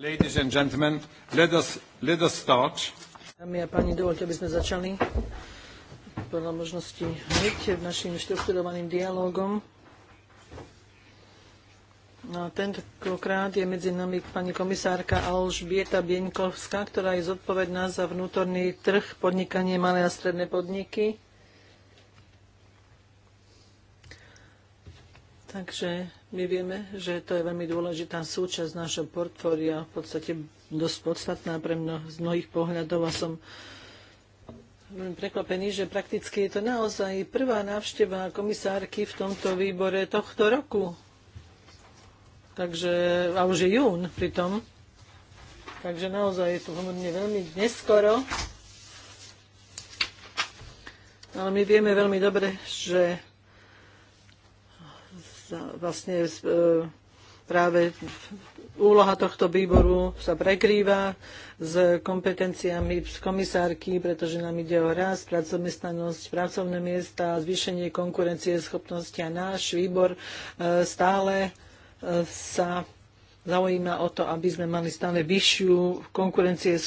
Dámy a páni, dovoľte, aby sme začali podľa možnosti hneď našim štrukturovaným dialógom. No a tentokrát je medzi nami pani komisárka Alžbieta Bieňkovská, ktorá je zodpovedná za vnútorný trh, podnikanie malé a stredné podniky Takže my vieme, že to je veľmi dôležitá súčasť našho portfólia, v podstate dosť podstatná pre mno, z mnohých pohľadov a som veľmi prekvapený, že prakticky je to naozaj prvá návšteva komisárky v tomto výbore tohto roku. Takže, a už je jún pritom. Takže naozaj je to pomerne veľmi neskoro. Ale my vieme veľmi dobre, že vlastne e, práve úloha tohto výboru sa prekrýva s kompetenciami komisárky, pretože nám ide o rast, pracovnestanosť, pracovné miesta, zvýšenie konkurencie schopnosti a náš výbor e, stále e, sa zaujíma o to, aby sme mali stále vyššiu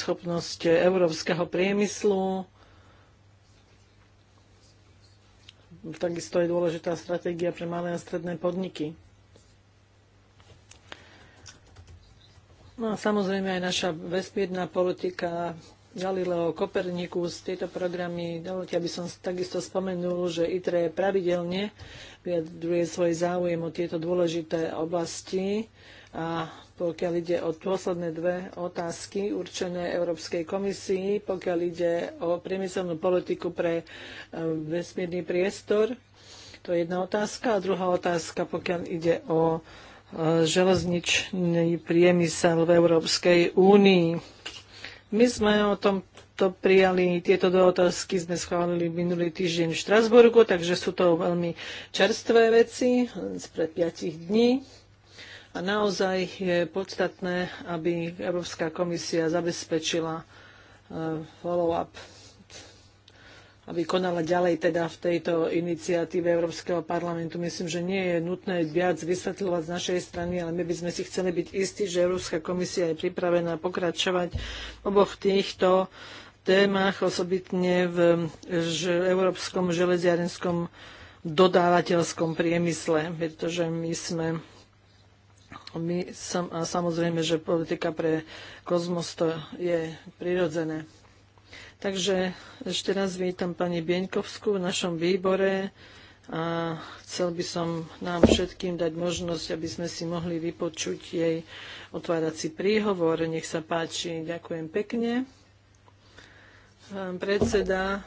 schopnosť európskeho priemyslu, takisto je dôležitá stratégia pre malé a stredné podniky. No a samozrejme aj naša vesmírna politika Galileo Kopernikus, tieto programy, dovolte, aby som takisto spomenul, že ITRE pravidelne vyjadruje svoj záujem o tieto dôležité oblasti a pokiaľ ide o posledné dve otázky určené Európskej komisii, pokiaľ ide o priemyselnú politiku pre e, vesmírny priestor. To je jedna otázka. A druhá otázka, pokiaľ ide o e, železničný priemysel v Európskej únii. My sme o tom to prijali, tieto dve otázky sme schválili minulý týždeň v Štrasburgu, takže sú to veľmi čerstvé veci, z spred piatich dní. A naozaj je podstatné, aby Európska komisia zabezpečila e, follow-up aby konala ďalej teda v tejto iniciatíve Európskeho parlamentu. Myslím, že nie je nutné viac vysvetľovať z našej strany, ale my by sme si chceli byť istí, že Európska komisia je pripravená pokračovať v oboch týchto témach, osobitne v európskom železiarenskom dodávateľskom priemysle, pretože my sme my som, a samozrejme, že politika pre kozmos to je prirodzené. Takže ešte raz vítam pani Bieňkovskú v našom výbore a chcel by som nám všetkým dať možnosť, aby sme si mohli vypočuť jej otvárací príhovor. Nech sa páči, ďakujem pekne. Pán predseda,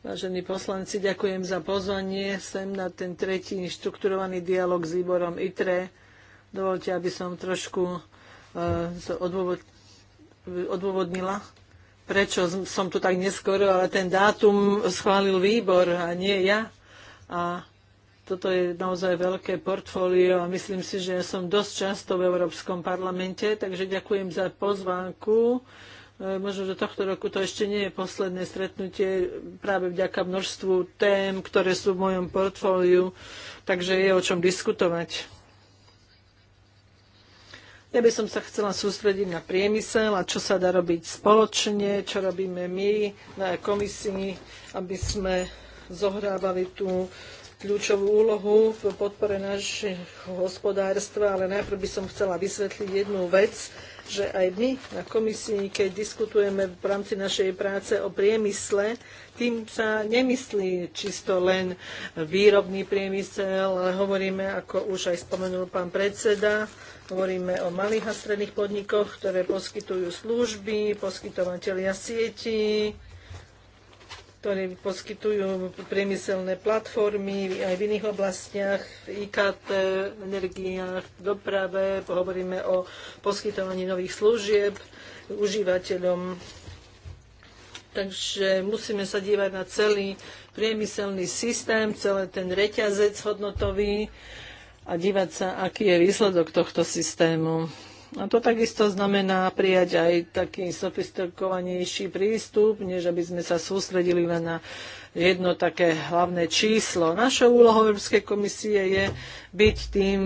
Vážení poslanci, ďakujem za pozvanie sem na ten tretí štrukturovaný dialog s výborom ITRE Dovolte, aby som trošku eh, odôvodnila, prečo som tu tak neskoro, ale ten dátum schválil výbor a nie ja. A toto je naozaj veľké portfólio a myslím si, že som dosť často v Európskom parlamente, takže ďakujem za pozvánku. Eh, možno do tohto roku to ešte nie je posledné stretnutie práve vďaka množstvu tém, ktoré sú v mojom portfóliu, takže je o čom diskutovať. Ja by som sa chcela sústrediť na priemysel a čo sa dá robiť spoločne, čo robíme my na komisii, aby sme zohrávali tú kľúčovú úlohu v podpore našeho hospodárstva, ale najprv by som chcela vysvetliť jednu vec, že aj my na komisii, keď diskutujeme v rámci našej práce o priemysle, tým sa nemyslí čisto len výrobný priemysel, ale hovoríme, ako už aj spomenul pán predseda, Hovoríme o malých a stredných podnikoch, ktoré poskytujú služby, poskytovateľia sieti, ktoré poskytujú priemyselné platformy aj v iných oblastiach, v IKT, energiách, v doprave, hovoríme o poskytovaní nových služieb užívateľom. Takže musíme sa dívať na celý priemyselný systém, celý ten reťazec hodnotový, a dívať sa, aký je výsledok tohto systému. A to takisto znamená prijať aj taký sofistikovanejší prístup, než aby sme sa sústredili len na jedno také hlavné číslo. Našou úlohou Európskej komisie je byť tým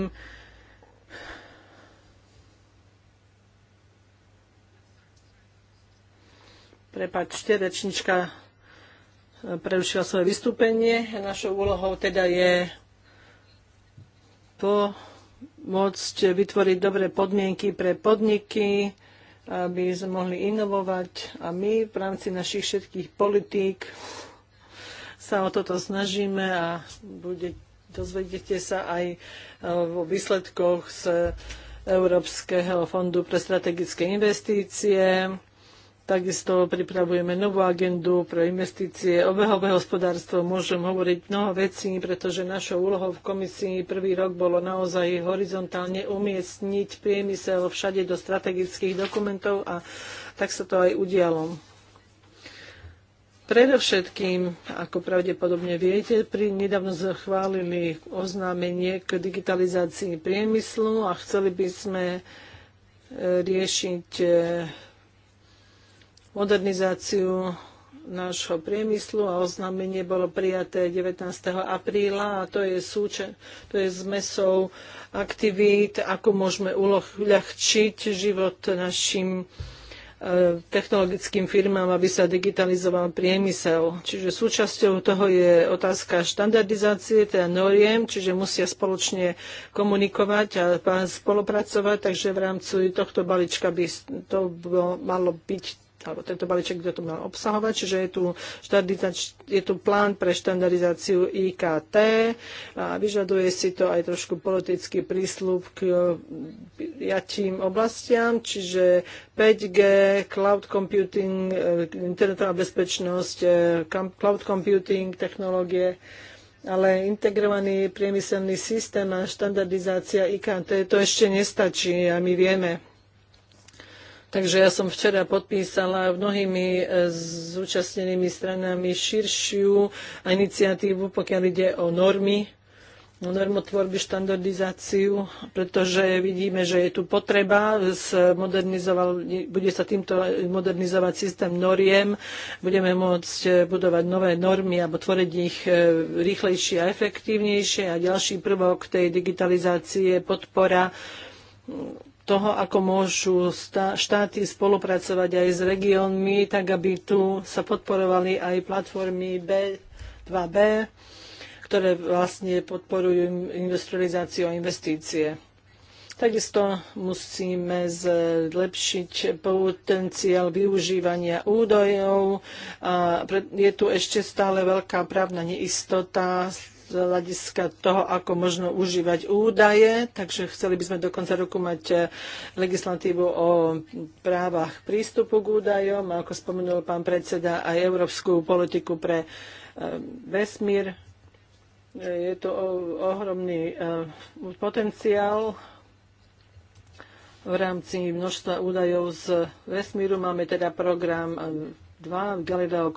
Prepačte, rečnička prerušila svoje vystúpenie. Našou úlohou teda je pomôcť vytvoriť dobré podmienky pre podniky, aby sme mohli inovovať a my v rámci našich všetkých politík sa o toto snažíme a bude, dozvedete sa aj e, vo výsledkoch z Európskeho fondu pre strategické investície. Takisto pripravujeme novú agendu pre investície, obehové hospodárstvo. Môžem hovoriť mnoho vecí, pretože našou úlohou v komisii prvý rok bolo naozaj horizontálne umiestniť priemysel všade do strategických dokumentov a tak sa to aj udialo. Predovšetkým, ako pravdepodobne viete, pri nedávno zachválili oznámenie k digitalizácii priemyslu a chceli by sme e, riešiť e, modernizáciu nášho priemyslu a oznámenie bolo prijaté 19. apríla a to je, súčen, to je zmesou aktivít, ako môžeme uľahčiť život našim e, technologickým firmám, aby sa digitalizoval priemysel. Čiže súčasťou toho je otázka štandardizácie, teda noriem, čiže musia spoločne komunikovať a spolupracovať, takže v rámci tohto balíčka by to malo byť alebo tento balíček kto to mal obsahovať, čiže je tu, je tu plán pre štandardizáciu IKT a vyžaduje si to aj trošku politický prísľub k e, piatím oblastiam, čiže 5G, cloud computing, e, internetová bezpečnosť, e, cloud computing, technológie, ale integrovaný priemyselný systém a štandardizácia IKT to ešte nestačí a my vieme Takže ja som včera podpísala mnohými e, zúčastnenými stranami širšiu iniciatívu, pokiaľ ide o normy, normotvorby, štandardizáciu, pretože vidíme, že je tu potreba, bude sa týmto modernizovať systém noriem, budeme môcť e, budovať nové normy alebo tvoriť ich e, rýchlejšie a efektívnejšie a ďalší prvok tej digitalizácie je podpora toho, ako môžu štáty spolupracovať aj s regiónmi, tak aby tu sa podporovali aj platformy B2B, ktoré vlastne podporujú industrializáciu a investície. Takisto musíme zlepšiť potenciál využívania údajov. Je tu ešte stále veľká právna neistota z hľadiska toho, ako možno užívať údaje, takže chceli by sme do konca roku mať eh, legislatívu o právach prístupu k údajom, ako spomenul pán predseda, aj európsku politiku pre eh, vesmír. Je to ohromný eh, potenciál v rámci množstva údajov z vesmíru máme teda program 2, Galileo a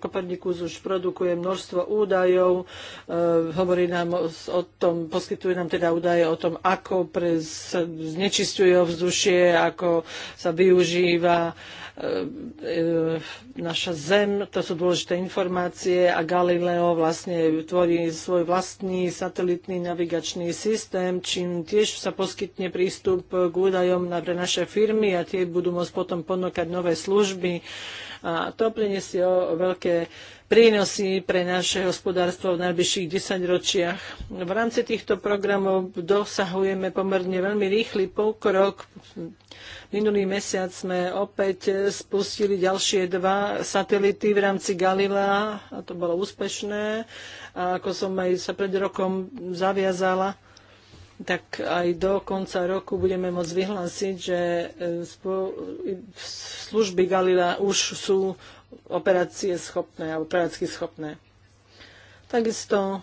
Copernicus už produkuje množstvo údajov, e, hovorí nám o, o tom, poskytuje nám teda údaje o tom, ako pre, sa znečistuje vzdušie, ako sa využíva e, e, naša Zem. To sú dôležité informácie a Galileo vlastne tvorí svoj vlastný satelitný navigačný systém, čím tiež sa poskytne prístup k údajom na, pre naše firmy a tie budú môcť potom ponúkať nové služby a to priniesie o veľké prínosy pre naše hospodárstvo v najbližších desaťročiach. V rámci týchto programov dosahujeme pomerne veľmi rýchly pokrok. Minulý mesiac sme opäť spustili ďalšie dva satelity v rámci Galilea a to bolo úspešné. A ako som aj sa pred rokom zaviazala, tak aj do konca roku budeme môcť vyhlásiť, že e, e, služby Galila už sú operácie schopné, a operácky schopné. Takisto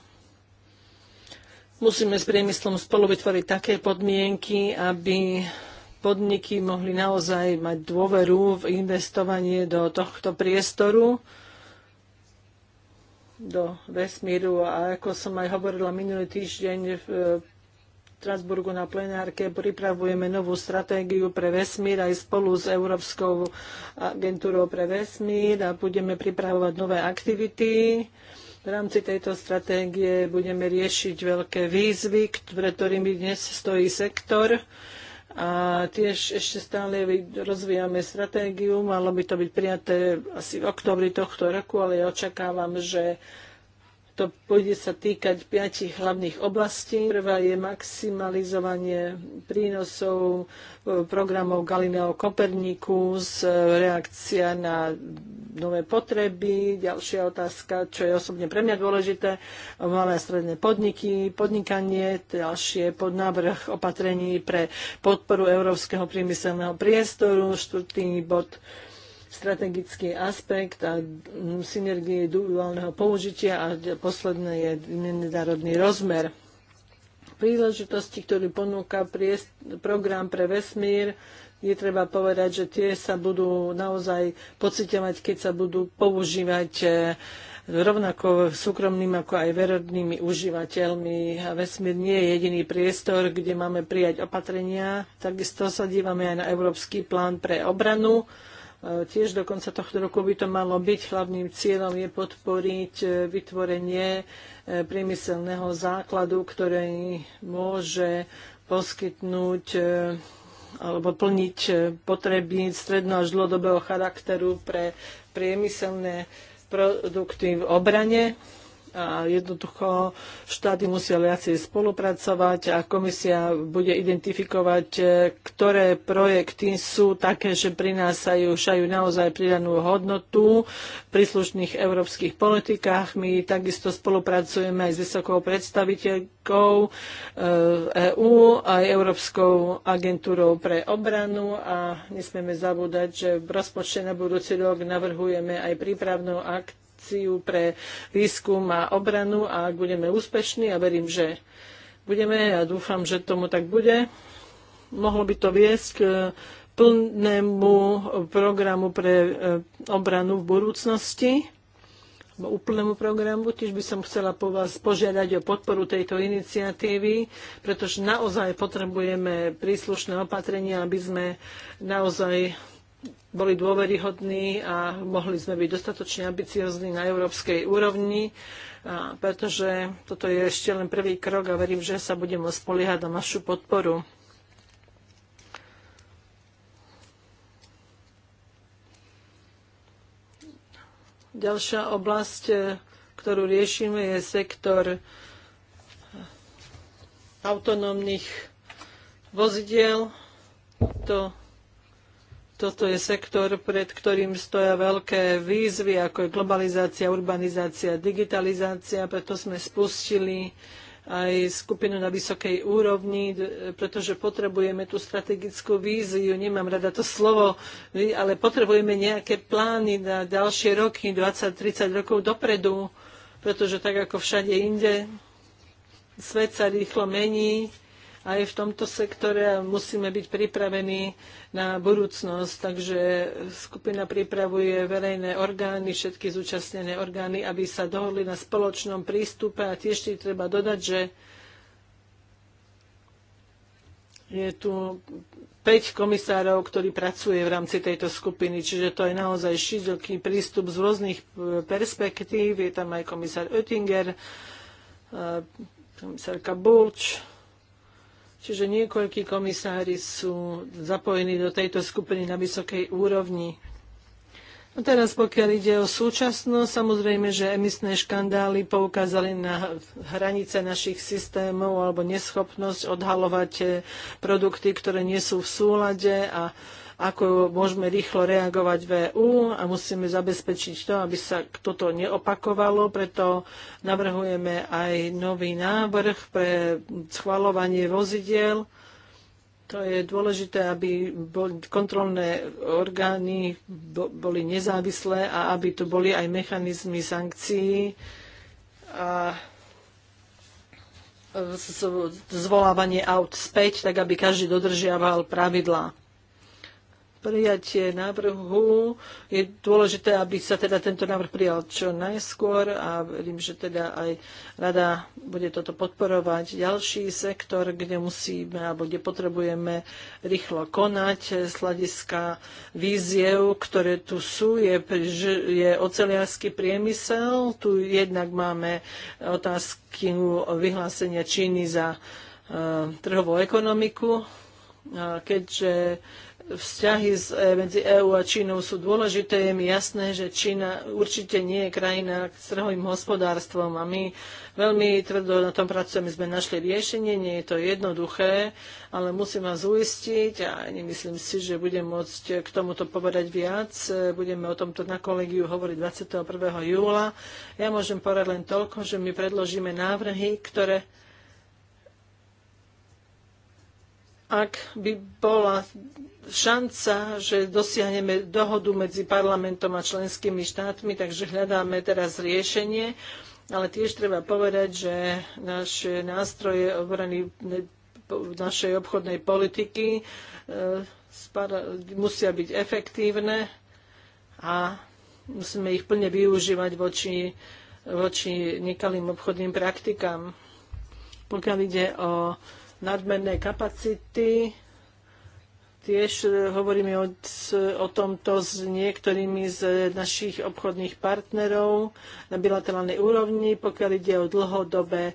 musíme s priemyslom spolu vytvoriť také podmienky, aby podniky mohli naozaj mať dôveru v investovanie do tohto priestoru, do vesmíru. A ako som aj hovorila minulý týždeň v Strasburgu na plenárke pripravujeme novú stratégiu pre vesmír aj spolu s Európskou agentúrou pre vesmír a budeme pripravovať nové aktivity. V rámci tejto stratégie budeme riešiť veľké výzvy, pre ktorými dnes stojí sektor. A tiež ešte stále rozvíjame stratégiu. Malo by to byť prijaté asi v oktobri tohto roku, ale ja očakávam, že to bude sa týkať piatich hlavných oblastí. Prvá je maximalizovanie prínosov e, programov Galileo Copernicus, e, reakcia na nové potreby. Ďalšia otázka, čo je osobne pre mňa dôležité, malé a stredné podniky, podnikanie, ďalšie podnávrh opatrení pre podporu európskeho priemyselného priestoru, štvrtý bod strategický aspekt a synergie duálneho použitia a posledné je medzinárodný rozmer. Príležitosti, ktorú ponúka program pre vesmír, je treba povedať, že tie sa budú naozaj pocitovať, keď sa budú používať e, rovnako súkromným ako aj verodnými užívateľmi. A vesmír nie je jediný priestor, kde máme prijať opatrenia. Takisto sa dívame aj na Európsky plán pre obranu, E, tiež do konca tohto roku by to malo byť. Hlavným cieľom je podporiť e, vytvorenie e, priemyselného základu, ktorý môže poskytnúť alebo plniť potreby stredno až dlhodobého charakteru pre priemyselné produkty v obrane a jednoducho štáty musia viacej spolupracovať a komisia bude identifikovať, e, ktoré projekty sú také, že prinášajú šajú naozaj pridanú hodnotu v príslušných európskych politikách. My takisto spolupracujeme aj s vysokou predstaviteľkou EÚ e aj Európskou agentúrou pre obranu a nesmieme zabúdať, že v rozpočte na budúci rok navrhujeme aj prípravnú akt akciu pre výskum a obranu a ak budeme úspešní a verím, že budeme a ja dúfam, že tomu tak bude, mohlo by to viesť k plnému programu pre e, obranu v budúcnosti úplnému programu, tiež by som chcela po vás požiadať o podporu tejto iniciatívy, pretože naozaj potrebujeme príslušné opatrenia, aby sme naozaj boli dôveryhodní a mohli sme byť dostatočne ambiciozní na európskej úrovni, a pretože toto je ešte len prvý krok a verím, že sa budeme spoliehať na našu podporu. Ďalšia oblasť, e, ktorú riešime, je sektor autonómnych vozidiel. To toto je sektor, pred ktorým stoja veľké výzvy, ako je globalizácia, urbanizácia, digitalizácia, preto sme spustili aj skupinu na vysokej úrovni, pretože potrebujeme tú strategickú víziu. Nemám rada to slovo, ale potrebujeme nejaké plány na ďalšie roky, 20-30 rokov dopredu, pretože tak ako všade inde, svet sa rýchlo mení aj v tomto sektore a musíme byť pripravení na budúcnosť. Takže skupina pripravuje verejné orgány, všetky zúčastnené orgány, aby sa dohodli na spoločnom prístupe a tiež si treba dodať, že je tu 5 komisárov, ktorí pracuje v rámci tejto skupiny, čiže to je naozaj široký prístup z rôznych perspektív. Je tam aj komisár Oettinger, komisárka Bulč, Čiže niekoľkí komisári sú zapojení do tejto skupiny na vysokej úrovni. No teraz, pokiaľ ide o súčasnosť, samozrejme, že emisné škandály poukázali na hranice našich systémov alebo neschopnosť odhalovať eh, produkty, ktoré nie sú v súlade a ako môžeme rýchlo reagovať v EU a musíme zabezpečiť to, aby sa toto neopakovalo. Preto navrhujeme aj nový návrh pre schvalovanie vozidiel. To je dôležité, aby kontrolné orgány boli nezávislé a aby tu boli aj mechanizmy sankcií a zvolávanie aut späť, tak aby každý dodržiaval pravidlá prijatie návrhu je dôležité, aby sa teda tento návrh prijal čo najskôr a verím, že teda aj rada bude toto podporovať. Ďalší sektor, kde musíme alebo kde potrebujeme rýchlo konať z hľadiska víziev, ktoré tu sú, je, je oceliarský priemysel. Tu jednak máme otázky vyhlásenia Číny za e, trhovú ekonomiku, keďže vzťahy e, medzi EÚ a Čínou sú dôležité, je mi jasné, že Čína určite nie je krajina s trhovým hospodárstvom a my veľmi tvrdo na tom pracujeme, sme našli riešenie, nie je to jednoduché, ale musím vás uistiť a nemyslím si, že budem môcť k tomuto povedať viac. E, budeme o tomto na kolegiu hovoriť 21. júla. Ja môžem povedať len toľko, že my predložíme návrhy, ktoré ak by bola šanca, že dosiahneme dohodu medzi parlamentom a členskými štátmi, takže hľadáme teraz riešenie. Ale tiež treba povedať, že naše nástroje obrany našej obchodnej politiky e, musia byť efektívne a musíme ich plne využívať voči, voči nekalým obchodným praktikám. Pokiaľ ide o nadmerné kapacity. Tiež e, hovoríme o, o tomto s niektorými z našich obchodných partnerov na bilaterálnej úrovni, pokiaľ ide o dlhodobé e,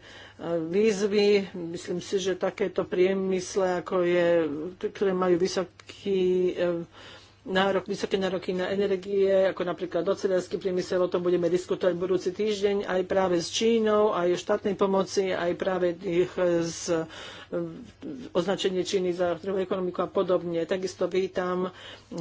výzvy. Myslím si, že takéto priemysle, ako je, ktoré majú vysoký e, nárok, vysoké nároky na energie, ako napríklad ocelársky priemysel, o tom budeme diskutovať budúci týždeň, aj práve s Čínou, aj o štátnej pomoci, aj práve ich z označenie Číny za trhovú ekonomiku a podobne. Takisto vítam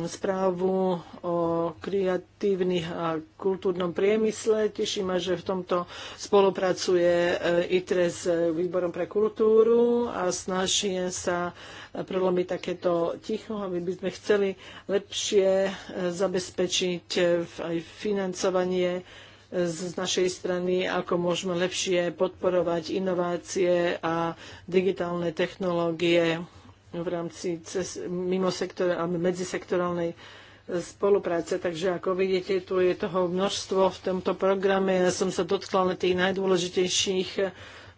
správu o kreatívnych a kultúrnom priemysle. Teší ma, že v tomto spolupracuje eh, ITRE s výborom pre kultúru a snažíme sa prelomiť takéto ticho, aby by sme chceli lepšie eh, zabezpečiť eh, aj financovanie z našej strany, ako môžeme lepšie podporovať inovácie a digitálne technológie v rámci cez, mimo sektora, medzisektorálnej spolupráce. Takže ako vidíte, tu je toho množstvo v tomto programe. Ja som sa dotkla na tých najdôležitejších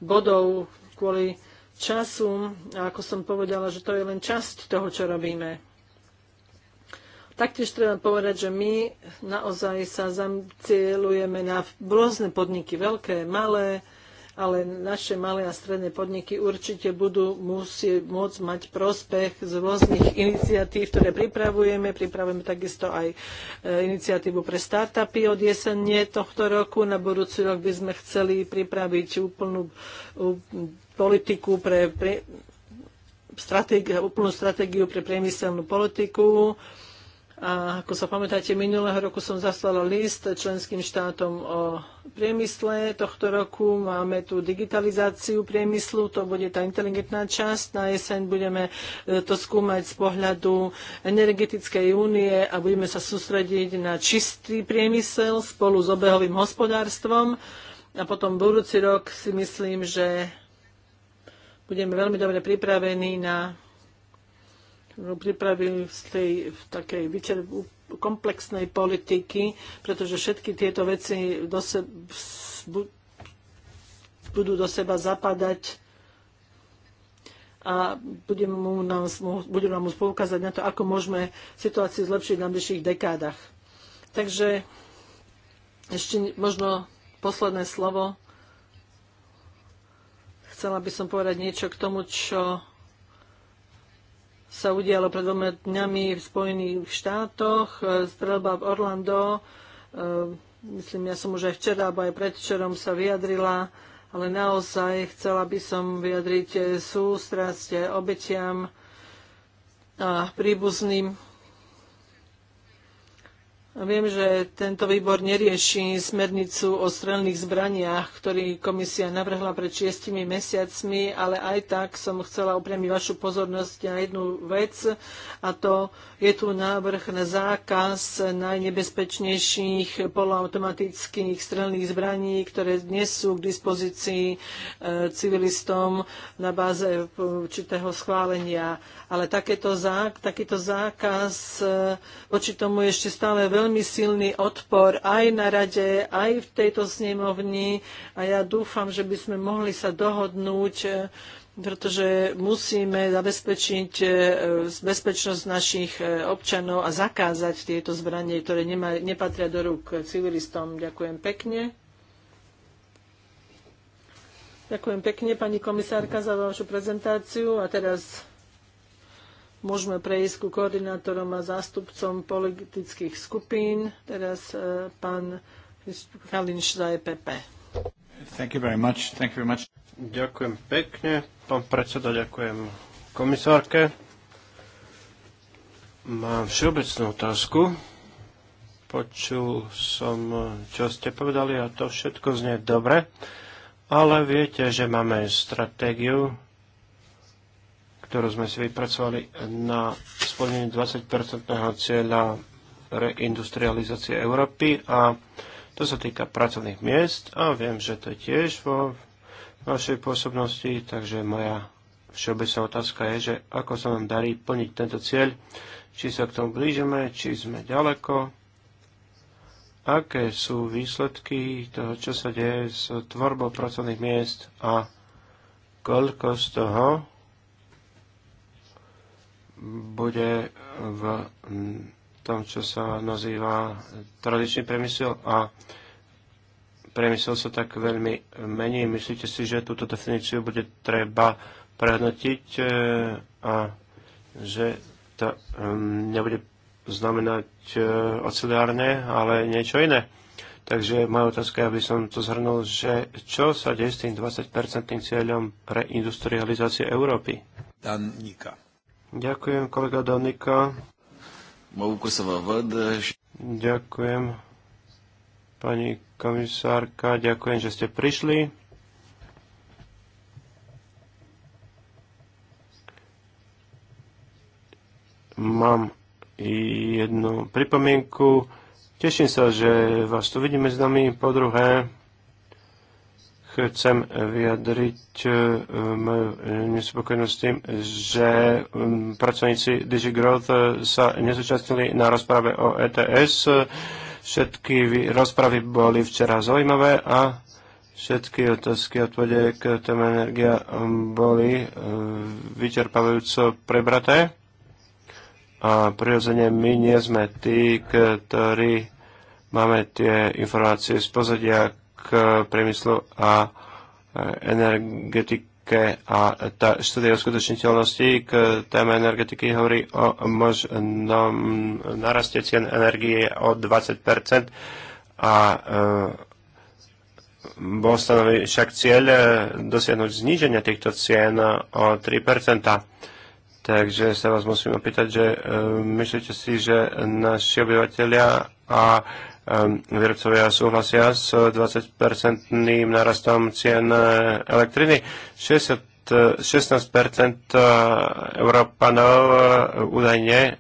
bodov kvôli času. A ako som povedala, že to je len časť toho, čo robíme. Taktiež treba povedať, že my naozaj sa zamcielujeme na rôzne podniky, veľké, malé, ale naše malé a stredné podniky určite budú musieť môcť mať prospech z rôznych iniciatív, ktoré pripravujeme. Pripravujeme takisto aj e, iniciatívu pre startupy od jesenie tohto roku. Na budúci rok by sme chceli pripraviť úplnú politiku pre, pre úplnú stratégiu pre priemyselnú politiku. A ako sa pamätáte, minulého roku som zaslala list členským štátom o priemysle. Tohto roku máme tu digitalizáciu priemyslu, to bude tá inteligentná časť. Na jeseň budeme e, to skúmať z pohľadu energetickej únie a budeme sa sústrediť na čistý priemysel spolu s obehovým hospodárstvom. A potom budúci rok si myslím, že budeme veľmi dobre pripravení na pripravili z tej v takej vyčerpú komplexnej politiky, pretože všetky tieto veci do se, budú do seba zapadať a budeme nám, budem nám poukázať na to, ako môžeme situáciu zlepšiť na bližších dekádach. Takže ešte možno posledné slovo. Chcela by som povedať niečo k tomu, čo sa udialo pred dvoma dňami v Spojených štátoch, e, strelba v Orlando. E, myslím, ja som už aj včera, alebo aj predvčerom sa vyjadrila, ale naozaj chcela by som vyjadriť sústrasť obetiam a príbuzným Viem, že tento výbor nerieši smernicu o strelných zbraniach, ktorý komisia navrhla pred šiestimi mesiacmi, ale aj tak som chcela upriamiť vašu pozornosť na jednu vec a to je tu návrh na zákaz najnebezpečnejších poloautomatických strelných zbraní, ktoré dnes sú k dispozícii e, civilistom na báze určitého schválenia. Ale takéto takýto zákaz e, voči tomu ešte stále veľmi veľmi silný odpor aj na rade, aj v tejto snemovni a ja dúfam, že by sme mohli sa dohodnúť e, pretože musíme zabezpečiť e, bezpečnosť našich e, občanov a zakázať tieto zbranie, ktoré nema, nepatria do rúk civilistom. Ďakujem pekne. Ďakujem pekne, pani komisárka, za vašu prezentáciu. A teraz Môžeme prejsť ku koordinátorom a zástupcom politických skupín. Teraz e, pán Kalinš za EPP. Thank you very much. Thank you very much. Ďakujem pekne. Pán predseda, ďakujem komisárke. Mám všeobecnú otázku. Počul som, čo ste povedali a to všetko znie dobre, ale viete, že máme stratégiu ktorú sme si vypracovali na splnenie 20-percentného cieľa reindustrializácie Európy a to sa týka pracovných miest a viem, že to je tiež vo vašej pôsobnosti, takže moja všeobecná otázka je, že ako sa nám darí plniť tento cieľ, či sa k tomu blížime, či sme ďaleko, aké sú výsledky toho, čo sa deje s tvorbou pracovných miest a koľko z toho bude v tom, čo sa nazýva tradičný priemysel a priemysel sa tak veľmi mení. Myslíte si, že túto definíciu bude treba prehodnotiť e, a že to e, nebude znamenať e, ocelárne, ale niečo iné. Takže moja otázka, aby som to zhrnul, že čo sa deje s tým 20-percentným cieľom pre industrializáciu Európy? Dan Nika. Ďakujem, kolega Danika. Ďakujem, pani komisárka, ďakujem, že ste prišli. Mám jednu pripomienku. Teším sa, že vás tu vidíme s nami. Po druhé, chcem vyjadriť eh, moju nespokojnosť tým, že mm, pracovníci DigiGrowth eh, sa nezúčastnili na rozprave o ETS. Všetky rozpravy boli včera zaujímavé a všetky otázky a odpovede k téme energia mm, boli eh, vyčerpávajúco prebraté. A prirodzene my nie sme tí, ktorí máme tie informácie z pozadia, k priemyslu a energetike a tá štúdia uskutočniteľnosti k téme energetiky hovorí o možnom naraste cien energie o 20 a e, bol stanovený však cieľ e, dosiahnuť zníženie týchto cien o 3 Takže sa vás musím opýtať, že e, myslíte si, že naši obyvateľia a Ehm, výrobcovia súhlasia s 20-percentným narastom cien e, elektriny. 60, 16 e, e, Európanov údajne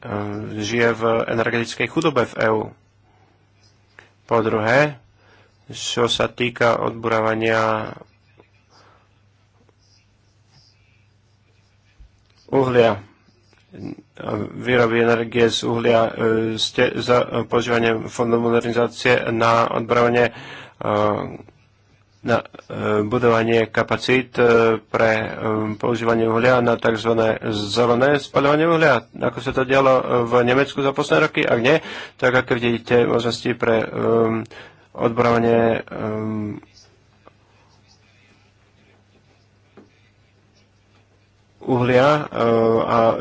žije v energetickej chudobe v EÚ. Po druhé, čo sa týka odburávania uhlia výroby energie z uhlia e, s za e, fondu modernizácie na odbrovanie e, na budovanie kapacít pre používanie uhlia na tzv. zelené spaľovanie uhlia. Ako sa to dialo v Nemecku za posledné roky? Ak nie, tak aké vidíte možnosti pre odbravanie uhlia e, a e,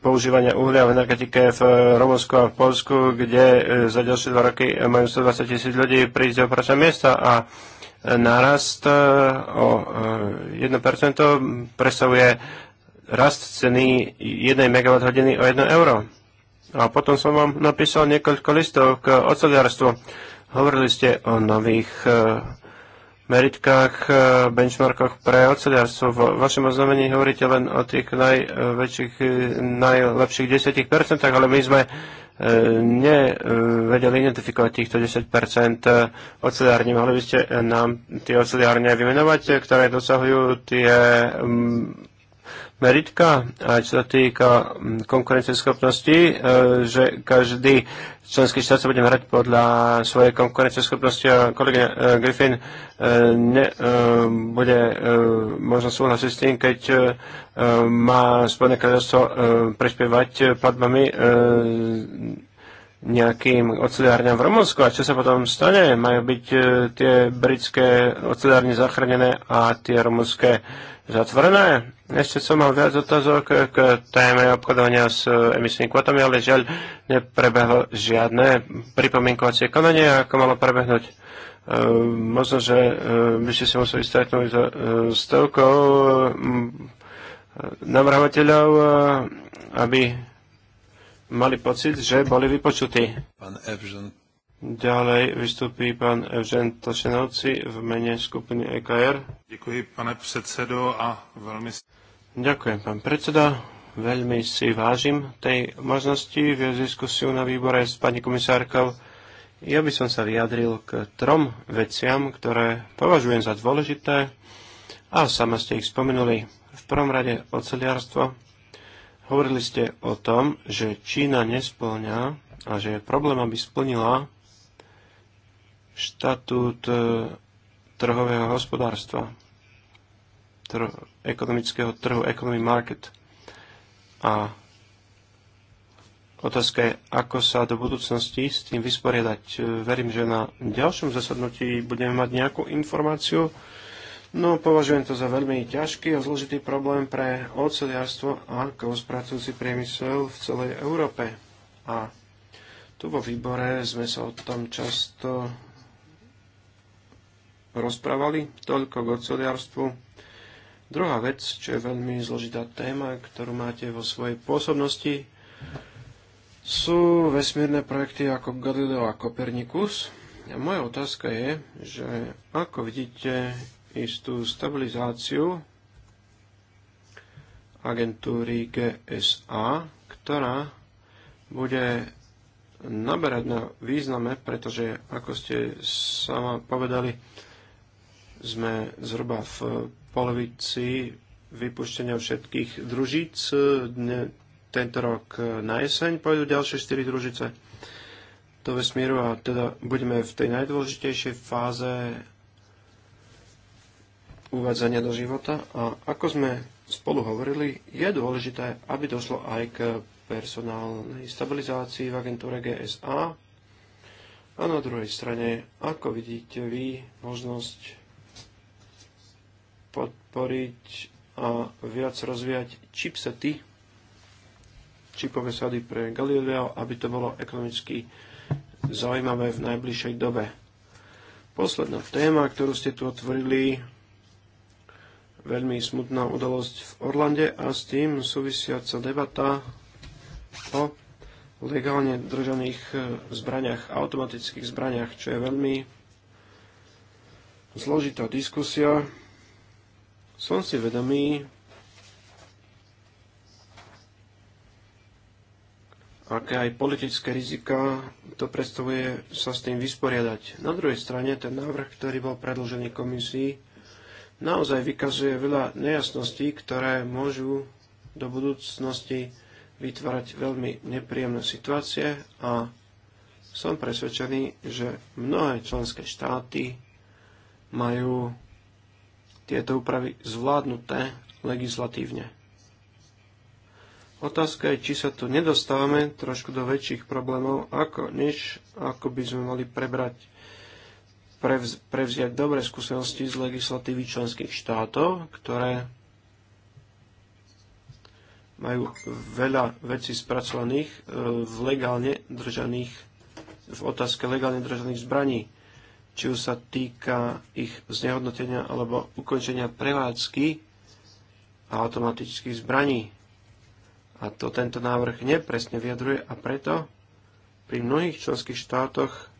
používania uhlia v energetike v Rumunsku a v Polsku, kde e, za ďalšie dva roky majú 120 tisíc ľudí prísť do pracovné miesta a nárast o 1% presahuje rast ceny 1 MWh o 1 euro. A potom som vám napísal niekoľko listov k ocelárstvu. Hovorili ste o nových meritkách, eh, benchmarkoch pre oceliarstvo. V vašom oznámení hovoríte len o tých najväčších, eh, najlepších 10%, ale my sme eh, nevedeli identifikovať týchto 10% oceliární. Mohli by ste nám tie oceliárne vymenovať, ktoré dosahujú tie mm, meritka, a čo sa týka mm, konkurenceschopnosti, e, že každý členský štát sa bude hrať podľa svojej konkurenceschopnosti a kolega e, Griffin e, ne, bude možno súhlasiť s tým, keď má Spojené kráľovstvo prispievať platbami nejakým ocelárňam v Rumunsku a čo sa potom stane? Majú byť tie britské ocelárne zachránené a tie rumunské zatvorené. Ešte som mal viac otázok k téme obchodovania s e, emisnými kvotami, ale žiaľ neprebehlo žiadne pripomienkovacie konanie, ako malo prebehnúť. E, možno, že e, by ste si museli stretnúť s stovkou navrhovateľov, aby mali pocit, že boli vypočutí. Pán Evžen Ďalej vystupí pán Evžen Tašenovci v mene skupiny EKR. Ďakujem, pane predsedo, a veľmi... Ďakujem, pán predseda. Veľmi si vážim tej možnosti v diskusiu na výbore s pani komisárkou. Ja by som sa vyjadril k trom veciam, ktoré považujem za dôležité a sama ste ich spomenuli. V prvom rade oceliarstvo. Hovorili ste o tom, že Čína nesplňa a že je problém, aby splnila štatút e, trhového hospodárstva, tr- ekonomického trhu, economy market. A otázka je, ako sa do budúcnosti s tým vysporiadať. E, verím, že na ďalšom zasadnutí budeme mať nejakú informáciu. No, považujem to za veľmi ťažký a zložitý problém pre oceliarstvo a kovospracujúci priemysel v celej Európe. A tu vo výbore sme sa o tom často rozprávali. Toľko k odsoliarstvu. Druhá vec, čo je veľmi zložitá téma, ktorú máte vo svojej pôsobnosti, sú vesmírne projekty ako Galileo a Copernicus. A moja otázka je, že ako vidíte istú stabilizáciu agentúry GSA, ktorá bude naberať na význame, pretože, ako ste sama povedali, sme zhruba v polovici vypuštenia všetkých družíc. E, tento rok e, na jeseň pôjdu ďalšie 4 družice do vesmíru a teda budeme v tej najdôležitejšej fáze uvádzania do života a ako sme spolu hovorili, je dôležité, aby došlo aj k personálnej stabilizácii v agentúre GSA a na druhej strane, ako vidíte vy, možnosť podporiť a viac rozvíjať čipsety, čipové sady pre Galileo, aby to bolo ekonomicky zaujímavé v najbližšej dobe. Posledná téma, ktorú ste tu otvorili, veľmi smutná udalosť v Orlande a s tým súvisiaca debata o legálne držaných e, zbraniach, automatických zbraniach, čo je veľmi zložitá diskusia, som si vedomý, aké aj politické rizika to predstavuje sa s tým vysporiadať. Na druhej strane ten návrh, ktorý bol predložený komisii, naozaj vykazuje veľa nejasností, ktoré môžu do budúcnosti vytvárať veľmi nepríjemné situácie a som presvedčený, že mnohé členské štáty majú tieto úpravy zvládnuté legislatívne. Otázka je, či sa tu nedostávame trošku do väčších problémov, ako, než ako by sme mali prebrať, prevz, prevziať dobré skúsenosti z legislatívy členských štátov, ktoré majú veľa vecí spracovaných e, v legálne držaných, v otázke legálne držaných zbraní či už sa týka ich znehodnotenia alebo ukončenia prevádzky a automatických zbraní. A to tento návrh nepresne vyjadruje a preto pri mnohých členských štátoch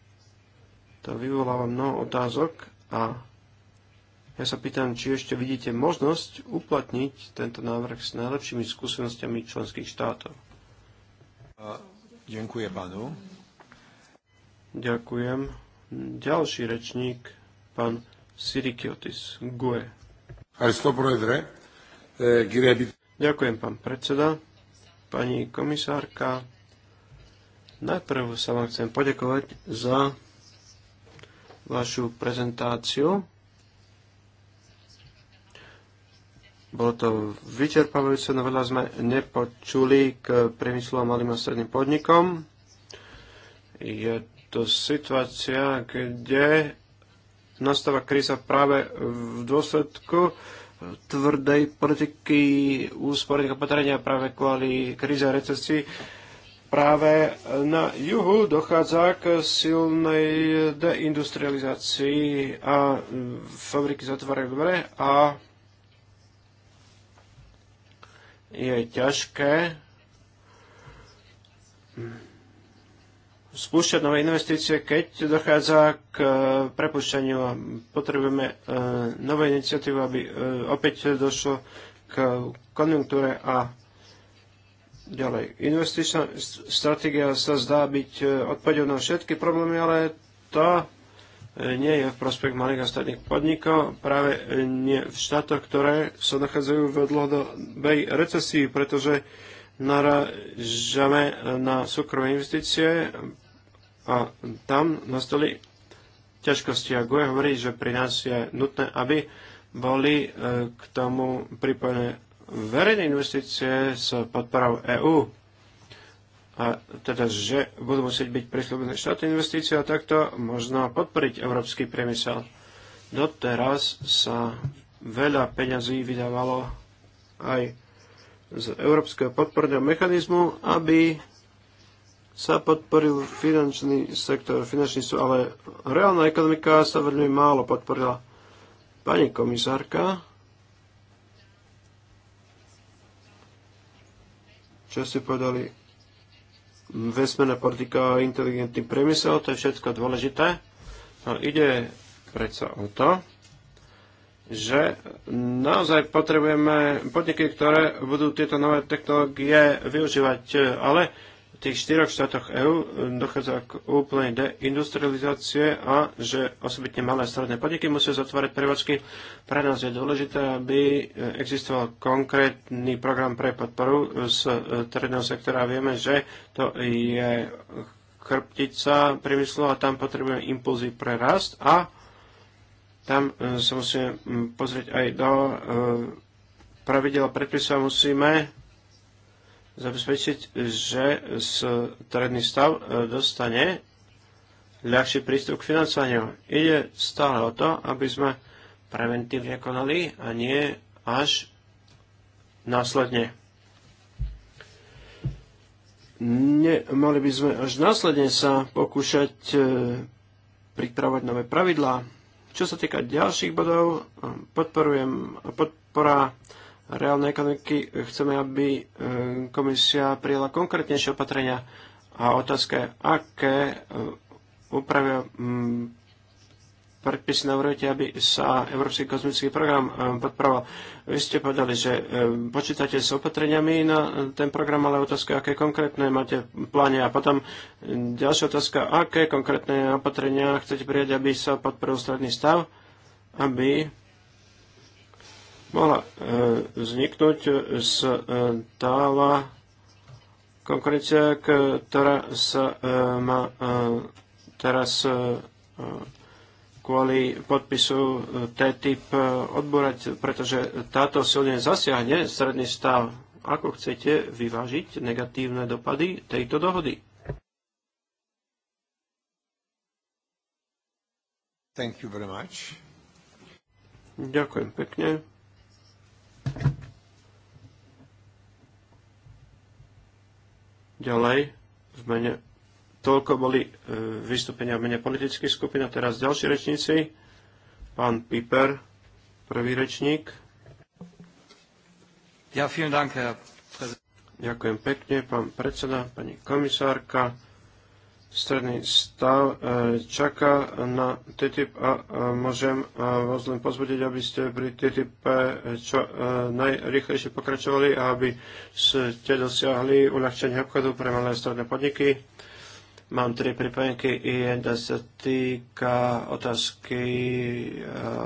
to vyvoláva mnoho otázok a ja sa pýtam, či ešte vidíte možnosť uplatniť tento návrh s najlepšími skúsenostiami členských štátov. Ďakujem pánu. Ďakujem. Ďalší rečník, pán Sirikiotis Gue. Ďakujem, pán predseda. Pani komisárka, najprv sa vám chcem poďakovať za vašu prezentáciu. Bolo to vyčerpávajúce, no veľa sme nepočuli k priemyslu a malým a stredným podnikom. Je to situácia, kde nastáva kríza práve v dôsledku tvrdej politiky úsporných opatrenia práve kvôli kríze a recesii. Práve na juhu dochádza k silnej deindustrializácii a fabriky zatvárajú dvere a je ťažké spúšťať nové investície, keď dochádza k e, prepušťaniu a potrebujeme e, nové iniciatívy, aby e, opäť došlo k konjunktúre a ďalej. Investičná stratégia sa zdá byť odpovedou na všetky problémy, ale to nie je v prospech malých a stredných podnikov, práve nie v štátoch, ktoré sa nachádzajú v dlhodobej recesii, pretože naražame na súkromné investície, a tam nastali ťažkosti. A Goe hovorí, že pri nás je nutné, aby boli e, k tomu pripojené verejné investície s podporou EÚ. A teda, že budú musieť byť prislúbené štátne investície a takto možno podporiť európsky priemysel. Doteraz sa veľa peňazí vydávalo aj z Európskeho podporného mechanizmu, aby sa podporil finančný sektor, sú, ale reálna ekonomika sa veľmi málo podporila. Pani komisárka, čo ste povedali, vesmírna politika a inteligentný priemysel, to je všetko dôležité. No, ide predsa o to, že naozaj potrebujeme podniky, ktoré budú tieto nové technológie využívať, ale tých štyroch štátoch EÚ e, dochádza k úplnej deindustrializácie a že osobitne malé a stredné podniky musia zatvárať prevádzky. Pre nás je dôležité, aby e, existoval konkrétny program pre podporu e, z tredného sektora. Vieme, že to je chrbtica priemyslu a tam potrebujeme impulzy pre rast a tam sa musíme pozrieť aj do pravidel predpisov musíme zabezpečiť, že stredný stav e, dostane ľahší prístup k financovaniu. Ide stále o to, aby sme preventívne konali a nie až následne. Nemali mali by sme až následne sa pokúšať e, nové pravidlá. Čo sa týka ďalších bodov, podporujem podpora reálnej ekonomiky e, chceme, aby e, komisia prijela konkrétnejšie opatrenia. A otázka je, aké e, upravia mm, predpisy na úrovni, aby sa Európsky kozmický program podporoval. Vy ste povedali, že počítate s opatreniami na ten program, ale otázka, aké konkrétne máte v pláne. A potom ďalšia otázka, aké konkrétne opatrenia chcete prijať, aby sa podporil stredný stav, aby mohla e, vzniknúť táva e, konkurencia, ktorá sa e, má teraz kvôli podpisu TTIP odborať, pretože táto silne zasiahne stredný stav. Ako chcete vyvážiť negatívne dopady tejto dohody? Thank you very much. Ďakujem pekne. Ďalej, v mene, toľko boli e, vystúpenia v mene politických skupín a teraz ďalší rečníci. Pán Piper, prvý rečník. Ja, vielen Dank, Herr Ďakujem pekne, pán predseda, pani komisárka stredný stav e, čaká na TTIP a e, môžem e, vás len pozbudiť, aby ste pri TTIP čo najrychlejšie pokračovali a aby ste dosiahli uľahčenie obchodu pre malé stredné podniky. Mám tri pripojenky. Jedna sa týka otázky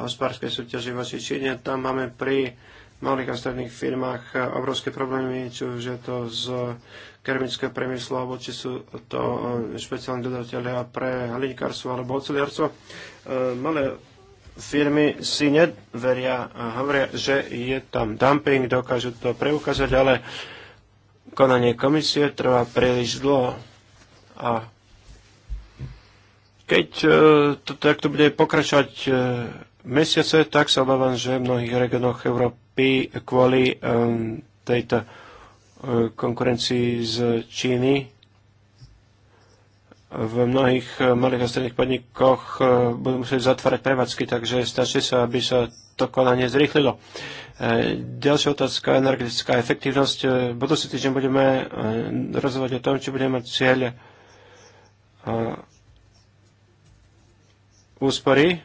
hospodárskej súťaže voči Číne. Tam máme pri malých a stredných firmách obrovské problémy, či už je to z. Kermické priemyslo, alebo či sú to eh, špeciálne dodatelia pre hliníkarstvo alebo oceliarstvo. Eh, malé firmy si neveria a hovoria, že je tam dumping, dokážu to preukázať, ale konanie komisie trvá príliš dlho. A keď eh, to takto bude pokračovať mesiace, tak sa obávam, že v mnohých regionoch Európy kvôli tejto konkurencii z Číny. V mnohých malých a stredných podnikoch e, budú musieť zatvárať prevádzky, takže stačí sa, aby sa to konanie zrýchlilo. E, ďalšia otázka, energetická efektívnosť. E, v budúci týždeň budeme rozhovať o tom, či budeme mať cieľ úspory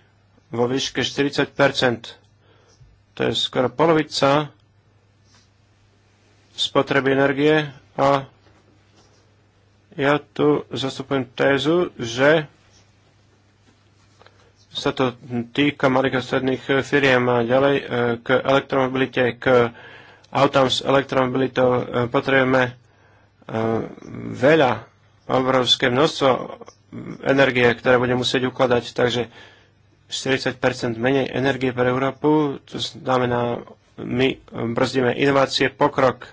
vo výške 40 To je skoro polovica spotreby energie a ja tu zastupujem tézu, že sa to týka malých a stredných firiem a ďalej e, k elektromobilite, k autám s elektromobilitou e, potrebujeme e, veľa, obrovské množstvo energie, ktoré bude musieť ukladať, takže 40 menej energie pre Európu, to znamená, my brzdíme inovácie, pokrok,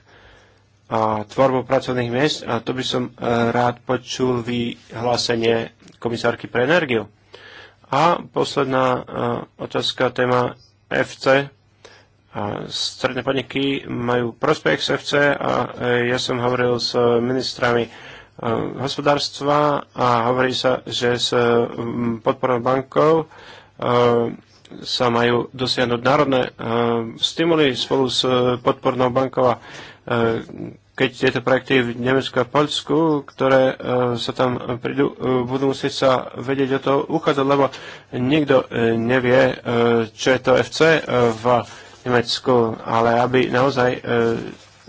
a tvorbou pracovných miest a to by som e, rád počul vyhlásenie komisárky pre energiu. A posledná e, otázka, téma FC. A e, stredné podniky majú prospech z FC a ja som hovoril s ministrami hospodárstva a hovorí sa, že s podporou bankov sa majú dosiahnuť národné stimuly spolu s podpornou bankou a E, keď tieto projekty v Nemecku a Polsku, ktoré e, sa tam prídu, e, budú musieť sa vedieť o to uchádzať, lebo nikto nevie, čo je to FC v Nemecku, ale aby naozaj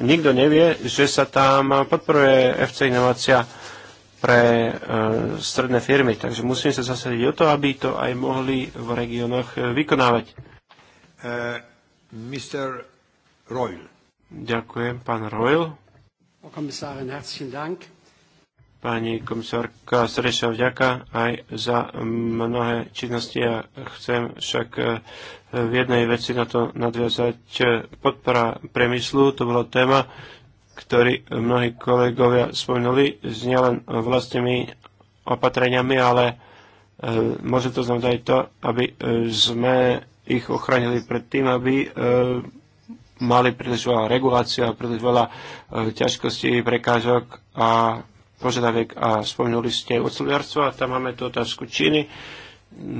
nikto nevie, že sa tam podporuje FC inovácia pre stredné firmy. Takže musíme sa zasadiť o to, aby to aj mohli v regiónoch vykonávať. Uh, Mr. Royle. Ďakujem, pán Royal. Pani komisárka, srdečná vďaka aj za mnohé činnosti. Ja chcem však eh, v jednej veci na to nadviazať. Eh, podpora priemyslu, to bola téma, ktorý mnohí kolegovia spomenuli, s nielen vlastnými opatreniami, ale eh, môže to znamenáť aj to, aby sme ich ochránili pred tým, aby mali príliš veľa regulácia, príliš veľa e, ťažkostí, prekážok a požadavek a spomenuli ste oceliarstvo a tam máme tú otázku Číny,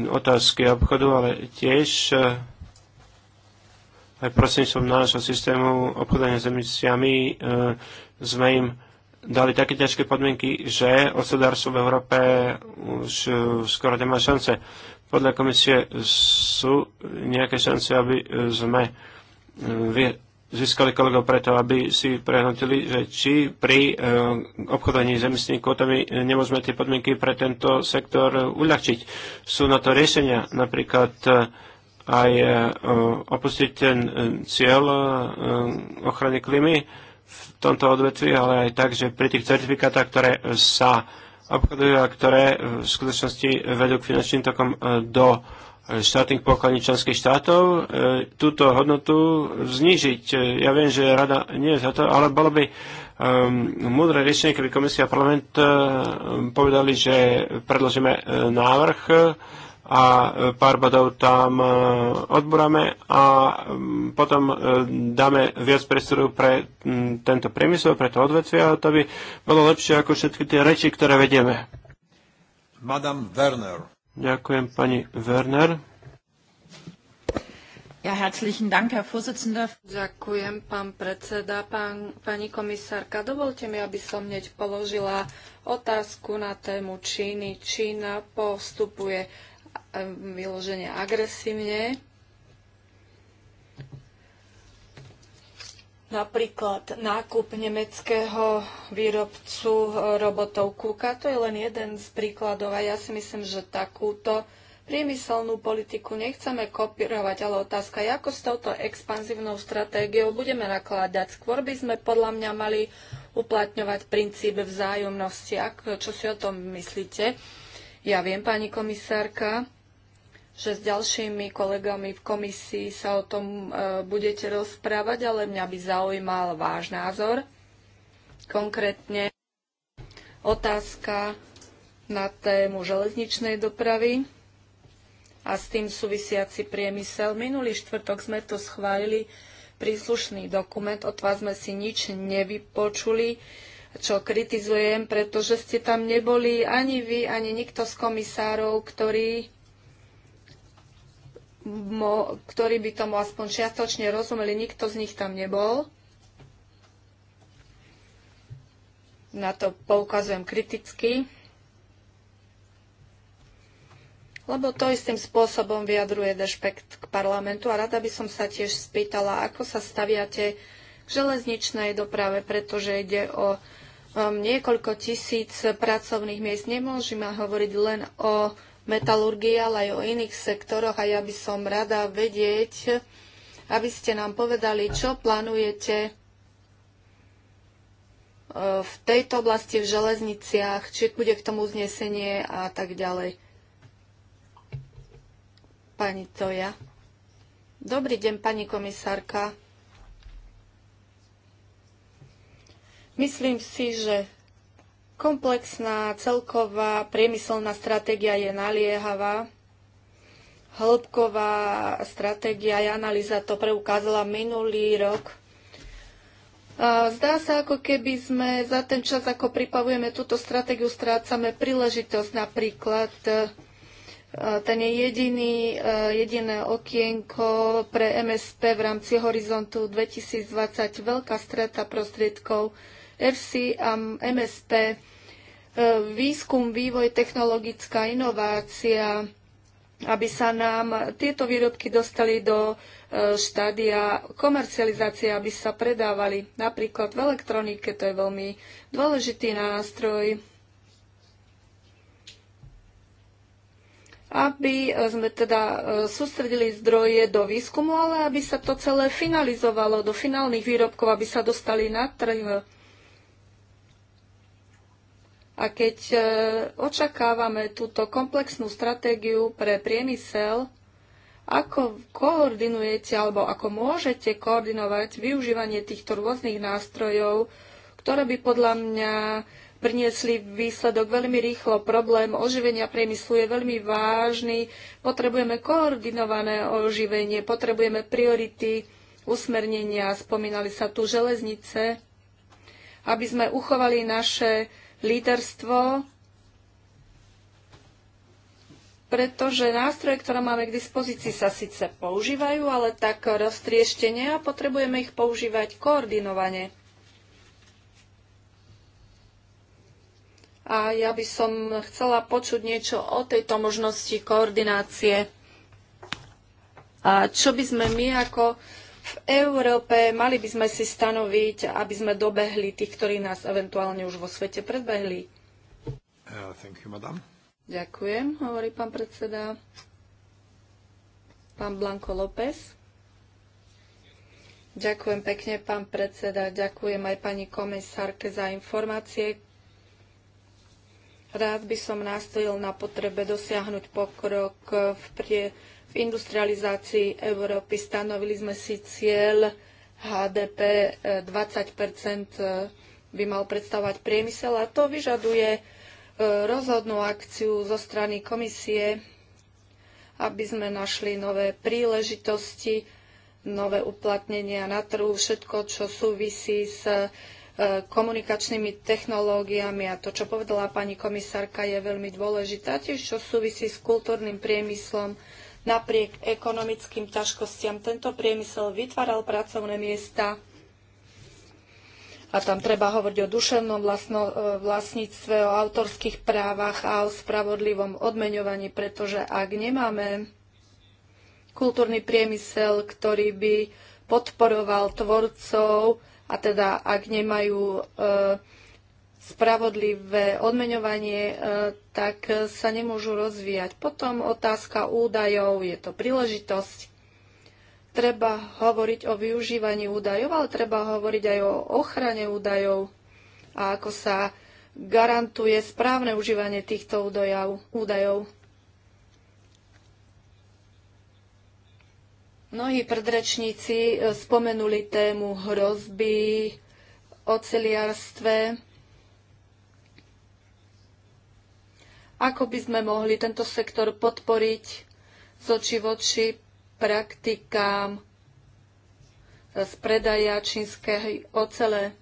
otázky obchodu, ale tiež e, aj prostredníctvom nášho systému obchodania s emisiami e, sme im dali také ťažké podmienky, že ocelárstvo v Európe už skoro nemá šance. Podľa komisie sú nejaké šance, aby sme získali kolegov preto, aby si prehnotili, že či pri e, obchodovaní s emisnými kvotami nemôžeme tie podmienky pre tento sektor uľahčiť. Sú na to riešenia, napríklad e, aj e, opustiť ten cieľ ochrany klímy v tomto odvetvi, ale aj tak, že pri tých certifikátach, ktoré sa obchodujú a ktoré v skutočnosti vedú k finančným tokom do štátnych pokladní členských štátov e, túto hodnotu znižiť. E, ja viem, že rada nie je za to, ale bolo by um, múdre riešenie, keby komisia a parlament um, povedali, že predložíme návrh a pár bodov tam uh, odburáme a potom dáme viac priestoru pre tento priemysel, pre to odvetvie a to by bolo lepšie ako všetky tie reči, ktoré vedieme. Madame Werner. Ďakujem pani Werner. Ja, herzlichen Dank, Herr Vorsitzender. Ďakujem, pán predseda, pán, pani komisárka. Dovolte mi, aby som hneď položila otázku na tému Číny. Čína postupuje eh, vyloženie agresívne Napríklad nákup nemeckého výrobcu e, robotov Kuka, to je len jeden z príkladov a ja si myslím, že takúto priemyselnú politiku nechceme kopírovať, ale otázka je, ako s touto expanzívnou stratégiou budeme nakladať. Skôr by sme podľa mňa mali uplatňovať princíp vzájomnosti. Ak, čo si o tom myslíte? Ja viem, pani komisárka, že s ďalšími kolegami v komisii sa o tom e, budete rozprávať, ale mňa by zaujímal váš názor. Konkrétne otázka na tému železničnej dopravy a s tým súvisiaci priemysel. Minulý štvrtok sme to schválili príslušný dokument, od vás sme si nič nevypočuli čo kritizujem, pretože ste tam neboli ani vy, ani nikto z komisárov, ktorí ktorí by tomu aspoň čiastočne rozumeli. Nikto z nich tam nebol. Na to poukazujem kriticky. Lebo to istým spôsobom vyjadruje dešpekt k parlamentu a rada by som sa tiež spýtala, ako sa staviate k železničnej doprave, pretože ide o um, niekoľko tisíc pracovných miest. Nemôžeme hovoriť len o metalurgii, ale aj o iných sektoroch a ja by som rada vedieť, aby ste nám povedali, čo plánujete e, v tejto oblasti, v železniciach, či bude k tomu uznesenie a tak ďalej. Pani Toja. Dobrý deň, pani komisárka. Myslím si, že Komplexná celková priemyselná stratégia je naliehavá. Hĺbková stratégia a analýza to preukázala minulý rok. Zdá sa, ako keby sme za ten čas, ako pripravujeme túto stratégiu, strácame príležitosť napríklad e, ten je jediný, e, jediné okienko pre MSP v rámci horizontu 2020, veľká strata prostriedkov FC a MSP, e, výskum, vývoj, technologická inovácia, aby sa nám tieto výrobky dostali do e, štádia komercializácie, aby sa predávali. Napríklad v elektronike to je veľmi dôležitý nástroj, aby e, sme teda sústredili zdroje do výskumu, ale aby sa to celé finalizovalo do finálnych výrobkov, aby sa dostali na trh a keď e, očakávame túto komplexnú stratégiu pre priemysel, ako koordinujete alebo ako môžete koordinovať využívanie týchto rôznych nástrojov, ktoré by podľa mňa priniesli výsledok veľmi rýchlo. Problém oživenia priemyslu je veľmi vážny. Potrebujeme koordinované oživenie, potrebujeme priority, usmernenia. Spomínali sa tu železnice, aby sme uchovali naše líderstvo, pretože nástroje, ktoré máme k dispozícii, sa síce používajú, ale tak roztrieštenie a potrebujeme ich používať koordinovane. A ja by som chcela počuť niečo o tejto možnosti koordinácie. A čo by sme my ako v Európe. Mali by sme si stanoviť, aby sme dobehli tých, ktorí nás eventuálne už vo svete predbehli. Uh, you, Ďakujem, hovorí pán predseda. Pán Blanko López. Ďakujem pekne, pán predseda. Ďakujem aj pani komisárke za informácie. Rád by som nastojil na potrebe dosiahnuť pokrok v, prie, v industrializácii Európy stanovili sme si cieľ HDP 20 e, e, by mal predstavovať priemysel a to vyžaduje e, rozhodnú akciu zo strany komisie, aby sme našli nové príležitosti, nové uplatnenia na trhu, všetko, čo súvisí s komunikačnými technológiami a to, čo povedala pani komisárka, je veľmi dôležité, tiež čo súvisí s kultúrnym priemyslom, Napriek ekonomickým ťažkostiam tento priemysel vytváral pracovné miesta a tam treba hovoriť o duševnom vlastno, e, vlastníctve, o autorských právach a o spravodlivom odmeňovaní, pretože ak nemáme kultúrny priemysel, ktorý by podporoval tvorcov a teda ak nemajú e, spravodlivé odmeňovanie, e, tak sa nemôžu rozvíjať. Potom otázka údajov, je to príležitosť. Treba hovoriť o využívaní údajov, ale treba hovoriť aj o ochrane údajov a ako sa garantuje správne užívanie týchto údajov. Mnohí predrečníci e, spomenuli tému hrozby, oceliarstve Ako by sme mohli tento sektor podporiť z oči voči praktikám z predaja čínskej ocele?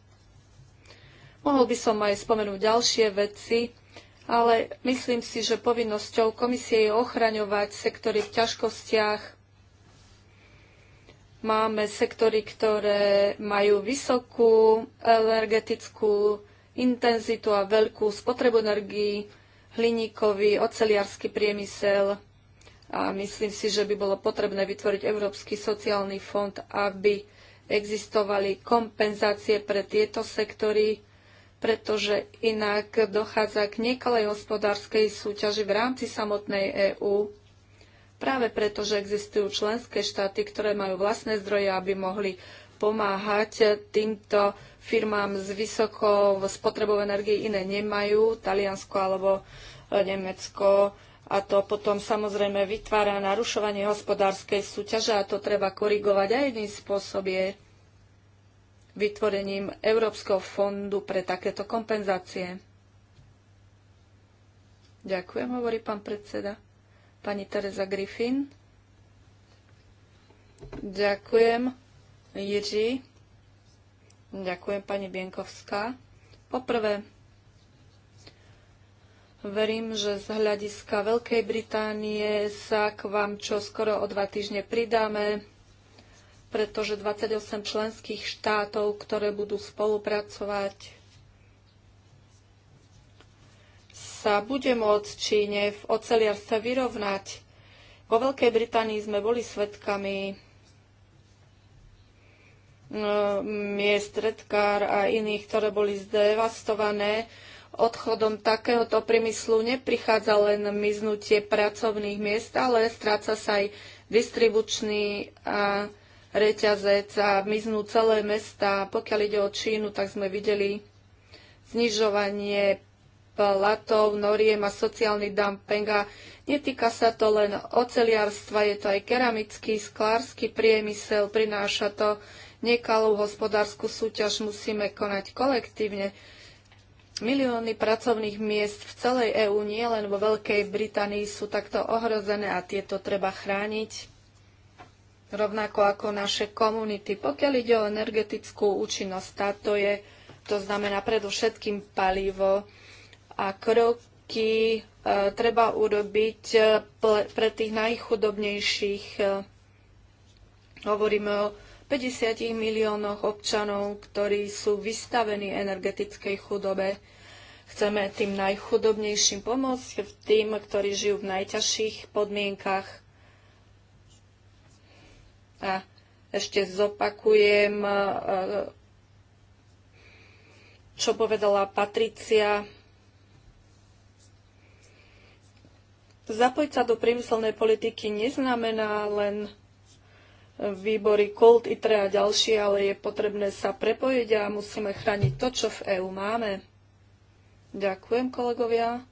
Mohol by som aj spomenúť ďalšie veci, ale myslím si, že povinnosťou komisie je ochraňovať sektory v ťažkostiach. Máme sektory, ktoré majú vysokú energetickú intenzitu a veľkú spotrebu energii, hliníkový, oceliarský priemysel a myslím si, že by bolo potrebné vytvoriť Európsky sociálny fond, aby existovali kompenzácie pre tieto sektory, pretože inak dochádza k nekalej hospodárskej súťaži v rámci samotnej EÚ, práve preto, že existujú členské štáty, ktoré majú vlastné zdroje, aby mohli pomáhať týmto firmám s vysokou spotrebou energii, iné nemajú, Taliansko alebo e, Nemecko. A to potom samozrejme vytvára narušovanie hospodárskej súťaže a to treba korigovať. Aj jedným spôsob je vytvorením Európskeho fondu pre takéto kompenzácie. Ďakujem, hovorí pán predseda. Pani Teresa Griffin. Ďakujem, Jiří. Ďakujem, pani Bienkovská. Poprvé, verím, že z hľadiska Veľkej Británie sa k vám čo skoro o dva týždne pridáme, pretože 28 členských štátov, ktoré budú spolupracovať, sa bude môcť Číne v oceliarstve vyrovnať. Vo Veľkej Británii sme boli svedkami miest redkár a iných, ktoré boli zdevastované. Odchodom takéhoto priemyslu neprichádza len miznutie pracovných miest, ale stráca sa aj distribučný a reťazec a miznú celé mesta. Pokiaľ ide o Čínu, tak sme videli znižovanie platov, noriem a sociálny dumping. A netýka sa to len oceliarstva, je to aj keramický, sklársky priemysel, prináša to nekalú hospodárskú súťaž, musíme konať kolektívne. Milióny pracovných miest v celej EÚ, nielen vo Veľkej Británii, sú takto ohrozené a tieto treba chrániť rovnako ako naše komunity. Pokiaľ ide o energetickú účinnosť, táto je, to znamená predovšetkým palivo a kroky e, treba urobiť e, pre tých najchudobnejších. E, hovoríme o 50 miliónoch občanov, ktorí sú vystavení energetickej chudobe. Chceme tým najchudobnejším pomôcť, tým, ktorí žijú v najťažších podmienkach. A ešte zopakujem, e, čo povedala Patricia. Zapojiť sa do priemyselnej politiky neznamená len výbory KULT, ITRE a ďalšie, ale je potrebné sa prepojiť a musíme chrániť to, čo v EÚ máme. Ďakujem, kolegovia.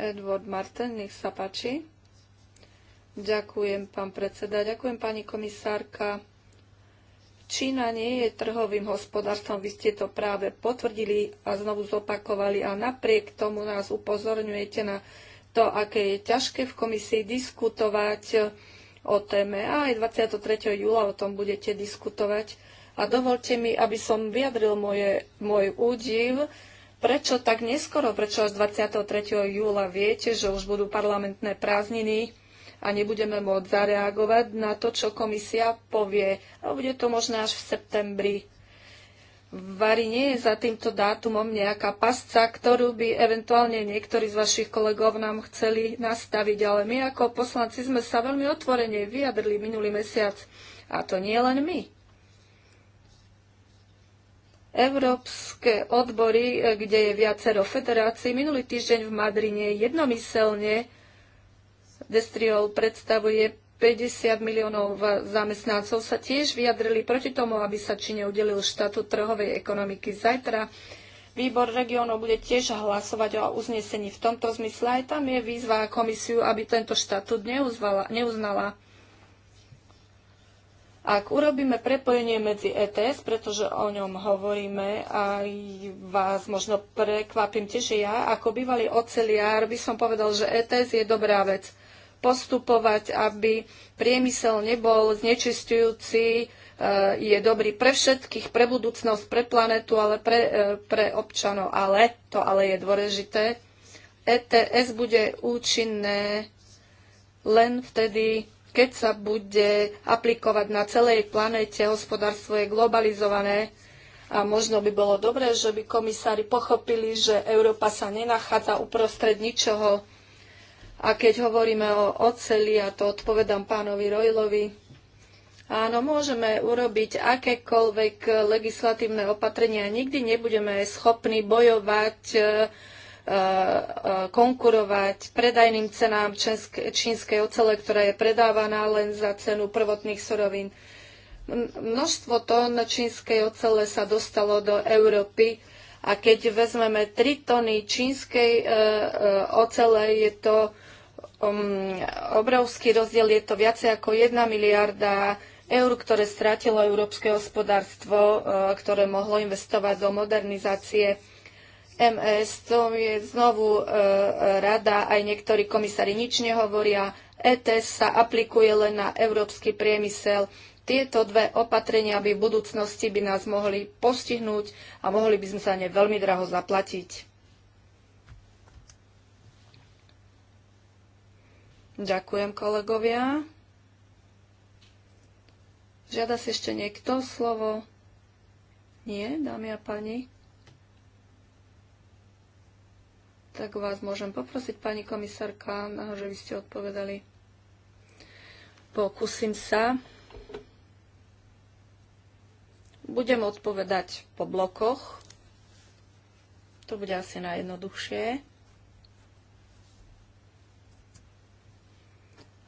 Edward Martin, nech sa páči. Ďakujem, pán predseda. Ďakujem, pani komisárka. Čína nie je trhovým hospodárstvom, vy ste to práve potvrdili a znovu zopakovali a napriek tomu nás upozorňujete na to, aké je ťažké v komisii diskutovať o téme a aj 23. júla o tom budete diskutovať. A dovolte mi, aby som vyjadril moje, môj údiv, prečo tak neskoro, prečo až 23. júla viete, že už budú parlamentné prázdniny a nebudeme môcť zareagovať na to, čo komisia povie. A bude to možno až v septembri Vary nie je za týmto dátumom nejaká pasca, ktorú by eventuálne niektorí z vašich kolegov nám chceli nastaviť, ale my ako poslanci sme sa veľmi otvorene vyjadrili minulý mesiac. A to nie len my. Európske odbory, kde je viacero federácií, minulý týždeň v Madrine jednomyselne Destriol predstavuje 50 miliónov zamestnancov sa tiež vyjadrili proti tomu, aby sa Číne udelil štatút trhovej ekonomiky. Zajtra výbor regiónov bude tiež hlasovať o uznesení v tomto zmysle. Aj tam je výzva komisiu, aby tento štatút neuznala. Ak urobíme prepojenie medzi ETS, pretože o ňom hovoríme aj vás možno prekvapím tiež ja, ako bývalý oceliár by som povedal, že ETS je dobrá vec postupovať, aby priemysel nebol znečistujúci, e, je dobrý pre všetkých, pre budúcnosť, pre planetu, ale pre, e, pre občanov. Ale, to ale je dôležité, ETS bude účinné len vtedy, keď sa bude aplikovať na celej planete. Hospodárstvo je globalizované a možno by bolo dobré, že by komisári pochopili, že Európa sa nenachádza uprostred ničoho, a keď hovoríme o oceli, a to odpovedám pánovi Rojlovi, áno, môžeme urobiť akékoľvek legislatívne opatrenia. Nikdy nebudeme schopní bojovať, e, e, konkurovať predajným cenám čínskej ocele, ktorá je predávaná len za cenu prvotných surovín. Množstvo tón čínskej ocele sa dostalo do Európy a keď vezmeme 3 tony čínskej e, ocele, je to um, obrovský rozdiel, je to viacej ako 1 miliarda eur, ktoré strátilo európske hospodárstvo, uh, ktoré mohlo investovať do modernizácie MS. To je znovu uh, rada, aj niektorí komisári nič nehovoria. ETS sa aplikuje len na európsky priemysel. Tieto dve opatrenia by v budúcnosti by nás mohli postihnúť a mohli by sme sa ne veľmi draho zaplatiť. Ďakujem, kolegovia. Žiada si ešte niekto slovo? Nie, dámy a pani? Tak vás môžem poprosiť, pani komisárka, že by ste odpovedali. Pokúsim sa. Budem odpovedať po blokoch. To bude asi najjednoduchšie.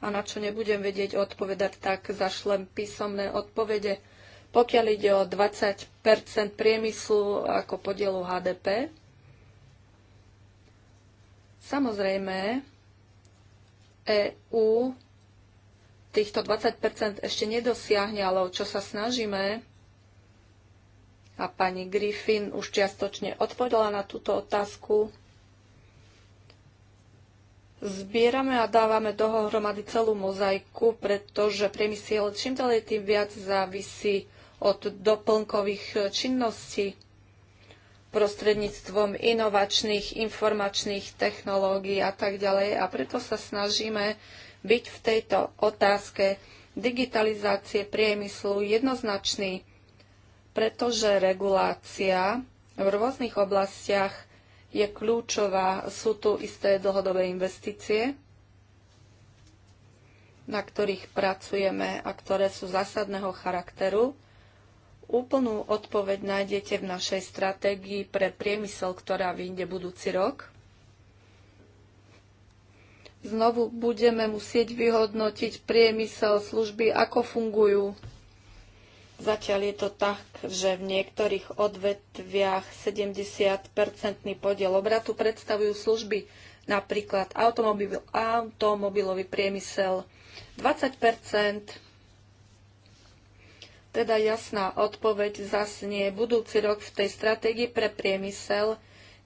a na čo nebudem vedieť odpovedať, tak zašlem písomné odpovede. Pokiaľ ide o 20 priemyslu ako podielu HDP, samozrejme EÚ týchto 20 ešte nedosiahne, ale o čo sa snažíme, a pani Griffin už čiastočne odpovedala na túto otázku, zbierame a dávame dohromady celú mozaiku, pretože priemysel čím ďalej tým viac závisí od doplnkových činností prostredníctvom inovačných informačných technológií a tak ďalej. A preto sa snažíme byť v tejto otázke digitalizácie priemyslu jednoznačný, pretože regulácia v rôznych oblastiach je kľúčová. Sú tu isté dlhodobé investície, na ktorých pracujeme a ktoré sú zásadného charakteru. Úplnú odpoveď nájdete v našej stratégii pre priemysel, ktorá vyjde budúci rok. Znovu budeme musieť vyhodnotiť priemysel služby, ako fungujú Zatiaľ je to tak, že v niektorých odvetviach 70-percentný podiel obratu predstavujú služby, napríklad automobil, automobilový priemysel 20 Teda jasná odpoveď zasnie budúci rok v tej stratégii pre priemysel.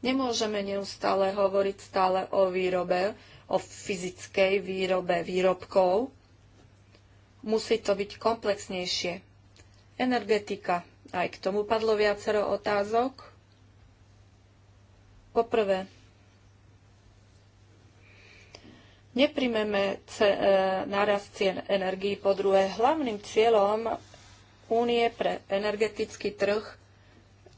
Nemôžeme neustále hovoriť stále o výrobe, o fyzickej výrobe výrobkov. Musí to byť komplexnejšie Energetika. Aj k tomu padlo viacero otázok. Poprvé, neprimeme e, nárast cien energií. Po druhé, hlavným cieľom únie pre energetický trh,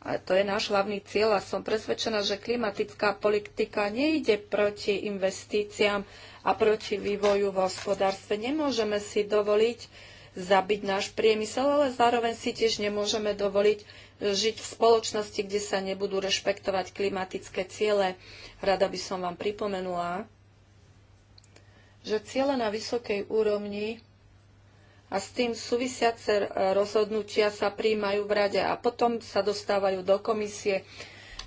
a to je náš hlavný cieľ a som presvedčená, že klimatická politika nejde proti investíciám a proti vývoju v hospodárstve. Nemôžeme si dovoliť zabiť náš priemysel, ale zároveň si tiež nemôžeme dovoliť žiť v spoločnosti, kde sa nebudú rešpektovať klimatické ciele. Rada by som vám pripomenula, že ciele na vysokej úrovni a s tým súvisiace rozhodnutia sa príjmajú v rade a potom sa dostávajú do komisie.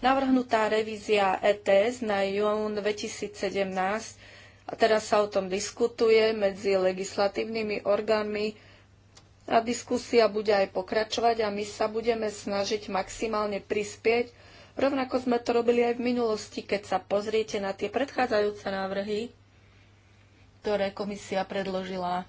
Navrhnutá revízia ETS na jún 2017 a teraz sa o tom diskutuje medzi legislatívnymi orgánmi a diskusia bude aj pokračovať a my sa budeme snažiť maximálne prispieť. Rovnako sme to robili aj v minulosti, keď sa pozriete na tie predchádzajúce návrhy, ktoré komisia predložila.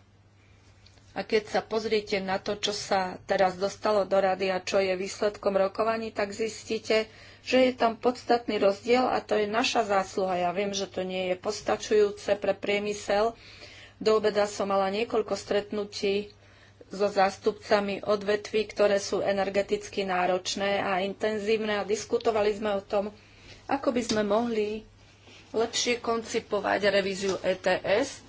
A keď sa pozriete na to, čo sa teraz dostalo do rady a čo je výsledkom rokovaní, tak zistíte, že je tam podstatný rozdiel a to je naša zásluha. Ja viem, že to nie je postačujúce pre priemysel. Do obeda som mala niekoľko stretnutí so zástupcami odvetví, ktoré sú energeticky náročné a intenzívne a diskutovali sme o tom, ako by sme mohli lepšie koncipovať revíziu ETS.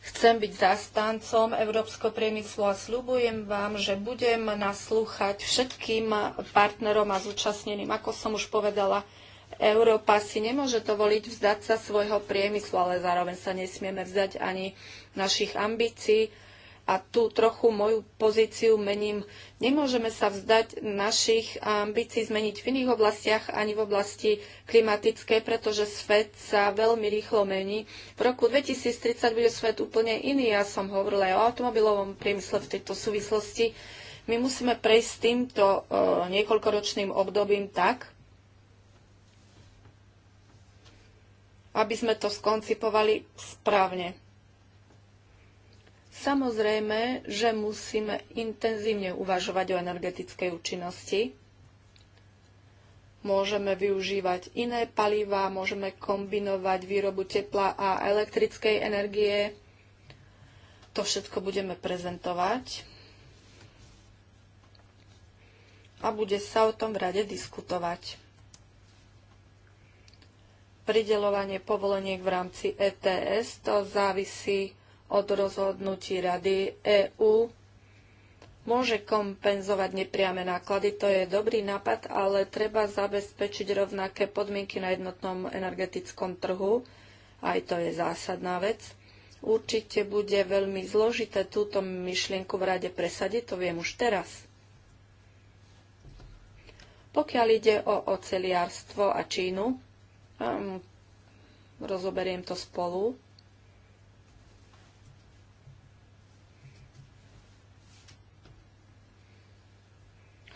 Chcem byť zastancom Európskeho priemyslu a sľubujem vám, že budem naslúchať všetkým partnerom a zúčastneným. Ako som už povedala, Európa si nemôže dovoliť vzdať sa svojho priemyslu, ale zároveň sa nesmieme vzdať ani našich ambícií. A tu trochu moju pozíciu mením. Nemôžeme sa vzdať našich ambícií zmeniť v iných oblastiach ani v oblasti klimatickej, pretože svet sa veľmi rýchlo mení. V roku 2030 bude svet úplne iný. Ja som hovorila aj o automobilovom priemysle v tejto súvislosti. My musíme prejsť týmto e, niekoľkoročným obdobím tak, aby sme to skoncipovali správne. Samozrejme, že musíme intenzívne uvažovať o energetickej účinnosti. Môžeme využívať iné palivá, môžeme kombinovať výrobu tepla a elektrickej energie. To všetko budeme prezentovať a bude sa o tom v rade diskutovať pridelovanie povoleniek v rámci ETS. To závisí od rozhodnutí Rady EÚ. Môže kompenzovať nepriame náklady, to je dobrý nápad, ale treba zabezpečiť rovnaké podmienky na jednotnom energetickom trhu. Aj to je zásadná vec. Určite bude veľmi zložité túto myšlienku v rade presadiť, to viem už teraz. Pokiaľ ide o oceliarstvo a Čínu, Mm, rozoberiem to spolu.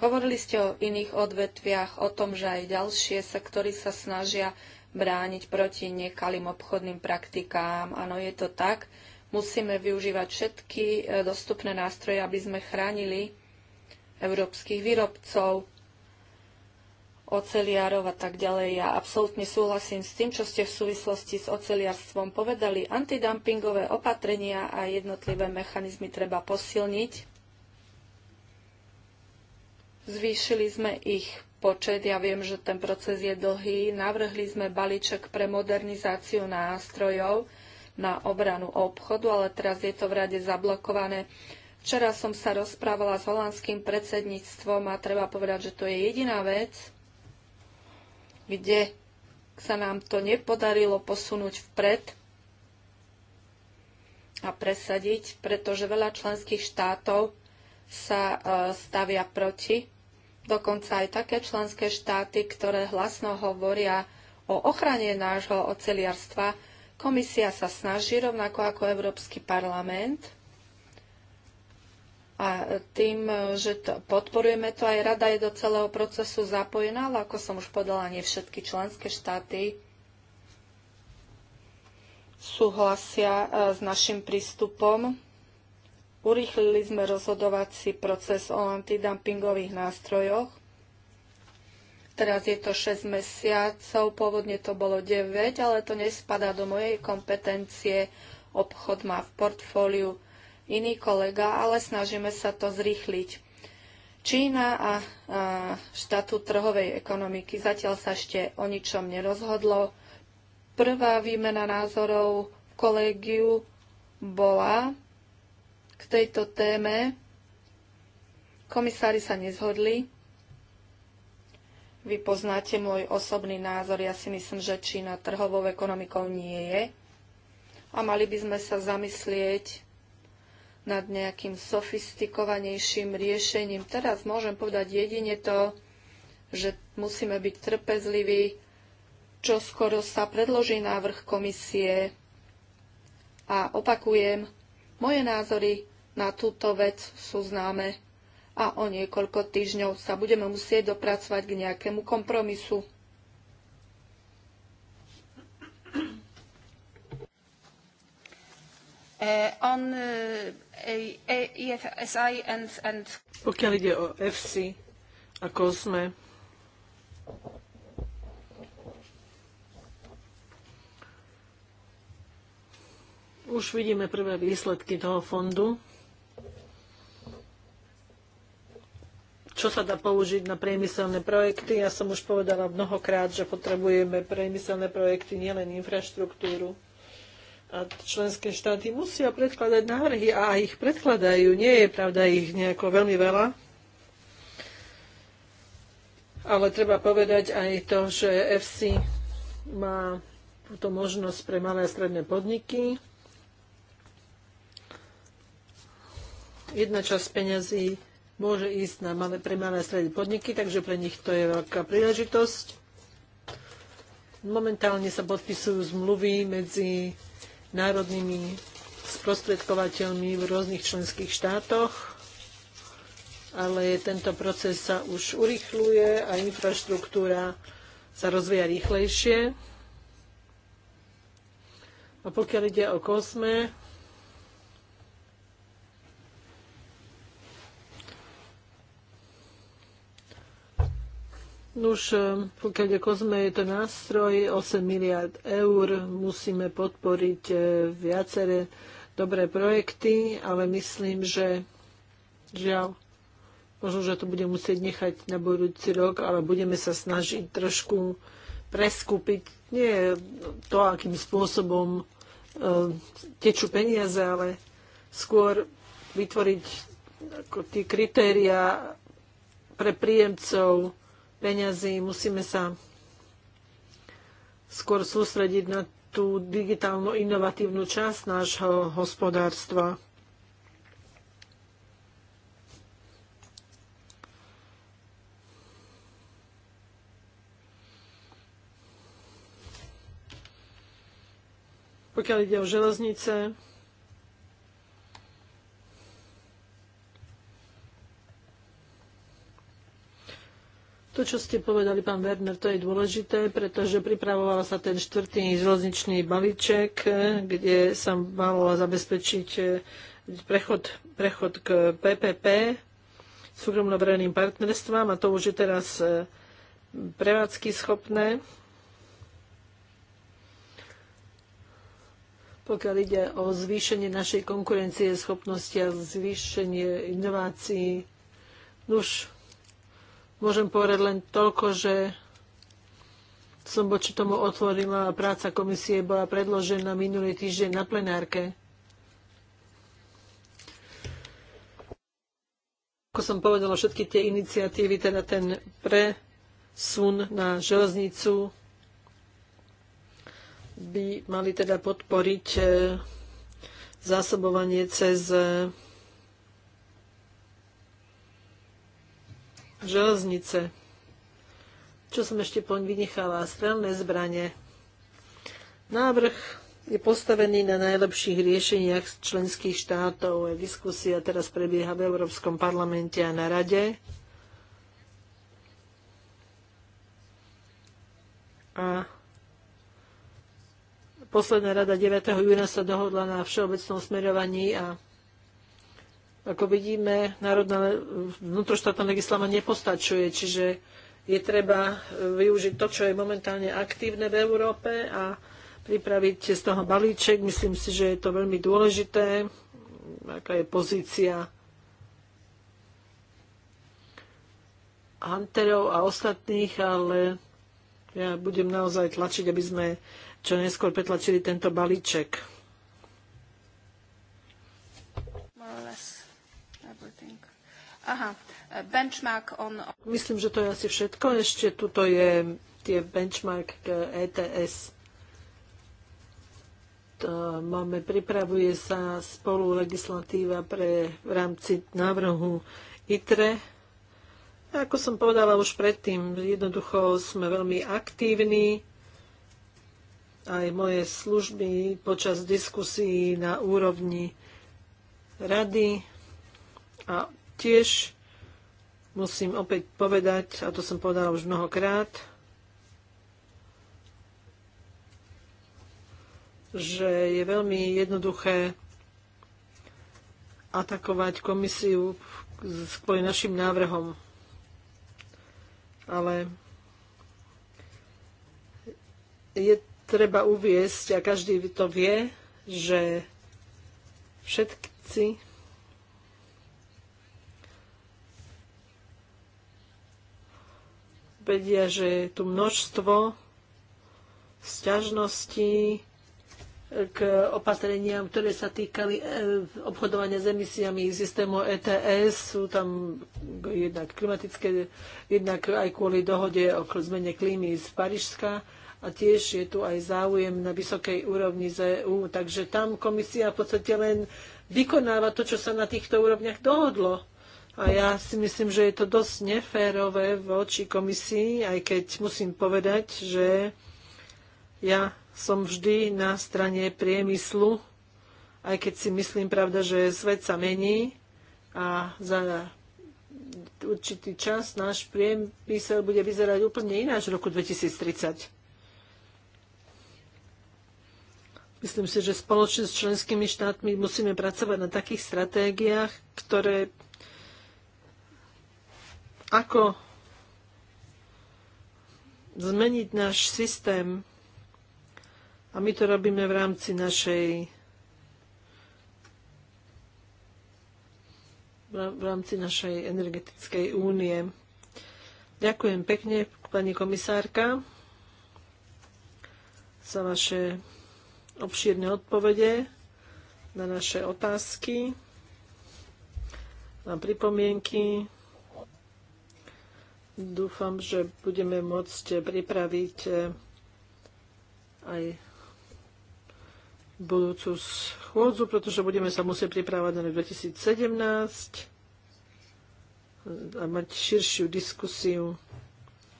Hovorili ste o iných odvetviach, o tom, že aj ďalšie sektory sa snažia brániť proti nekalým obchodným praktikám. Áno, je to tak. Musíme využívať všetky e, dostupné nástroje, aby sme chránili európskych výrobcov oceliárov a tak ďalej. Ja absolútne súhlasím s tým, čo ste v súvislosti s oceliarstvom povedali. Antidumpingové opatrenia a jednotlivé mechanizmy treba posilniť. Zvýšili sme ich počet. Ja viem, že ten proces je dlhý. Navrhli sme balíček pre modernizáciu nástrojov na obranu obchodu, ale teraz je to v rade zablokované. Včera som sa rozprávala s holandským predsedníctvom a treba povedať, že to je jediná vec, kde sa nám to nepodarilo posunúť vpred a presadiť, pretože veľa členských štátov sa e, stavia proti. Dokonca aj také členské štáty, ktoré hlasno hovoria o ochrane nášho oceliarstva, komisia sa snaží rovnako ako Európsky parlament a tým, že to, podporujeme to, aj rada je do celého procesu zapojená, ale ako som už povedala, nie všetky členské štáty súhlasia e, s našim prístupom. Urýchlili sme rozhodovací proces o antidumpingových nástrojoch. Teraz je to 6 mesiacov, pôvodne to bolo 9, ale to nespadá do mojej kompetencie. Obchod má v portfóliu iný kolega, ale snažíme sa to zrýchliť. Čína a, a štátu trhovej ekonomiky zatiaľ sa ešte o ničom nerozhodlo. Prvá výmena názorov v kolegiu bola k tejto téme. Komisári sa nezhodli. Vy poznáte môj osobný názor. Ja si myslím, že Čína trhovou ekonomikou nie je. A mali by sme sa zamyslieť nad nejakým sofistikovanejším riešením. Teraz môžem povedať jedine to, že musíme byť trpezliví, čo skoro sa predloží návrh komisie. A opakujem, moje názory na túto vec sú známe a o niekoľko týždňov sa budeme musieť dopracovať k nejakému kompromisu. Eh, on EFSI eh, eh, e and, and... Pokiaľ ide o FC a COSME, už vidíme prvé výsledky toho fondu. Čo sa dá použiť na priemyselné projekty? Ja som už povedala mnohokrát, že potrebujeme priemyselné projekty, nielen infraštruktúru. A členské štáty musia predkladať návrhy a ich predkladajú. Nie je pravda ich nejako veľmi veľa. Ale treba povedať aj to, že FC má túto možnosť pre malé a stredné podniky. Jedna časť peňazí môže ísť na malé, pre malé a stredné podniky, takže pre nich to je veľká príležitosť. Momentálne sa podpisujú zmluvy medzi národnými sprostredkovateľmi v rôznych členských štátoch ale tento proces sa už urychluje a infraštruktúra sa rozvíja rýchlejšie. A pokiaľ ide o kosme, Už e, pokiaľ je kozme, je to nástroj 8 miliard eur. Musíme podporiť e, viaceré dobré projekty, ale myslím, že žiaľ, možno, že to bude musieť nechať na budúci rok, ale budeme sa snažiť trošku preskúpiť nie to, akým spôsobom e, tečú peniaze, ale skôr vytvoriť ako tie kritéria pre príjemcov peňazí. Musíme sa skôr sústrediť na tú digitálnu inovatívnu časť nášho hospodárstva. Pokiaľ ide o železnice, To, čo ste povedali, pán Werner, to je dôležité, pretože pripravoval sa ten štvrtý železničný balíček, kde sa malo zabezpečiť eh, prechod, prechod k PPP, súkromno-verejným partnerstvám a to už je teraz eh, prevádzky schopné. Pokiaľ ide o zvýšenie našej konkurencie schopnosti a zvýšenie inovácií, už Môžem povedať len toľko, že som voči tomu otvorila a práca komisie bola predložená minulý týždeň na plenárke. Ako som povedala, všetky tie iniciatívy, teda ten presun na železnicu by mali teda podporiť e, zásobovanie cez železnice. Čo som ešte poň vynechala? Strelné zbranie. Návrh je postavený na najlepších riešeniach členských štátov. Diskusia teraz prebieha v Európskom parlamente a na Rade. A posledná rada 9. júna sa dohodla na všeobecnom smerovaní a ako vidíme, národná vnútroštátna legislama nepostačuje, čiže je treba e, využiť to, čo je momentálne aktívne v Európe a pripraviť z toho balíček. Myslím si, že je to veľmi dôležité, aká je pozícia Hunterov a ostatných, ale ja budem naozaj tlačiť, aby sme čo neskôr pretlačili tento balíček. Aha, e, benchmark on... Myslím, že to je asi všetko. Ešte tuto je tie benchmark k ETS. To máme, pripravuje sa spolu legislatíva pre, v rámci návrhu ITRE. Ako som povedala už predtým, jednoducho sme veľmi aktívni. Aj moje služby počas diskusí na úrovni rady a Tiež musím opäť povedať, a to som povedala už mnohokrát, že je veľmi jednoduché atakovať komisiu kvôli našim návrhom. Ale je treba uviesť, a každý to vie, že všetci vedia, že je tu množstvo sťažností k opatreniam, ktoré sa týkali e, obchodovania s emisiami systému ETS. Sú tam jednak klimatické, jednak aj kvôli dohode o zmene klímy z Parížska a tiež je tu aj záujem na vysokej úrovni z EU. Takže tam komisia v podstate len vykonáva to, čo sa na týchto úrovniach dohodlo. A ja si myslím, že je to dosť neférové voči komisii, aj keď musím povedať, že ja som vždy na strane priemyslu, aj keď si myslím, pravda, že svet sa mení a za určitý čas náš priemysel bude vyzerať úplne ináč v roku 2030. Myslím si, že spoločne s členskými štátmi musíme pracovať na takých stratégiách, ktoré ako zmeniť náš systém. A my to robíme v rámci našej v rámci našej energetickej únie. Ďakujem pekne, pani komisárka, za vaše obšírne odpovede na naše otázky, na pripomienky. Dúfam, že budeme môcť pripraviť eh, aj budúcu schôdzu, pretože budeme sa musieť pripravať na 2017 a mať širšiu diskusiu.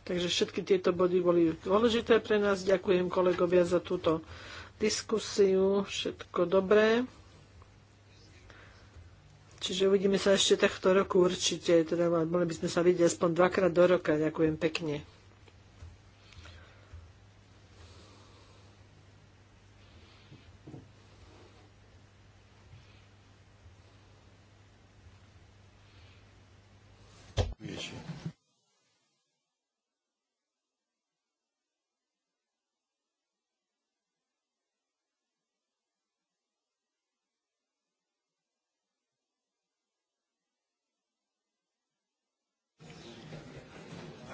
Takže všetky tieto body boli dôležité pre nás. Ďakujem kolegovia za túto diskusiu. Všetko dobré. Čiže uvidíme sa ešte tohto roku určite, teda mali by sme sa vidieť aspoň dvakrát do roka. Ďakujem pekne.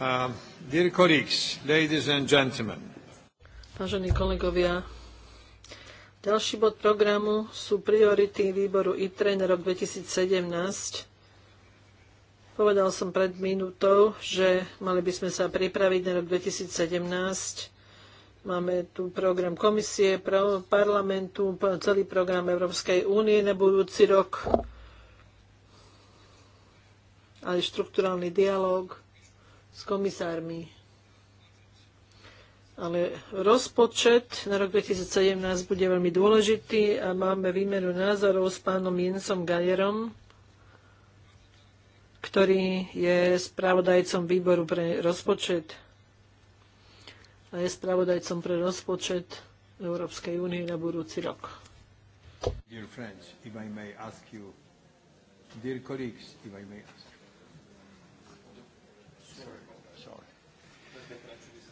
Um, dear colleagues, ladies and gentlemen. Vážení kolegovia, ďalší bod programu sú priority výboru ITRE na rok 2017. Povedal som pred minútou, že mali by sme sa pripraviť na rok 2017. Máme tu program komisie, parlamentu, celý program Európskej únie na budúci rok, aj štruktúrálny dialog s komisármi. Ale rozpočet na rok 2017 bude veľmi dôležitý a máme výmenu názorov s pánom Jensom Gajerom, ktorý je spravodajcom výboru pre rozpočet a je spravodajcom pre rozpočet Európskej únie na budúci rok. Dear friends, if I may ask you, dear colleagues, if I may ask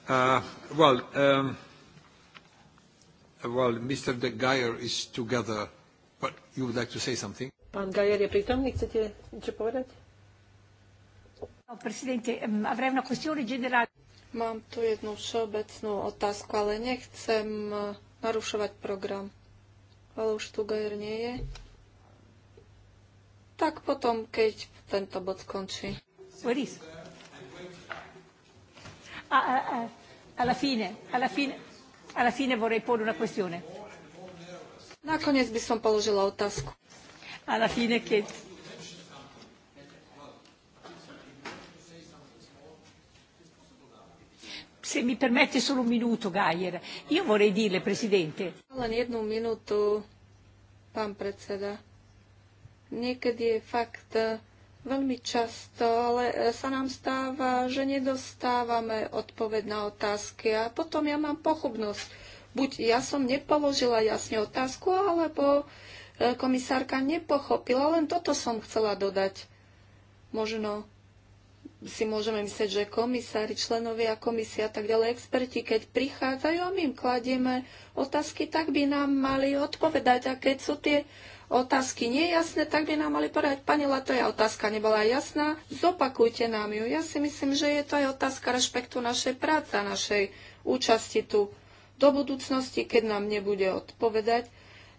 Uh, well, Mr. Um, De is together, but you would like to say something? Pán Gajer je prítomný, chcete niečo povedať? Mám tu jednu všeobecnú otázku, ale nechcem eh, narušovať program. Ale už tu Gajer nie je. Tak potom, keď tento bod skončí. Boris. A, a, a alla fine, alla fine, alla fine vorrei porre una questione. Nakoniec by som položila otázku. Alla fine che... Se mi permette solo un minuto, Gaier, io vorrei dirle, Presidente... Len jednu minútu, pán predseda. Niekedy je fakt, Veľmi často ale e, sa nám stáva, že nedostávame odpoveď na otázky a potom ja mám pochybnosť. Buď ja som nepoložila jasne otázku, alebo e, komisárka nepochopila, len toto som chcela dodať. Možno si môžeme myslieť, že komisári, členovia komisia a tak ďalej, experti, keď prichádzajú a my im kladieme otázky, tak by nám mali odpovedať. A keď sú tie otázky nie je jasné, tak by nám mali povedať, pani Latoja, otázka nebola jasná, zopakujte nám ju. Ja si myslím, že je to aj otázka rešpektu našej práce, našej účasti tu. Do budúcnosti, keď nám nebude odpovedať,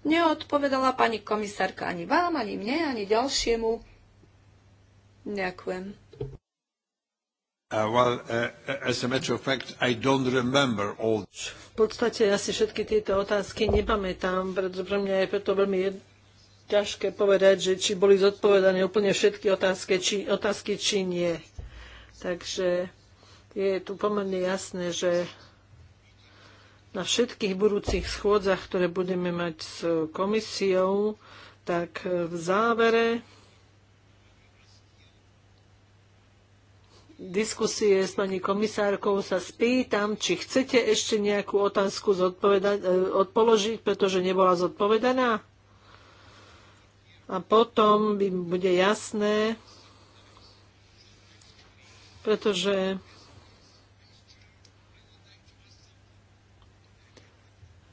neodpovedala pani komisárka ani vám, ani mne, ani ďalšiemu. Ďakujem. Uh, well, uh, uh as a matter of fact, I don't remember all... V podstate ja si všetky tieto otázky nepamätám, pretože pre mňa je preto veľmi ťažké povedať, že či boli zodpovedané úplne všetky otázky či, otázky, či nie. Takže je tu pomerne jasné, že na všetkých budúcich schôdzach, ktoré budeme mať s komisiou, tak v závere diskusie s pani komisárkou sa spýtam, či chcete ešte nejakú otázku e, odpoložiť, pretože nebola zodpovedaná a potom by bude jasné, pretože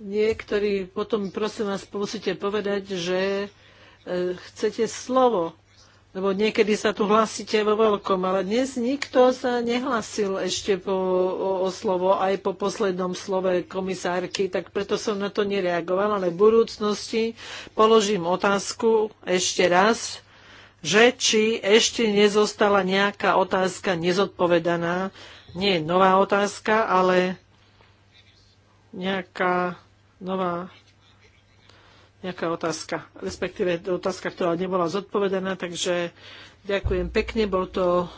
niektorí potom prosím vás musíte povedať, že e, chcete slovo lebo niekedy sa tu hlasíte vo veľkom, ale dnes nikto sa nehlasil ešte po, o, o slovo aj po poslednom slove komisárky, tak preto som na to nereagoval, ale v budúcnosti položím otázku ešte raz, že či ešte nezostala nejaká otázka nezodpovedaná, nie nová otázka, ale nejaká nová nejaká otázka, respektíve otázka, ktorá nebola zodpovedaná, takže ďakujem pekne, bol to um,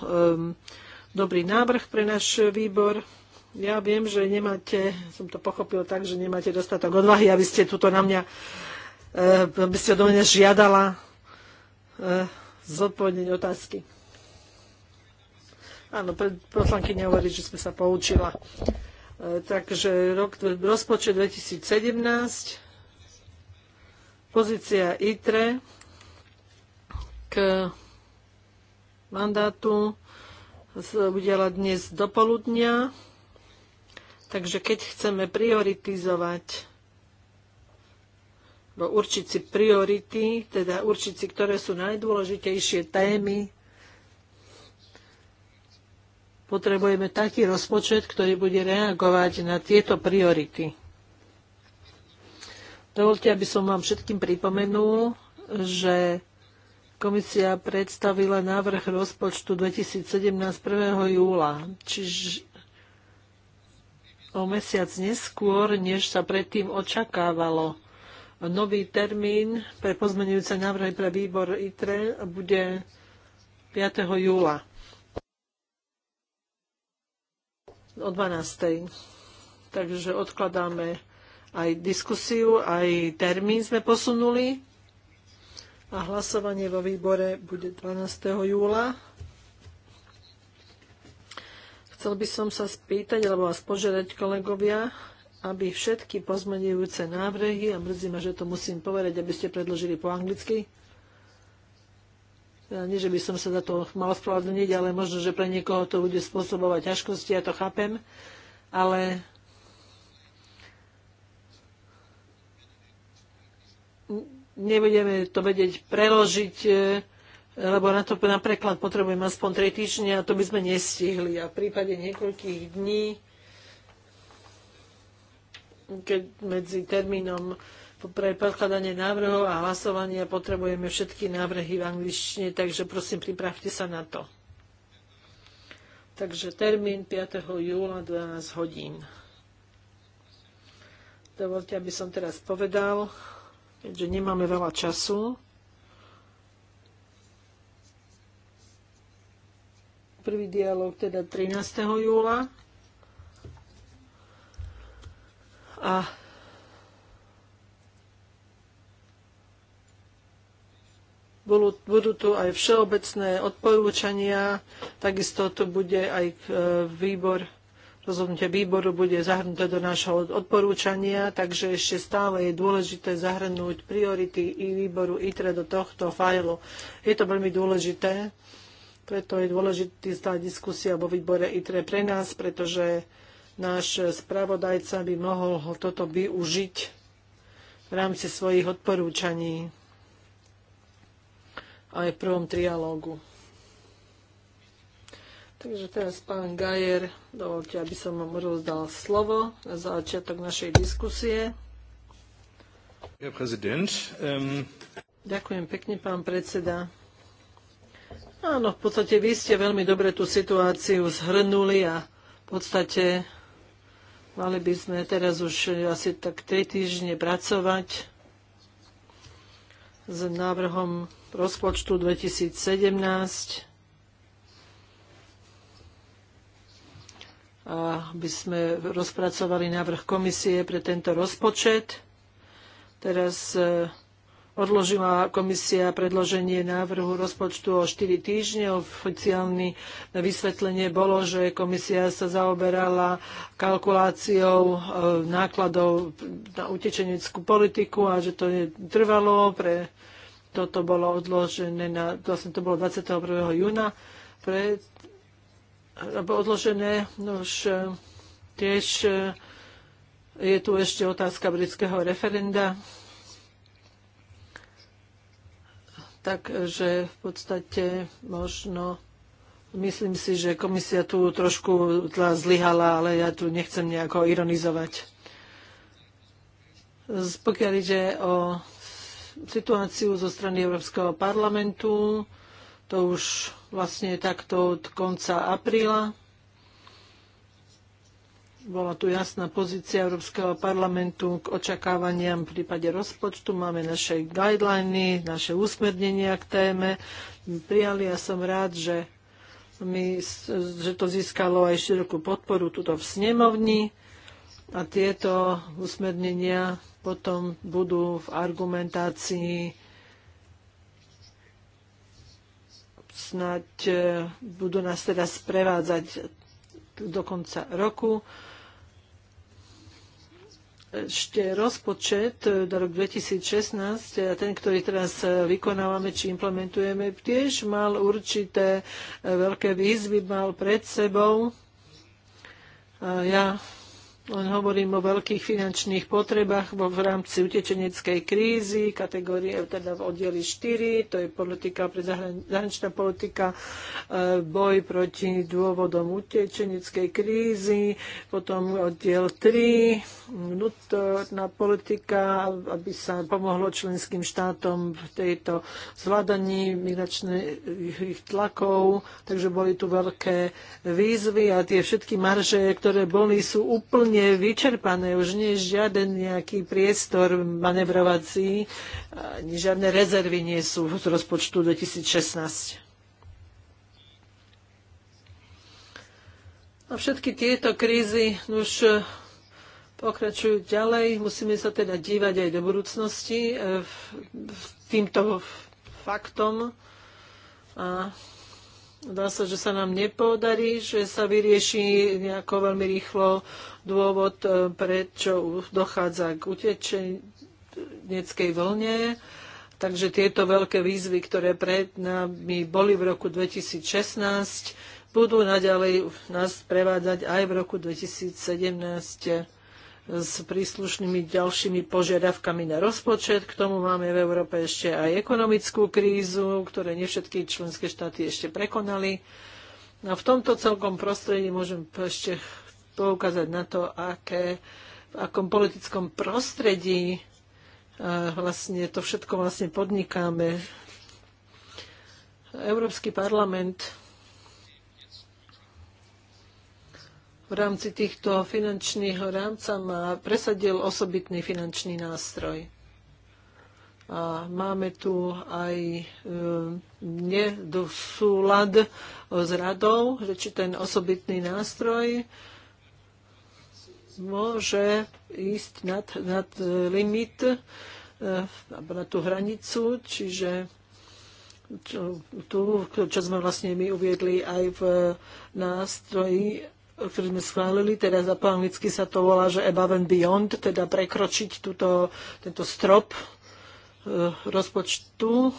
dobrý návrh pre náš výbor. Ja viem, že nemáte, som to pochopil tak, že nemáte dostatok odvahy, aby ste tuto na mňa, uh, aby ste do mňa žiadala uh, otázky. Áno, poslankyňa hovorí, že sme sa poučila. E, takže rok, rozpočet 2017 Pozícia ITRE k mandátu sa udiala dnes do poludnia. Takže keď chceme prioritizovať bo určiť si priority, teda určiť si, ktoré sú najdôležitejšie témy, potrebujeme taký rozpočet, ktorý bude reagovať na tieto priority. Dovolte, aby som vám všetkým pripomenul, že komisia predstavila návrh rozpočtu 2017 1. júla, čiže o mesiac neskôr, než sa predtým očakávalo. Nový termín pre pozmenujúce návrhy pre výbor ITRE bude 5. júla o 12. Takže odkladáme aj diskusiu, aj termín sme posunuli a hlasovanie vo výbore bude 12. júla. Chcel by som sa spýtať, alebo vás požiadať kolegovia, aby všetky pozmenujúce návrhy, a mrzí ma, že to musím povedať, aby ste predložili po anglicky, ja, nie, že by som sa za to mal spravodniť, ale možno, že pre niekoho to bude spôsobovať ťažkosti, ja to chápem, ale nebudeme to vedieť preložiť, e, lebo na to na preklad potrebujem aspoň 3 týždne a to by sme nestihli. A v prípade niekoľkých dní, keď medzi termínom pre podkladanie návrhov a hlasovania potrebujeme všetky návrhy v angličtine, takže prosím, pripravte sa na to. Takže termín 5. júla 12 hodín. Dovolte, aby som teraz povedal, keďže nemáme veľa času. Prvý dialog teda 13. júla. A budú, budú tu aj všeobecné odporúčania, takisto tu bude aj e, výbor rozhodnutie výboru bude zahrnuté do nášho odporúčania, takže ešte stále je dôležité zahrnúť priority i výboru ITRE do tohto fajlu. Je to veľmi dôležité, preto je dôležitý tá diskusia vo výbore ITRE pre nás, pretože náš spravodajca by mohol toto využiť v rámci svojich odporúčaní aj v prvom trialógu. Takže teraz pán Gajer, dovolte, aby som vám rozdal slovo na začiatok našej diskusie. um... Ďakujem pekne, pán predseda. Áno, v podstate vy ste veľmi dobre tú situáciu zhrnuli a v podstate mali by sme teraz už asi tak 3 týždne pracovať s návrhom rozpočtu 2017 aby sme rozpracovali návrh komisie pre tento rozpočet. Teraz e, odložila komisia predloženie návrhu rozpočtu o 4 týždne. Oficiálne vysvetlenie bolo, že komisia sa zaoberala kalkuláciou e, nákladov na utečeneckú politiku a že to je trvalo. Pre, toto bolo odložené na, vlastne to bolo 21. júna. Pre, alebo odložené. No už e, tiež e, je tu ešte otázka britského referenda. Takže v podstate možno myslím si, že komisia tu trošku zlyhala, ale ja tu nechcem nejako ironizovať. Pokiaľ ide o situáciu zo strany Európskeho parlamentu, to už vlastne takto od konca apríla. Bola tu jasná pozícia Európskeho parlamentu k očakávaniam v prípade rozpočtu. Máme naše guideliny, naše úsmernenia k téme. Prijali a som rád, že, my, že to získalo aj širokú podporu tuto v snemovni. A tieto usmernenia potom budú v argumentácii snáď e, budú nás teda sprevádzať do konca roku. Ešte rozpočet e, do rok 2016, ten, ktorý teraz e, vykonávame či implementujeme, tiež mal určité veľké výzvy, mal pred sebou. ja len hovorím o veľkých finančných potrebách vo, v rámci utečeneckej krízy, kategórie teda v oddeli 4, to je politika pre zahraničná politika, e, boj proti dôvodom utečeneckej krízy, potom oddiel 3, vnútorná politika, aby sa pomohlo členským štátom v tejto zvládaní migračných tlakov, takže boli tu veľké výzvy a tie všetky marže, ktoré boli, sú úplne úplne vyčerpané, už nie je žiaden nejaký priestor manevrovací, žiadne rezervy nie sú z rozpočtu 2016. A všetky tieto krízy už pokračujú ďalej. Musíme sa teda dívať aj do budúcnosti eh, týmto faktom. A Dá sa, že sa nám nepodarí, že sa vyrieši nejako veľmi rýchlo dôvod, e, prečo dochádza k utečeneckej vlne. Takže tieto veľké výzvy, ktoré pred nami boli v roku 2016, budú naďalej nás prevádzať aj v roku 2017 s príslušnými ďalšími požiadavkami na rozpočet. K tomu máme v Európe ešte aj ekonomickú krízu, ktoré nevšetky členské štáty ešte prekonali. A v tomto celkom prostredí môžem ešte poukázať na to, aké, v akom politickom prostredí e, vlastne to všetko vlastne podnikáme. Európsky parlament v rámci týchto finančných rámca má presadil osobitný finančný nástroj. A máme tu aj e, nedosúlad e, s radou, že či ten osobitný nástroj môže ísť nad, nad e, limit, e, na tú hranicu, čiže tu, čo sme vlastne my uviedli aj v e, nástroji ktorý sme schválili, teda po anglicky sa to volá, že above and beyond, teda prekročiť túto, tento strop e, rozpočtu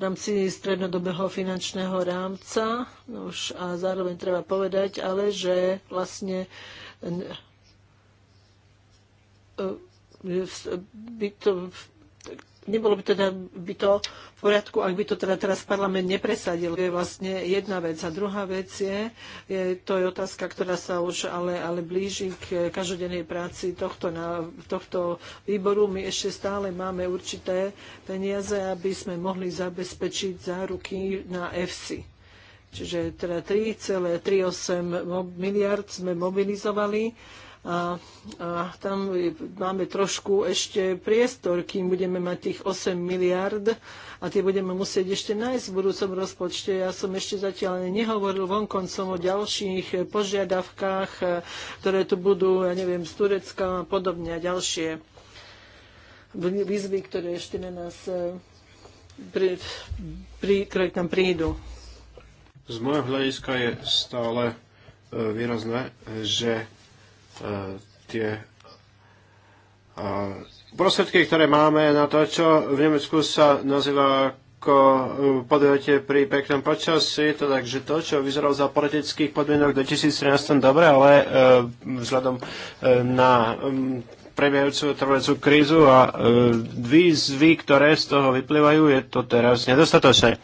v rámci strednodobého finančného rámca. No už a zároveň treba povedať, ale že vlastne e, by to nebolo by, teda, by to v poriadku, ak by to teda teraz parlament nepresadil. To je vlastne jedna vec. A druhá vec je, je to je otázka, ktorá sa už ale, ale blíži k každodennej práci tohto, na, tohto výboru. My ešte stále máme určité peniaze, aby sme mohli zabezpečiť záruky na EFSI. Čiže teda 3,38 miliard sme mobilizovali a, a tam máme trošku ešte priestor, kým budeme mať tých 8 miliard a tie budeme musieť ešte nájsť v budúcom rozpočte. Ja som ešte zatiaľ nehovoril vonkoncom o ďalších požiadavkách, e, ktoré tu budú, ja neviem, z Turecka a podobne a ďalšie výzvy, ktoré ešte na nás e, pri, pri, ktoré tam prídu. Z môjho hľadiska je stále e, výrazné, že E, tie prostriedky, ktoré máme na to, čo v Nemecku sa nazýva ako e, podujatie pri peknom počasí, to takže to, čo vyzeralo za politických podmienok 2013, dobre, ale e, vzhľadom e, na e, prebiehajúcu trvajúcu krízu a e, výzvy, ktoré z toho vyplývajú, je to teraz nedostatočné.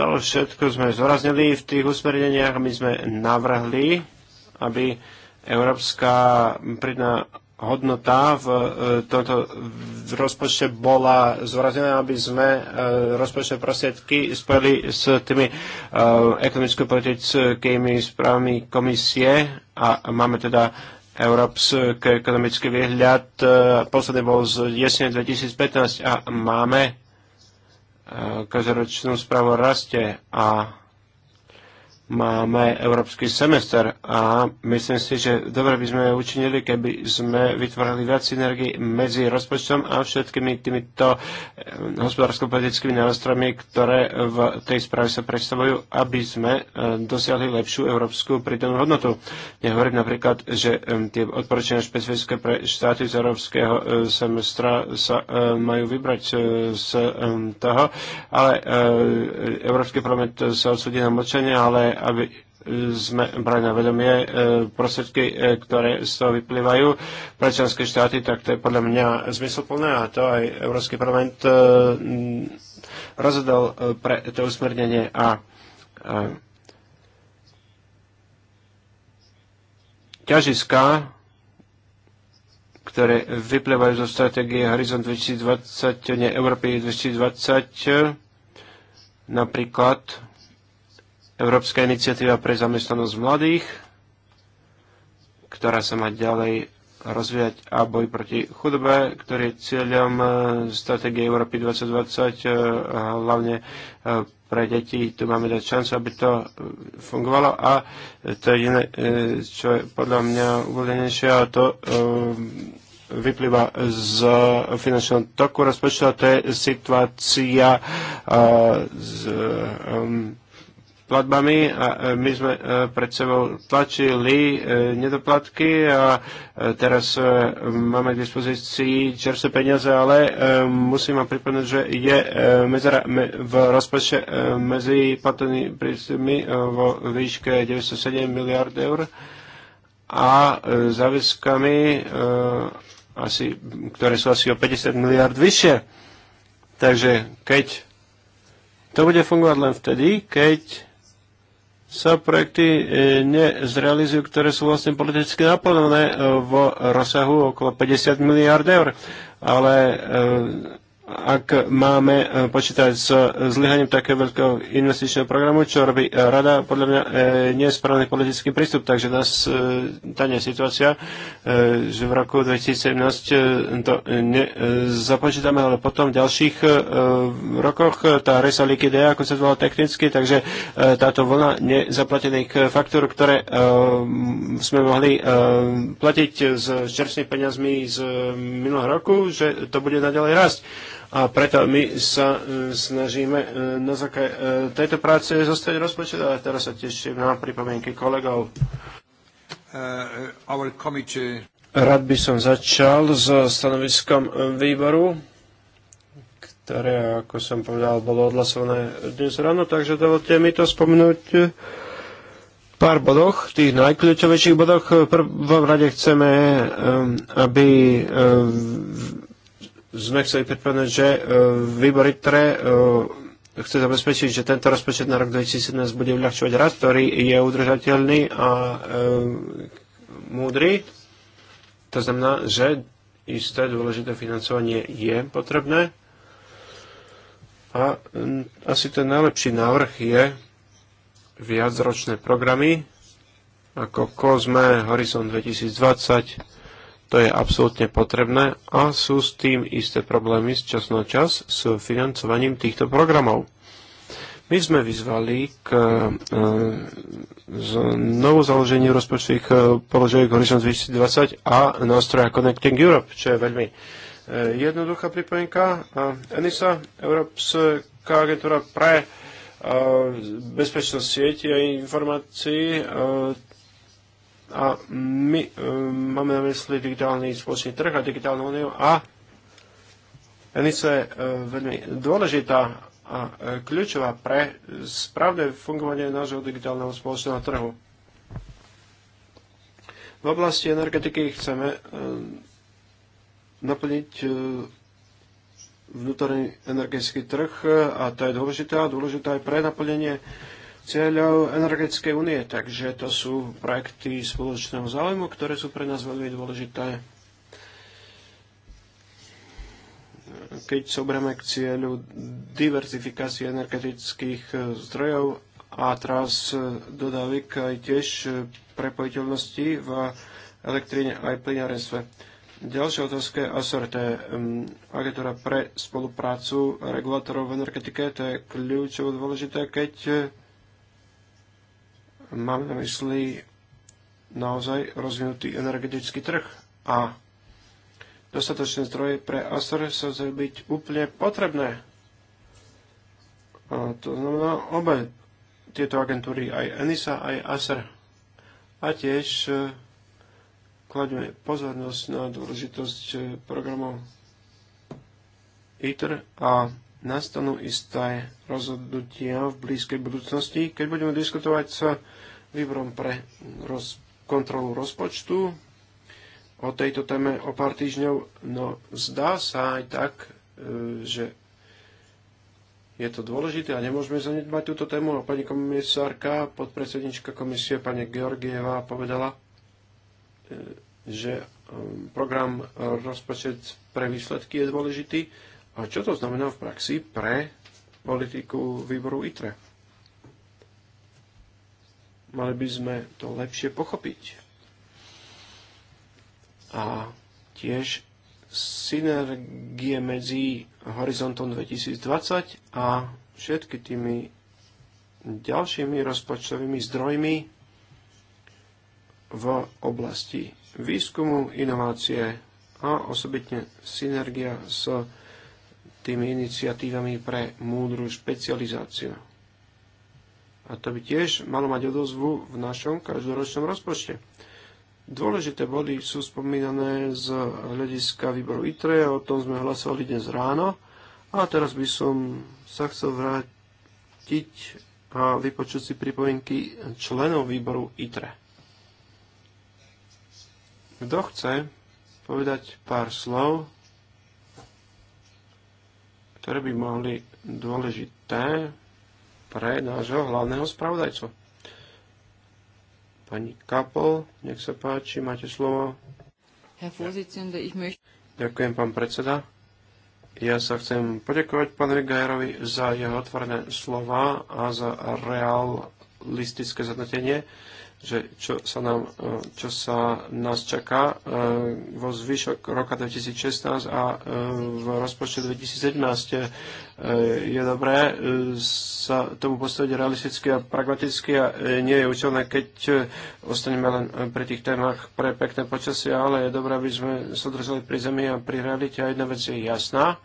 To všetko sme zvoraznili v tých usmerneniach, my sme navrhli, aby e, Európska pridná hodnota v e, tomto rozpočte bola zvrazená, aby sme e, rozpočte prostriedky spojili s tými e, ekonomicko-politickými správami komisie a máme teda európsky ekonomický výhľad. Posledný bol z jesene 2015 a máme každoročnú správu raste a máme európsky semester a myslím si, že dobre by sme učinili, keby sme vytvorili viac synergii medzi rozpočtom a všetkými týmito eh, hospodársko-politickými nástrojmi, ktoré v tej správe sa predstavujú, aby sme eh, dosiahli lepšiu európsku pridanú hodnotu. Nehovorím napríklad, že tie odporúčania špecifické pre štáty z európskeho eh, semestra sa majú vybrať z toho, ale Európsky parlament sa odsudí na mlčanie, ale aby sme brali na vedomie e, prostriedky, e, ktoré z toho vyplývajú pre členské štáty, tak to je podľa mňa zmysluplné a to aj Európsky parlament e, rozhodol pre to usmernenie a ťažiska, ktoré vyplývajú zo stratégie Horizon 2020, nie Európy 2020, napríklad Európska iniciatíva pre zamestnanosť mladých, ktorá sa má ďalej rozvíjať a boj proti chudobe, ktorý je cieľom e, stratégie Európy 2020, e, hlavne e, pre deti. Tu máme dať šancu, aby to fungovalo a to je jediné, čo je podľa mňa uvedenejšie a to vyplýva z finančného toku rozpočtu a to je situácia z um, platbami a e, my sme e, pred sebou tlačili e, nedoplatky a teraz máme k dispozícii čerstvé peniaze, ale musím vám pripomenúť, že je medzera v rozpočte medzi platnými prísmi vo výške 907 miliard eur a záviskami asi, ktoré sú asi o 50 miliard vyššie. Takže keď to bude fungovať len vtedy, keď sa projekty e, nezrealizujú, ktoré sú vlastne politicky naplnené e, v rozsahu okolo 50 miliard eur. Ale e, ak máme e, počítať s zlyhaním takého veľkého investičného programu, čo robí e, rada, podľa mňa e, nie je správny politický prístup, takže nás tá nie situácia, že v roku 2017 to započítame, ale potom v ďalších rokoch tá resa likidea, ako sa volá technicky, takže táto vlna nezaplatených faktúr, ktoré sme mohli platiť s čerstvými peniazmi z minulého roku, že to bude naďalej rásť a preto my sa e, snažíme e, na základe e, tejto práce zostať rozpočet, ale teraz sa teším na pripomienky kolegov. Uh, uh committee... Rád by som začal s stanoviskom výboru, ktoré, ako som povedal, bolo odhlasované dnes ráno, takže dovolte mi to spomenúť pár bodoch, tých najkľúčovejších bodoch. V prvom rade chceme, aby sme chceli pripomenúť, že ktoré e, ITRE e, chce zabezpečiť, že tento rozpočet na rok 2017 bude uľahčovať rast, ktorý je udržateľný a e, múdry. To znamená, že isté dôležité financovanie je potrebné. A asi ten najlepší návrh je viacročné programy ako COSME, Horizon 2020, to je absolútne potrebné a sú s tým isté problémy z čas na čas s financovaním týchto programov. My sme vyzvali k eh, znovu založeniu rozpočtových eh, položiek Horizon 2020 a nástroja Connecting Europe, čo je veľmi eh, jednoduchá pripojenka. ENISA, Európska agentúra pre bezpečnosť sieti a informácií, a my e, máme na mysli digitálny spoločný trh a digitálnu úniu a NIC je e, veľmi dôležitá a e, kľúčová pre správne fungovanie nášho digitálneho spoločného trhu. V oblasti energetiky chceme e, naplniť e, vnútorný energetický trh e, a to je dôležité a dôležité aj pre naplnenie e, cieľov energetickej únie. Takže to sú projekty spoločného záujmu, ktoré sú pre nás veľmi dôležité. Keď sobrame k cieľu diverzifikácie energetických e, zdrojov a teraz e, dodávik aj tiež e, prepojiteľnosti v elektríne aj plynárenstve. Ďalšia otázka je ASRT, agentúra pre spoluprácu regulátorov v energetike. To je kľúčovo dôležité, keď Mám na mysli naozaj rozvinutý energetický trh a dostatočné zdroje pre ASR sa zdajú byť úplne potrebné. A to znamená obe tieto agentúry, aj ENISA, aj ASR. A tiež e, kladíme pozornosť na dôležitosť e, programov ITER a nastanú isté rozhodnutia v blízkej budúcnosti, keď budeme diskutovať s výborom pre roz, kontrolu rozpočtu o tejto téme o pár týždňov. No zdá sa aj tak, e, že je to dôležité a nemôžeme zanedbať túto tému. A pani komisárka, podpredsednička komisie, pani Georgieva povedala, e, že e, program rozpočet pre výsledky je dôležitý a čo to znamená v praxi pre politiku výboru ITRE? Mali by sme to lepšie pochopiť. A tiež synergie medzi Horizontom 2020 a všetky tými ďalšími rozpočtovými zdrojmi v oblasti výskumu, inovácie a osobitne synergia s tými iniciatívami pre múdru špecializáciu. A to by tiež malo mať odozvu v našom každoročnom rozpočte. Dôležité body sú spomínané z hľadiska výboru ITRE, o tom sme hlasovali dnes ráno. A teraz by som sa chcel vrátiť a vypočuť si pripomienky členov výboru ITRE. Kto chce povedať pár slov ktoré by mohli dôležité pre nášho hlavného spravodajcu. Pani Kapol, nech sa páči, máte slovo. Ďakujem, pán predseda. Ja sa chcem poďakovať pánovi Gajerovi za jeho otvorené slova a za realistické zhodnotenie že čo sa, nám, e, čo sa nás čaká e, vo zvyšok roka 2016 a e, v rozpočte 2017 je dobré sa tomu postaviť realisticky a pragmaticky a nie je účelné, keď ostaneme len pri tých témach pre pekné počasie, ale je dobré, aby sme sa držali pri zemi a pri realite. A jedna vec je jasná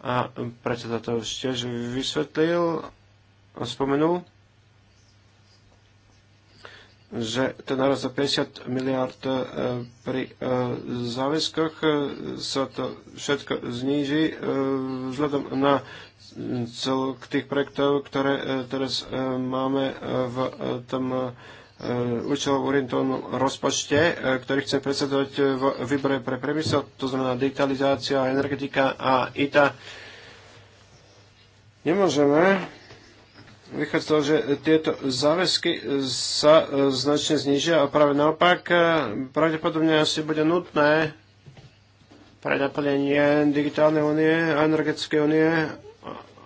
a prečo to už tiež vysvetlil a spomenul že ten naraz za 50 miliard e, pri e, záväzkoch e, sa to všetko zníži vzhľadom na celok tých projektov, ktoré teraz máme v tom účelov orientovanom rozpočte, ktorý chcem predsedovať v výbore pre premysel, to znamená digitalizácia, energetika a ITA. Nemôžeme vychádzalo, to, že tieto záväzky sa e, značne znižia a práve naopak e, pravdepodobne asi bude nutné pre naplnenie digitálnej únie a energetickej únie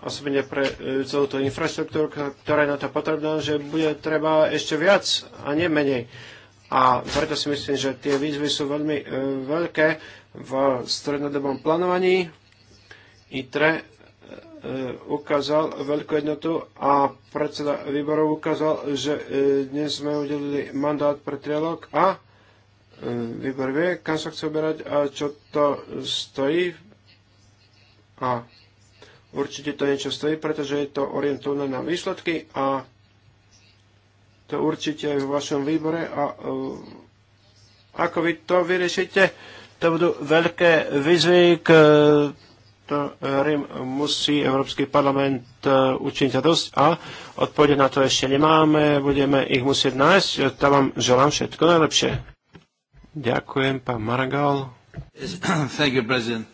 osobne pre e, celú tú infraštruktúru, ktorá je na to potrebná, že bude treba ešte viac a nie menej. A preto si myslím, že tie výzvy sú veľmi e, veľké v strednodobom plánovaní. ITRE E, ukázal veľkú jednotu a predseda výborov ukázal, že e, dnes sme udelili mandát pre trialog a e, výbor vie, kam sa chce oberať a čo to stojí. A určite to niečo stojí, pretože je to orientované na výsledky a to určite aj v vašom výbore a ako vy to vyriešite, to budú veľké výzvy, k ktorým e, musí Európsky parlament e, učiniť dosť a odpovede na to ešte nemáme, budeme ich musieť nájsť. E, tam vám želám všetko najlepšie. Ďakujem, pán Maragal. Thank you, President.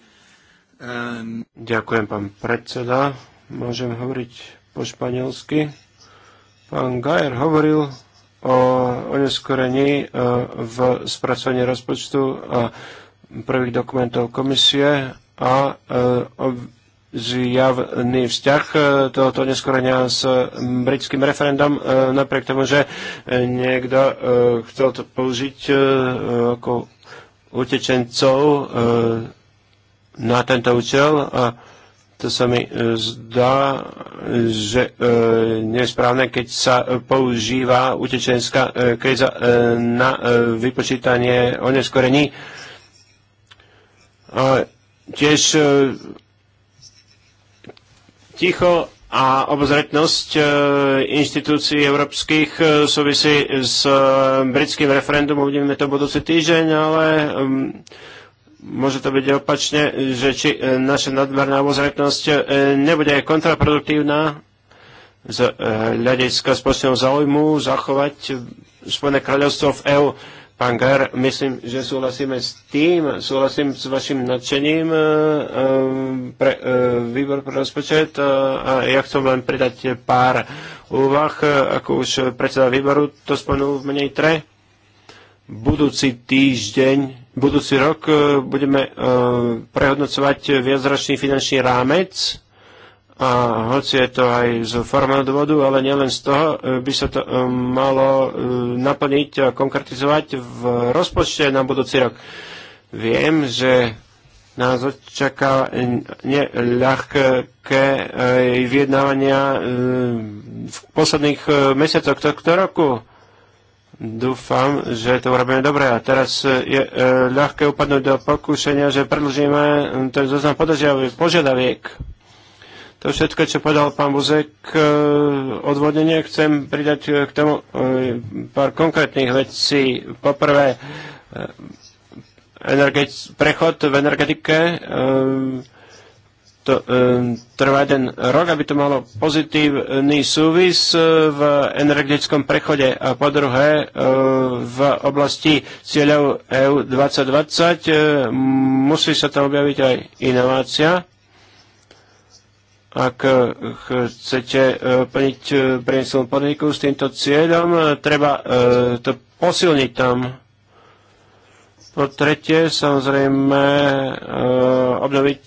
Um... Ďakujem, pán predseda. Môžem hovoriť po španielsky. Pán Gajer hovoril o oneskorení v spracovaní rozpočtu a prvých dokumentov komisie a e, zjavný vzťah e, tohoto neskorenia s britským referendum, e, napriek tomu, že niekto chcel to použiť ako utečencov na tento účel a to sa mi zdá, že e, nesprávne, keď sa používa utečenská e, kríza e, na e, vypočítanie oneskorení. E, tiež e, ticho a obozretnosť e, inštitúcií európskych e, súvisí s britským referendum, uvidíme to budúci týždeň, ale môže to byť opačne, že či naša nadmerná obozretnosť nebude kontraproduktívna z hľadiska spoločného záujmu zachovať Spojené kráľovstvo v EÚ. Pán Gar, myslím, že súhlasíme s tým, súhlasím s vašim nadšením e, e, pre e, výbor pre rozpočet a ja chcem len pridať pár úvah, ako už predseda výboru to spomenul v menej tre. Budúci týždeň, budúci rok budeme prehodnocovať viacročný finančný rámec a hoci je to aj z formálneho dôvodu, ale nielen z toho, e, by sa to e, malo e, naplniť a konkretizovať v rozpočte na budúci rok. Viem, že nás očaká ľahké vyjednávania v posledných mesiacoch tohto roku. Dúfam, že to urobíme dobre. A teraz je ľahké upadnúť do pokúšania, že predlžíme ten zoznam požiadaviek to všetko, čo povedal pán Buzek, eh, odvodnenie chcem pridať eh, k tomu eh, pár konkrétnych vecí. Poprvé, prechod v energetike to, trvá jeden rok, aby to malo pozitívny súvis v energetickom prechode a po druhé v oblasti cieľov EU 2020 musí sa tam objaviť aj inovácia ak eh, chcete eh, plniť eh, priemyselnú podniku s týmto cieľom, treba to posilniť tam. Po tretie, samozrejme, obnoviť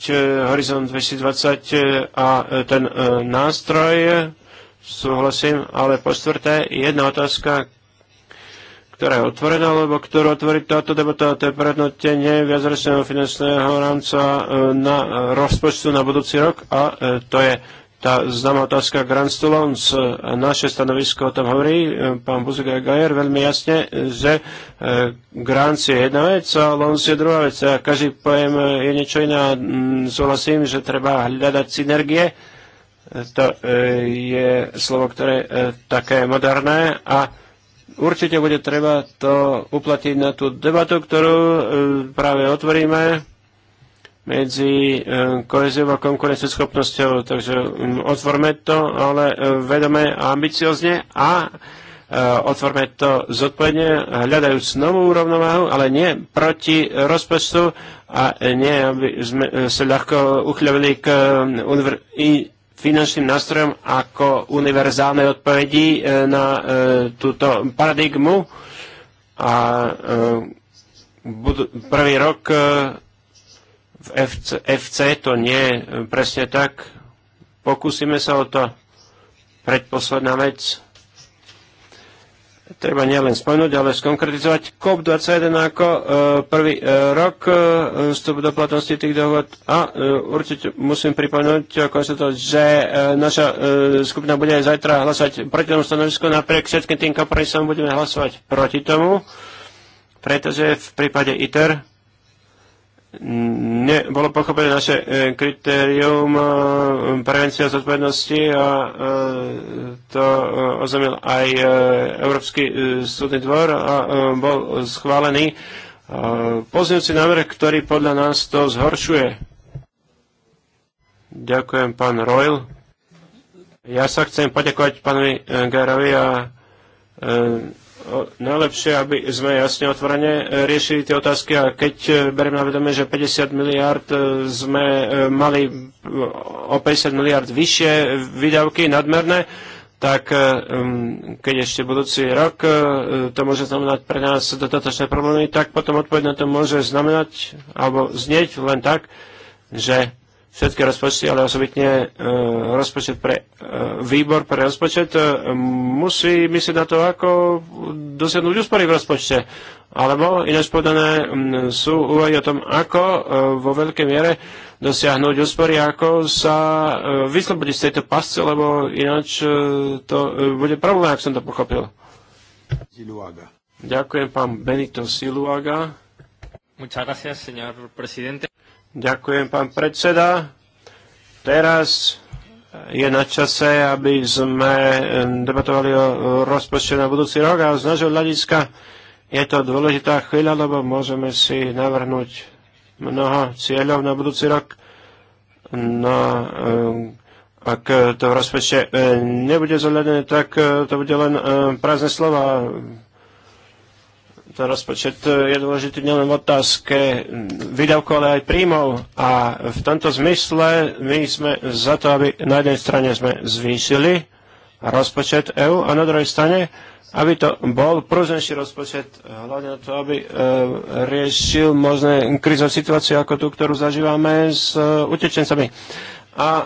Horizont 2020 a ten nástroj, súhlasím, ale po štvrté, jedna otázka, ktorá je otvorená, alebo ktorú otvorí táto debata, to je prednotenie viacročného finančného rámca e, na rozpočtu na budúci rok a e, to je tá známa otázka Grand to e, Naše stanovisko o tom hovorí pán Buzek Gajer veľmi jasne, že Grants je jedna vec a Lons je druhá vec. A každý pojem je niečo iné a mm, súhlasím, že treba hľadať synergie. To je slovo, ktoré je také moderné a určite bude treba to uplatiť na tú debatu, ktorú e, práve otvoríme medzi e, koheziou a konkurenceschopnosťou. Takže otvorme to, ale e, vedome a ambiciozne a otvorme to zodpovedne, hľadajúc novú rovnováhu, ale nie proti rozpočtu a nie, aby sme sa ľahko uchľavili k finančným nástrojom ako univerzálnej odpovedi e, na e, túto paradigmu. A e, prvý rok v FC, FC to nie je presne tak. Pokúsime sa o to. Predposledná vec treba nielen spomenúť, ale skonkretizovať COP21 ako e, prvý e, rok e, vstup do platnosti tých dohod. A určite musím pripomenúť, že že naša skupina bude aj zajtra hlasovať proti tomu stanovisku, napriek všetkým tým kompromisom budeme hlasovať proti tomu, pretože v prípade ITER nebolo pochopené naše e, kritérium e, a zodpovednosti a e, to oznámil aj Európsky súdny dvor a bol schválený pozňujúci návrh, ktorý podľa nás to zhoršuje. Ďakujem, pán Royl. Ja sa chcem poďakovať pánovi Garovi a najlepšie, aby sme jasne otvorene e, riešili tie otázky a keď e, beriem na vedomie, že 50 miliard e, sme mali o 50 miliard vyššie výdavky nadmerné, tak keď ešte budúci rok to môže znamenať pre nás dodatočné problémy, tak potom odpoveď na to môže znamenať alebo znieť len tak, že všetky rozpočty, ale osobitne e, rozpočet pre, e, výbor pre rozpočet e, musí myslieť na to, ako dosiahnuť úspory v rozpočte. Alebo ináč povedané sú úvahy o tom, ako vo veľkej miere dosiahnuť úspory, ako sa vyslobodiť z tejto pasce, lebo ináč to bude problém, ak som to pochopil. Siluaga. Ďakujem pán Benito Siluaga. Muchas gracias, señor presidente. Ďakujem, pán predseda. Teraz je na čase, aby sme debatovali o rozpočte na budúci rok a z nášho hľadiska je to dôležitá chvíľa, lebo môžeme si navrhnúť mnoho cieľov na budúci rok. No, eh, ak to v rozpočte eh, nebude zohľadené, tak eh, to bude len prázdne slova ten rozpočet je dôležitý nielen v otázke výdavkov, ale aj príjmov. A v tomto zmysle my sme za to, aby na jednej strane sme zvýšili rozpočet EÚ a na druhej strane, aby to bol prúznejší rozpočet, hlavne na to, aby e, riešil možné krizové situácie, ako tú, ktorú zažívame s e, utečencami. A e,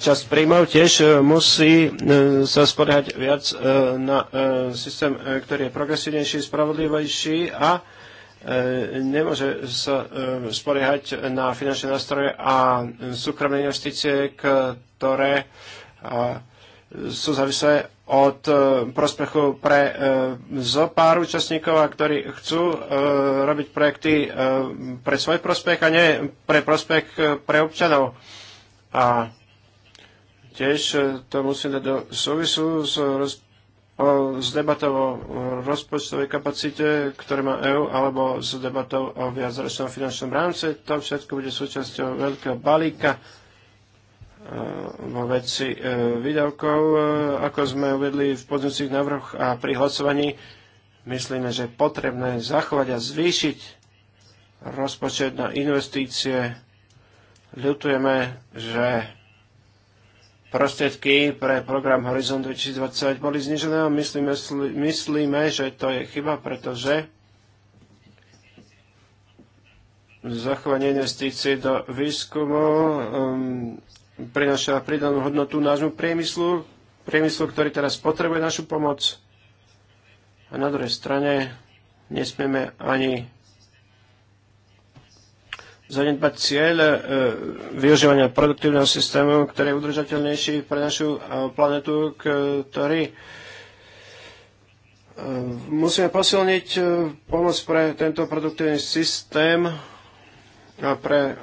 časť príjmov tiež e, musí e, sa spodhať viac e, na systém, ktorý je progresívnejší, spravodlivejší a nemôže sa spoliehať na finančné nástroje a súkromné investície, ktoré sú závislé od prospechu pre zo pár účastníkov, a ktorí chcú robiť projekty pre svoj prospech a nie pre prospech pre občanov. A Tiež e, to musím dať do súvisu s, roz, o, s debatou o rozpočtovej kapacite, ktoré má EÚ, alebo s debatou o viacročnom finančnom rámci. To všetko bude súčasťou veľkého balíka e, vo veci e, výdavkov. Ako sme uvedli v pozúcich návrhoch a pri hlasovaní, myslíme, že je potrebné zachovať a zvýšiť rozpočet na investície. Ľutujeme, že prostriedky pre program Horizon 2020 boli znižené a myslíme, myslíme, že to je chyba, pretože zachovanie investícií do výskumu um, prináša pridanú hodnotu nášmu priemyslu, priemyslu, ktorý teraz potrebuje našu pomoc. A na druhej strane nesmieme ani zanedbať cieľ e, využívania produktívneho systému, ktorý je udržateľnejší pre našu e, planetu, ktorý e, musíme posilniť pomoc pre tento produktívny systém a pre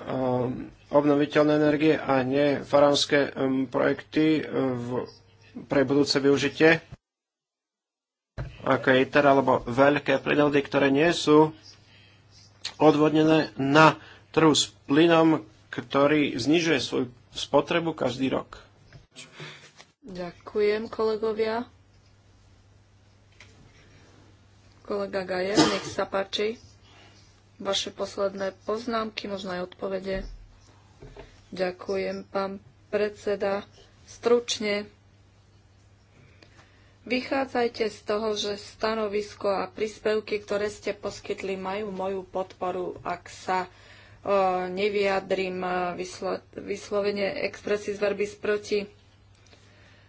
obnoviteľné energie a nie faránske projekty pre budúce využitie ako je ITER alebo veľké plynovody, ktoré nie sú odvodnené na trhu s plynom, ktorý znižuje svoju spotrebu každý rok. Ďakujem, kolegovia. Kolega Gajer, nech sa páči. Vaše posledné poznámky, možno aj odpovede. Ďakujem, pán predseda. Stručne Vychádzajte z toho, že stanovisko a príspevky, ktoré ste poskytli, majú moju podporu, ak sa nevyjadrím e, vyslo, vyslovene z verby sproti.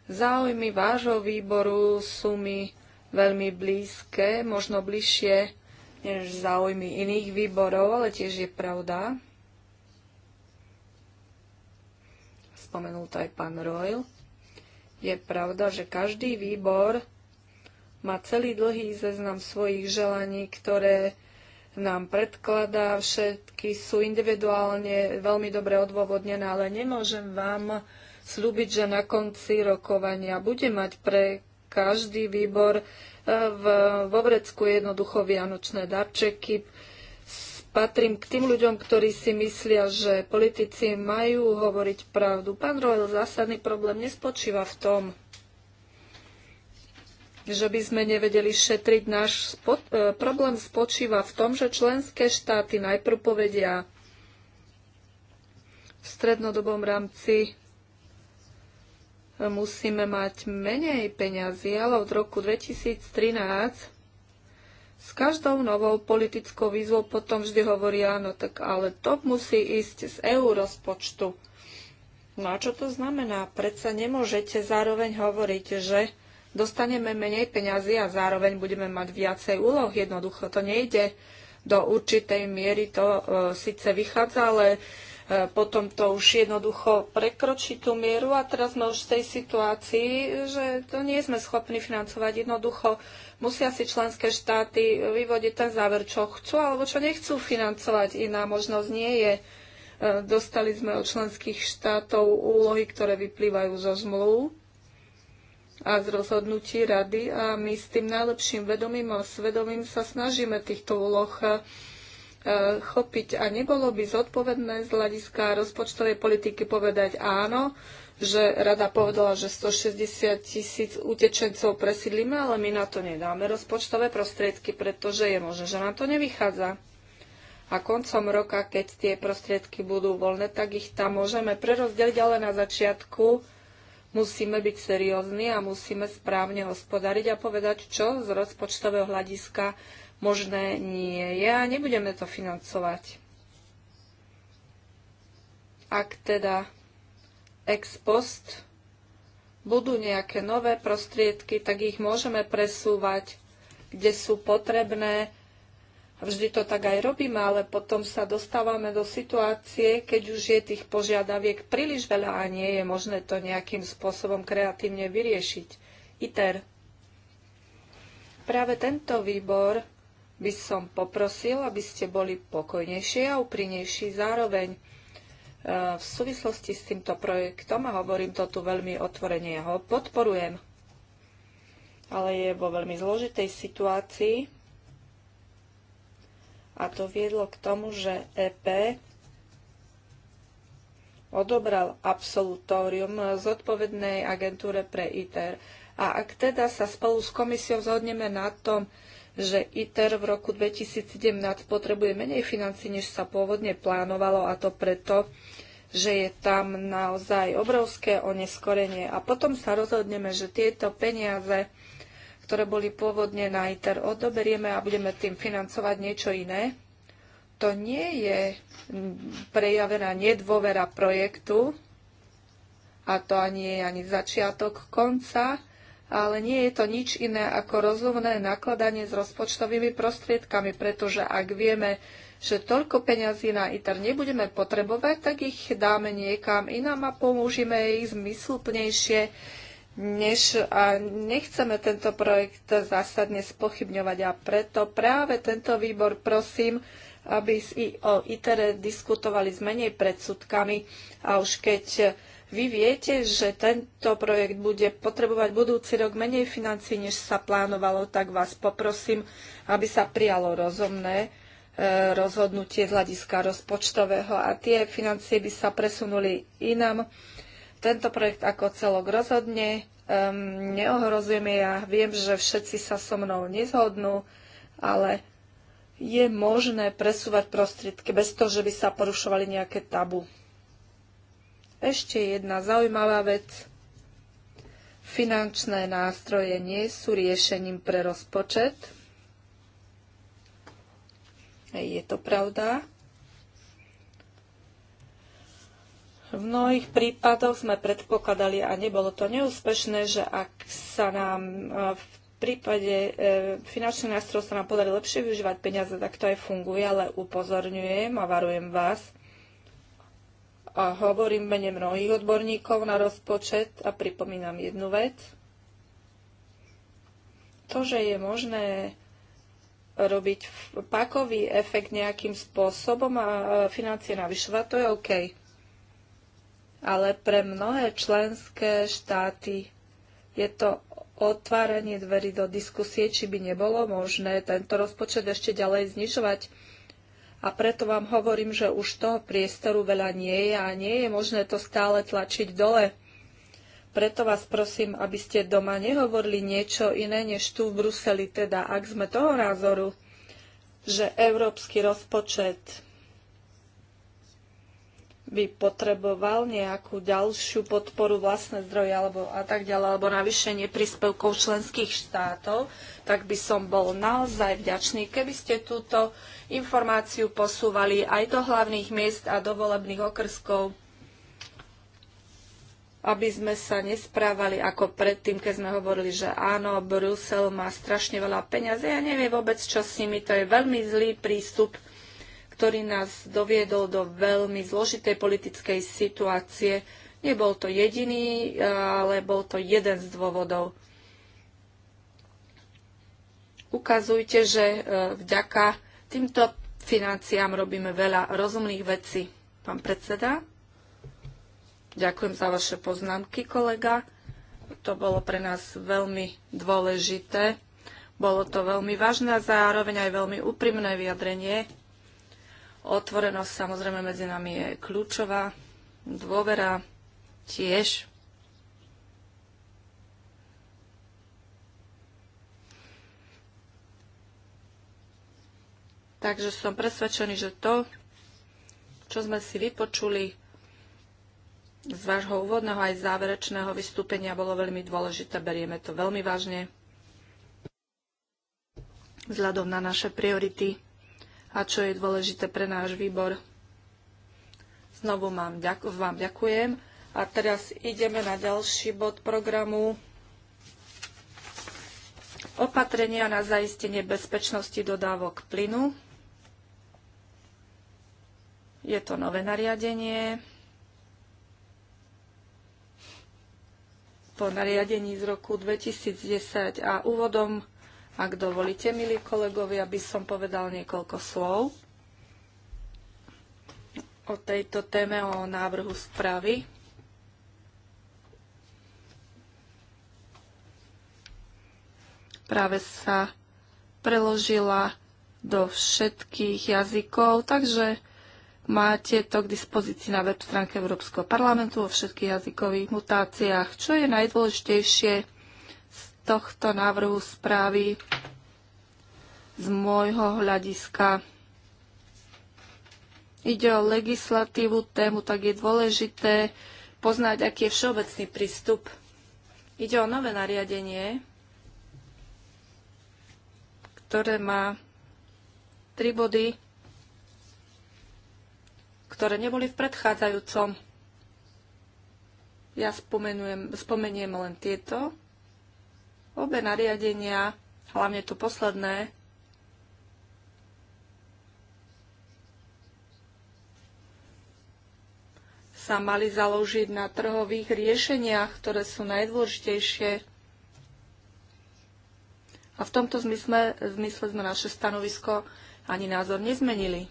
Záujmy vášho výboru sú mi veľmi blízke, možno bližšie než záujmy iných výborov, ale tiež je pravda. Spomenul to aj pán Royal. Je pravda, že každý výbor má celý dlhý zeznam svojich želaní, ktoré nám predkladá, všetky sú individuálne veľmi dobre odôvodnené, ale nemôžem vám slúbiť, že na konci rokovania bude mať pre každý výbor e, v, vo vrecku jednoducho vianočné darčeky. Patrím k tým ľuďom, ktorí si myslia, že politici majú hovoriť pravdu. Pán Royal, zásadný problém nespočíva v tom, že by sme nevedeli šetriť. Náš spod, e, problém spočíva v tom, že členské štáty najprv povedia v strednodobom rámci e, musíme mať menej peňazí, ale od roku 2013 s každou novou politickou výzvou potom vždy hovorí áno, tak ale to musí ísť z EU rozpočtu. No a čo to znamená? Predsa nemôžete zároveň hovoriť, že dostaneme menej peňazí a zároveň budeme mať viacej úloh. Jednoducho to nejde do určitej miery, to e, síce vychádza, ale e, potom to už jednoducho prekročí tú mieru a teraz sme už v tej situácii, že to nie sme schopní financovať. Jednoducho musia si členské štáty vyvodiť ten záver, čo chcú alebo čo nechcú financovať. Iná možnosť nie je. E, dostali sme od členských štátov úlohy, ktoré vyplývajú zo zmluv a z rozhodnutí rady a my s tým najlepším vedomím a svedomím sa snažíme týchto úloh e, chopiť a nebolo by zodpovedné z hľadiska rozpočtovej politiky povedať áno, že rada povedala, že 160 tisíc utečencov presídlíme, ale my na to nedáme rozpočtové prostriedky, pretože je možné, že nám to nevychádza. A koncom roka, keď tie prostriedky budú voľné, tak ich tam môžeme prerozdeliť, ale na začiatku Musíme byť seriózni a musíme správne hospodariť a povedať, čo z rozpočtového hľadiska možné nie je a nebudeme to financovať. Ak teda ex post budú nejaké nové prostriedky, tak ich môžeme presúvať, kde sú potrebné Vždy to tak aj robíme, ale potom sa dostávame do situácie, keď už je tých požiadaviek príliš veľa a nie je možné to nejakým spôsobom kreatívne vyriešiť. ITER. Práve tento výbor by som poprosil, aby ste boli pokojnejšie a uprinejší zároveň. E, v súvislosti s týmto projektom, a hovorím to tu veľmi otvorene, ho podporujem, ale je vo veľmi zložitej situácii, a to viedlo k tomu, že EP odobral absolutórium zodpovednej agentúre pre ITER. A ak teda sa spolu s komisiou zhodneme na tom, že ITER v roku 2017 potrebuje menej financí, než sa pôvodne plánovalo, a to preto, že je tam naozaj obrovské oneskorenie. A potom sa rozhodneme, že tieto peniaze ktoré boli pôvodne na ITER, odoberieme a budeme tým financovať niečo iné. To nie je prejavená nedôvera projektu, a to ani je ani začiatok konca, ale nie je to nič iné ako rozumné nakladanie s rozpočtovými prostriedkami, pretože ak vieme, že toľko peňazí na ITER nebudeme potrebovať, tak ich dáme niekam inám a pomôžeme ich zmysluplnejšie než a nechceme tento projekt zásadne spochybňovať a preto práve tento výbor prosím, aby si o ITERE diskutovali s menej predsudkami a už keď vy viete, že tento projekt bude potrebovať budúci rok menej financí, než sa plánovalo, tak vás poprosím, aby sa prijalo rozumné e, rozhodnutie z hľadiska rozpočtového a tie financie by sa presunuli inam tento projekt ako celok rozhodne um, neohrozujeme. Ja viem, že všetci sa so mnou nezhodnú, ale je možné presúvať prostriedky bez toho, že by sa porušovali nejaké tabu. Ešte jedna zaujímavá vec. Finančné nástroje nie sú riešením pre rozpočet. Je to pravda. V mnohých prípadoch sme predpokladali a nebolo to neúspešné, že ak sa nám e, v prípade e, finančných nástrojov sa nám podarí lepšie využívať peniaze, tak to aj funguje, ale upozorňujem a varujem vás. A hovorím mene mnohých odborníkov na rozpočet a pripomínam jednu vec. To, že je možné robiť pakový efekt nejakým spôsobom a financie navyšovať, to je OK ale pre mnohé členské štáty je to otváranie dverí do diskusie, či by nebolo možné tento rozpočet ešte ďalej znižovať. A preto vám hovorím, že už toho priestoru veľa nie je a nie je možné to stále tlačiť dole. Preto vás prosím, aby ste doma nehovorili niečo iné než tu v Bruseli. Teda ak sme toho názoru, že európsky rozpočet by potreboval nejakú ďalšiu podporu vlastné zdroje alebo a tak ďalej, alebo navýšenie príspevkov členských štátov, tak by som bol naozaj vďačný, keby ste túto informáciu posúvali aj do hlavných miest a do volebných okrskov, aby sme sa nesprávali ako predtým, keď sme hovorili, že áno, Brusel má strašne veľa peňazí. Ja neviem vôbec, čo s nimi. To je veľmi zlý prístup ktorý nás doviedol do veľmi zložitej politickej situácie. Nebol to jediný, ale bol to jeden z dôvodov. Ukazujte, že e, vďaka týmto financiám robíme veľa rozumných vecí. Pán predseda, ďakujem za vaše poznámky, kolega. To bolo pre nás veľmi dôležité. Bolo to veľmi vážne a zároveň aj veľmi úprimné vyjadrenie. Otvorenosť samozrejme medzi nami je kľúčová, dôvera tiež. Takže som presvedčený, že to, čo sme si vypočuli z vášho úvodného aj záverečného vystúpenia, bolo veľmi dôležité. Berieme to veľmi vážne vzhľadom na naše priority a čo je dôležité pre náš výbor. Znovu vám, ďak- vám ďakujem. A teraz ideme na ďalší bod programu. Opatrenia na zaistenie bezpečnosti dodávok plynu. Je to nové nariadenie. Po nariadení z roku 2010 a úvodom ak dovolíte, milí kolegovi, aby som povedal niekoľko slov o tejto téme, o návrhu správy. Práve sa preložila do všetkých jazykov, takže máte to k dispozícii na web stránke Európskeho parlamentu vo všetkých jazykových mutáciách. Čo je najdôležitejšie? tohto návrhu správy z môjho hľadiska. Ide o legislatívu, tému, tak je dôležité poznať, aký je všeobecný prístup. Ide o nové nariadenie, ktoré má tri body, ktoré neboli v predchádzajúcom. Ja spomenujem, spomeniem len tieto. Obe nariadenia, hlavne to posledné, sa mali založiť na trhových riešeniach, ktoré sú najdôležitejšie. A v tomto zmysle, zmysle sme naše stanovisko ani názor nezmenili.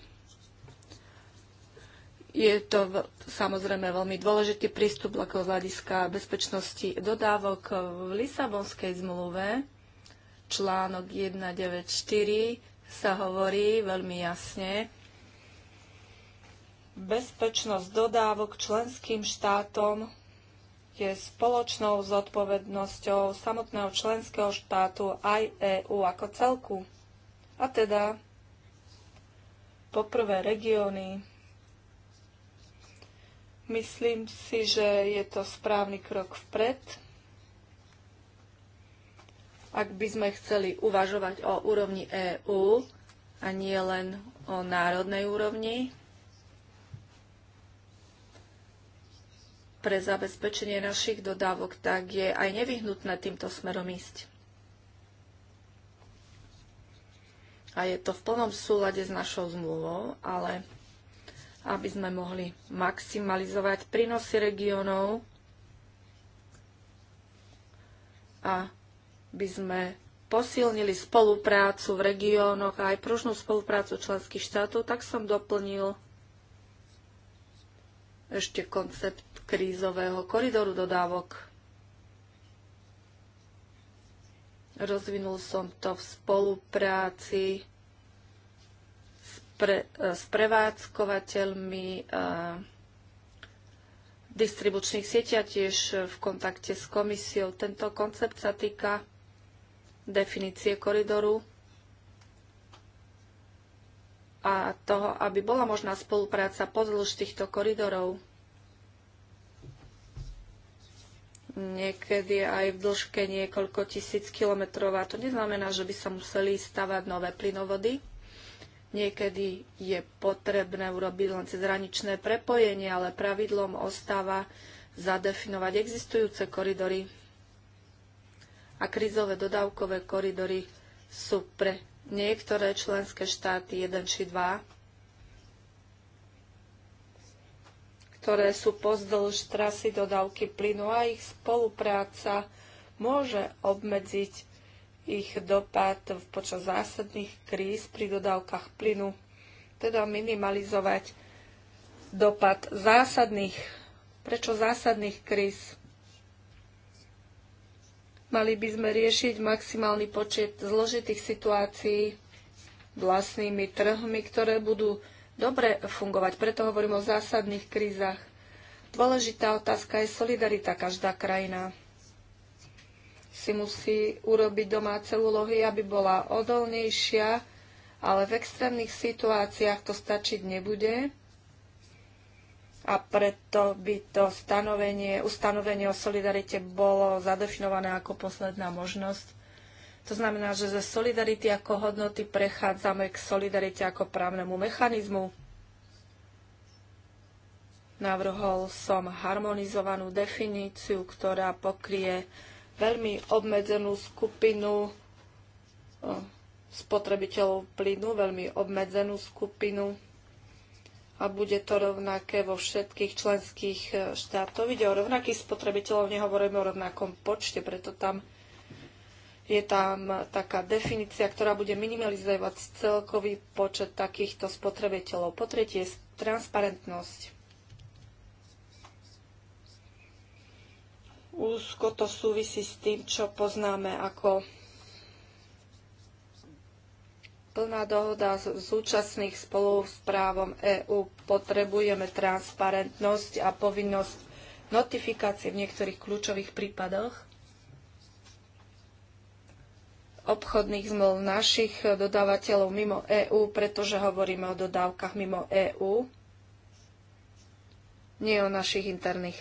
Je to samozrejme veľmi dôležitý prístup ako z hľadiska bezpečnosti dodávok v Lisabonskej zmluve. Článok 194 sa hovorí veľmi jasne. Bezpečnosť dodávok členským štátom je spoločnou zodpovednosťou samotného členského štátu aj EÚ ako celku. A teda poprvé regióny, Myslím si, že je to správny krok vpred. Ak by sme chceli uvažovať o úrovni EÚ a nie len o národnej úrovni, pre zabezpečenie našich dodávok, tak je aj nevyhnutné týmto smerom ísť. A je to v plnom súlade s našou zmluvou, ale aby sme mohli maximalizovať prínosy regiónov a by sme posilnili spoluprácu v regiónoch a aj pružnú spoluprácu členských štátov, tak som doplnil ešte koncept krízového koridoru dodávok. Rozvinul som to v spolupráci pre, e, s prevádzkovateľmi e, distribučných sietí a tiež e, v kontakte s komisiou. Tento koncept sa týka definície koridoru a toho, aby bola možná spolupráca pozdĺž týchto koridorov. Niekedy aj v dĺžke niekoľko tisíc kilometrov a to neznamená, že by sa museli stavať nové plynovody, Niekedy je potrebné urobiť len cezhraničné prepojenie, ale pravidlom ostáva zadefinovať existujúce koridory. A krizové dodávkové koridory sú pre niektoré členské štáty 1 či 2, ktoré sú pozdĺž trasy dodávky plynu a ich spolupráca môže obmedziť ich dopad počas zásadných kríz pri dodávkach plynu, teda minimalizovať dopad zásadných, prečo zásadných kríz. Mali by sme riešiť maximálny počet zložitých situácií vlastnými trhmi, ktoré budú dobre fungovať. Preto hovorím o zásadných krízach. Dôležitá otázka je solidarita každá krajina si musí urobiť domáce úlohy, aby bola odolnejšia, ale v extrémnych situáciách to stačiť nebude a preto by to stanovenie, ustanovenie o solidarite bolo zadefinované ako posledná možnosť. To znamená, že ze solidarity ako hodnoty prechádzame k solidarite ako právnemu mechanizmu. Navrhol som harmonizovanú definíciu, ktorá pokrie veľmi obmedzenú skupinu eh, spotrebiteľov plynu, veľmi obmedzenú skupinu a bude to rovnaké vo všetkých členských eh, štátoch. Ide o rovnakých spotrebiteľov, nehovoríme o rovnakom počte, preto tam je tam taká definícia, ktorá bude minimalizovať celkový počet takýchto spotrebiteľov. Po tretie, transparentnosť. úzko to súvisí s tým, čo poznáme ako plná dohoda účastných spolu s právom EÚ. Potrebujeme transparentnosť a povinnosť notifikácie v niektorých kľúčových prípadoch obchodných zmluv našich dodávateľov mimo EÚ, pretože hovoríme o dodávkach mimo EÚ, nie o našich interných.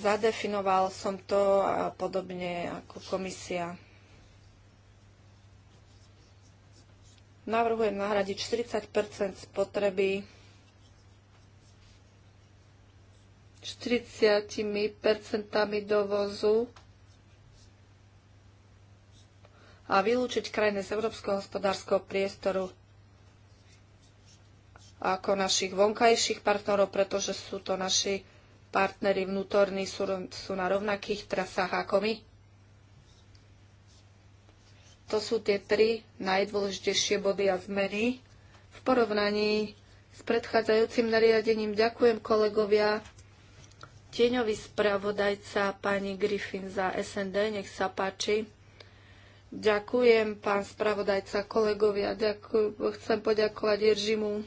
Zadefinoval som to a podobne ako komisia. Navrhujem nahradiť 40 spotreby 40 dovozu a vylúčiť krajiny z európskeho hospodárskeho priestoru ako našich vonkajších partnerov, pretože sú to naši partnery vnútorní sú, sú na rovnakých trasách ako my. To sú tie tri najdôležitejšie body a zmeny v porovnaní s predchádzajúcim nariadením. Ďakujem kolegovia. Tieňový spravodajca pani Griffin za SND, nech sa páči. Ďakujem, pán spravodajca, kolegovia. Ďakujem, chcem poďakovať Jeržimu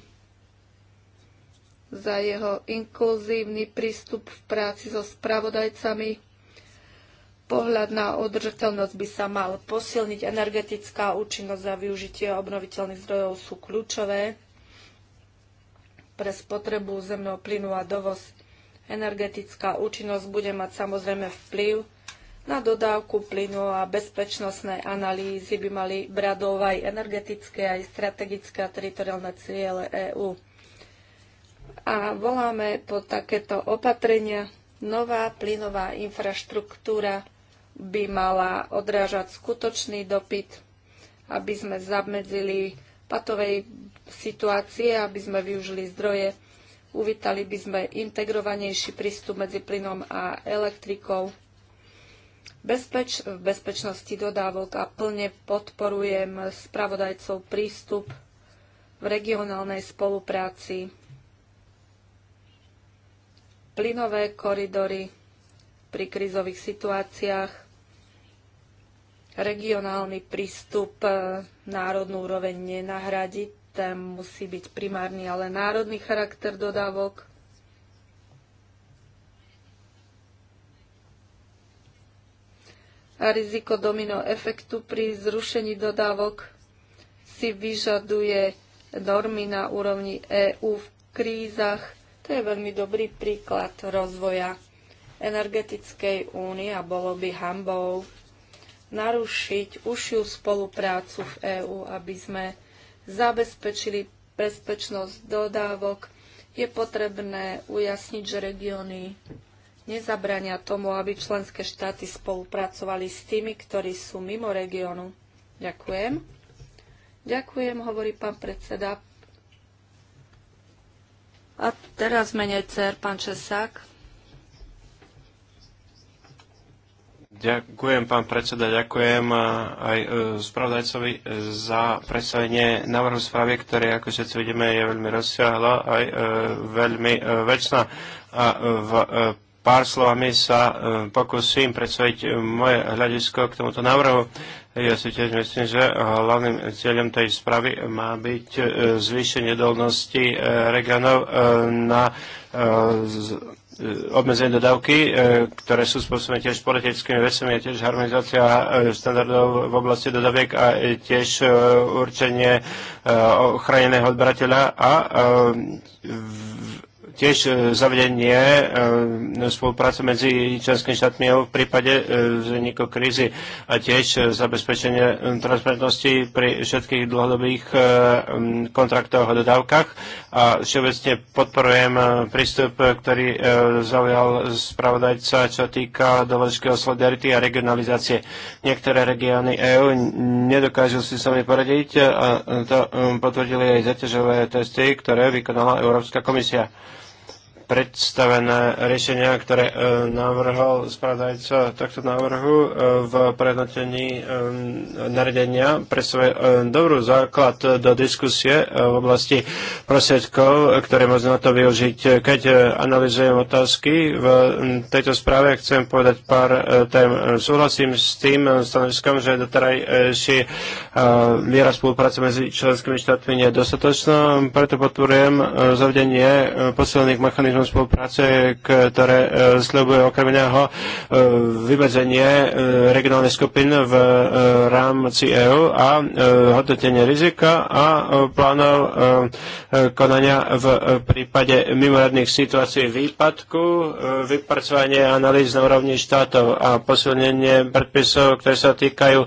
za jeho inkluzívny prístup v práci so spravodajcami. Pohľad na udržateľnosť by sa mal posilniť. Energetická účinnosť a využitie obnoviteľných zdrojov sú kľúčové pre spotrebu zemného plynu a dovoz. Energetická účinnosť bude mať samozrejme vplyv na dodávku plynu a bezpečnostné analýzy by mali bradov aj energetické, aj strategické a teritoriálne ciele EÚ a voláme po takéto opatrenia. Nová plynová infraštruktúra by mala odrážať skutočný dopyt, aby sme zamedzili patovej situácie, aby sme využili zdroje. Uvítali by sme integrovanejší prístup medzi plynom a elektrikou. Bezpeč, v bezpečnosti dodávok a plne podporujem spravodajcov prístup v regionálnej spolupráci plynové koridory pri krizových situáciách, regionálny prístup e, národnú úroveň nenahradí, ten musí byť primárny, ale národný charakter dodávok. A riziko domino efektu pri zrušení dodávok si vyžaduje normy na úrovni EÚ v krízach to je veľmi dobrý príklad rozvoja energetickej únie a bolo by hambou narušiť užšiu spoluprácu v EÚ, aby sme zabezpečili bezpečnosť dodávok. Je potrebné ujasniť, že regióny nezabrania tomu, aby členské štáty spolupracovali s tými, ktorí sú mimo regiónu. Ďakujem. Ďakujem, hovorí pán predseda. A teraz menej cer, pán Česák. Ďakujem, pán predseda, ďakujem aj e, spravodajcovi e, za predstavenie návrhu správy, ktoré, ako všetci vidíme, je veľmi rozsiahla aj e, veľmi väčšiná. A v pár slovami sa pokúsim predstaviť moje hľadisko k tomuto návrhu. Ja si tiež myslím, že hlavným cieľom tej správy má byť e, zvýšenie dolnosti e, regionov e, na obmedzenie dodávky, ktoré sú spôsobené tiež politickými vecami, tiež harmonizácia štandardov v oblasti dodaviek a tiež určenie ochraneného odberateľa a tiež e, zavedenie e, spolupráce medzi členskými štátmi e v prípade vzniku krízy a tiež zabezpečenie transparentnosti pri všetkých dlhodobých kontraktoch a dodávkach. A všeobecne podporujem prístup, ktorý zaujal spravodajca, čo týka doložského solidarity a regionalizácie. Niektoré regióny EÚ nedokážu si sami poradiť a to potvrdili aj zaťažové testy, ktoré vykonala Európska komisia predstavené riešenia, ktoré e, navrhol spravodajca tohto návrhu e, v prehodnotení e, naredenia svoj dobrú základ do diskusie v oblasti prosiedkov, ktoré možno na to využiť. Keď analizujem otázky v tejto správe, chcem povedať pár tém. Súhlasím s tým stanoviskom, že doterajší miera spolupráce medzi členskými štátmi nie je dostatočná, preto podporujem zavedenie posilných mechanizmov programu spolupráce, ktoré e, sľubuje okrem iného e, vymedzenie e, regionálnych skupín v rámci EÚ a hodnotenie rizika a plánov konania v prípade mimoriadných situácií výpadku, vypracovanie analýz na úrovni štátov a posilnenie predpisov, ktoré sa týkajú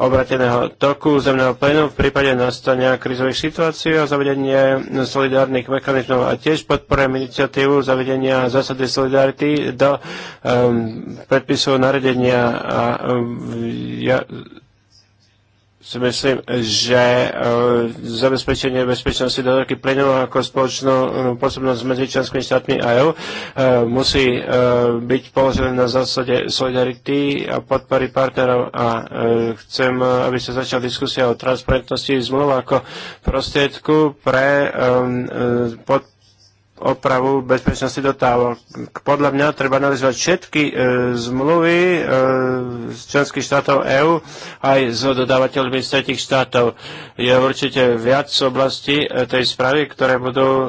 obrateného toku zemného plynu v prípade nastania krizových situácií a zavedenie solidárnych mechanizmov a tiež podporujeme iniciatívu zavedenia zásady solidarity do um, predpisov naredenia a um, ja si myslím, že uh, zabezpečenie bezpečnosti dodávky plynu ako spoločnú um, pôsobnosť medzi členskými štátmi a EU uh, musí uh, byť položené na zásade solidarity a podpory partnerov a chcem, aby sa začala diskusia o transparentnosti zmluv ako prostriedku pre um, podporu opravu bezpečnosti dotávok. Podľa mňa treba analyzovať všetky e, zmluvy e, z členských štátov EÚ aj s dodávateľmi z tretich štátov. Je určite viac oblastí e, tej správy, ktoré budú e,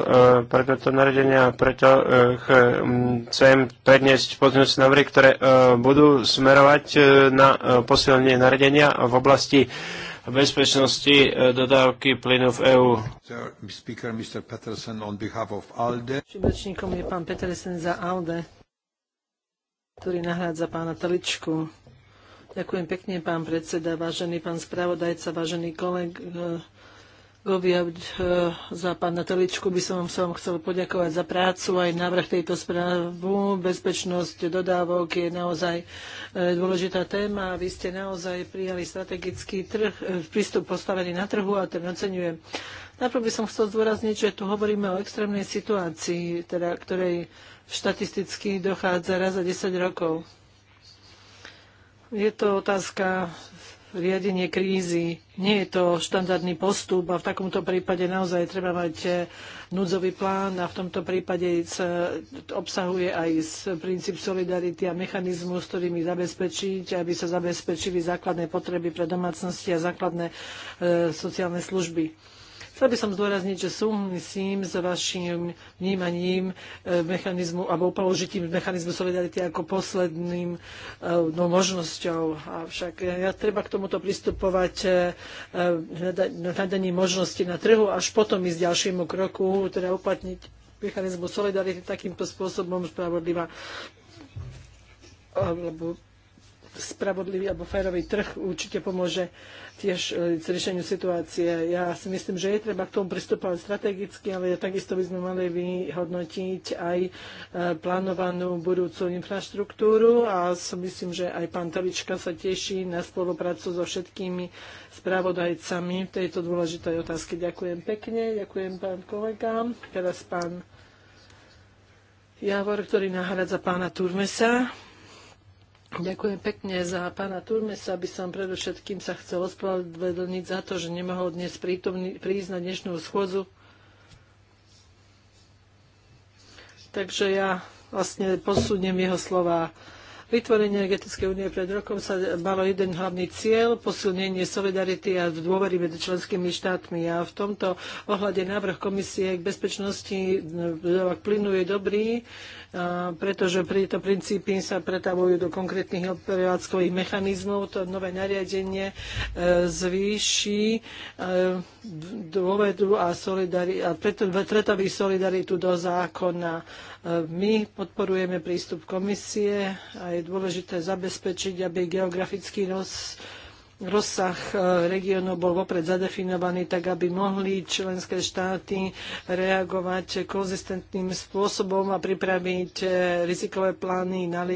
pre toto naredenie a preto e, ch, chcem predniesť pozornosť návrhy, ktoré e, budú smerovať e, na e, posilnenie naredenia v oblasti e, bezpečnosti e, dodávky plynu v EÚ. Rečníkom je pán Petersen za ALDE, ktorý nahrádza pána Teličku. Ďakujem pekne, pán predseda, vážený pán spravodajca, vážený koleg, objaviť e, za pána Teličku by som sa vám chcel poďakovať za prácu aj návrh tejto správu. Bezpečnosť dodávok je naozaj e, dôležitá téma. Vy ste naozaj prijali strategický trh, e, prístup postavený na trhu a ten oceňujem. Najprv by som chcel zdôrazniť, že tu hovoríme o extrémnej situácii, teda, ktorej štatisticky dochádza raz za 10 rokov. Je to otázka riadenie krízy. Nie je to štandardný postup a v takomto prípade naozaj treba mať e, núdzový plán a v tomto prípade obsahuje aj princíp solidarity a mechanizmus, ktorými zabezpečiť, aby sa zabezpečili základné potreby pre domácnosti a základné e, sociálne služby. Chcel by som zdôrazniť, že súhlasím s vašim vnímaním e, mechanizmu alebo použitím mechanizmu solidarity ako posledným e, no, možnosťou. Avšak e, ja treba k tomuto pristupovať hľadaním možnosti na trhu až potom ísť ďalšiemu kroku, teda uplatniť mechanizmu solidarity takýmto spôsobom spravodlivá alebo spravodlivý alebo férový trh určite pomôže tiež e, riešeniu situácie. Ja si myslím, že je treba k tomu pristupovať strategicky, ale takisto by sme mali vyhodnotiť aj e, plánovanú budúcu infraštruktúru a myslím, že aj pán Talička sa teší na spoluprácu so všetkými spravodajcami v tejto dôležitej otázke. Ďakujem pekne, ďakujem pán kolegám. Teraz pán Javor, ktorý nahradza pána Turmesa. Ďakujem pekne za pána Turmesa, aby som predovšetkým sa chcel ospravedlniť za to, že nemohol dnes prítomný, prísť na dnešnú schôdzu. Takže ja vlastne posúdnem jeho slova Vytvorenie energetickej únie pred rokom sa malo jeden hlavný cieľ, posilnenie solidarity a dôvery medzi členskými štátmi. A v tomto ohľade návrh komisie k bezpečnosti dodávok eh, plynu je dobrý, eh, pretože pri tieto princípy sa pretavujú do konkrétnych operáckových mechanizmov. To nové nariadenie eh, zvýši dôvedu a, solidari- a preto, solidaritu do zákona my podporujeme prístup komisie a je dôležité zabezpečiť, aby geografický roz, rozsah e, regiónov bol vopred zadefinovaný, tak aby mohli členské štáty reagovať konzistentným spôsobom a pripraviť e, rizikové plány, e,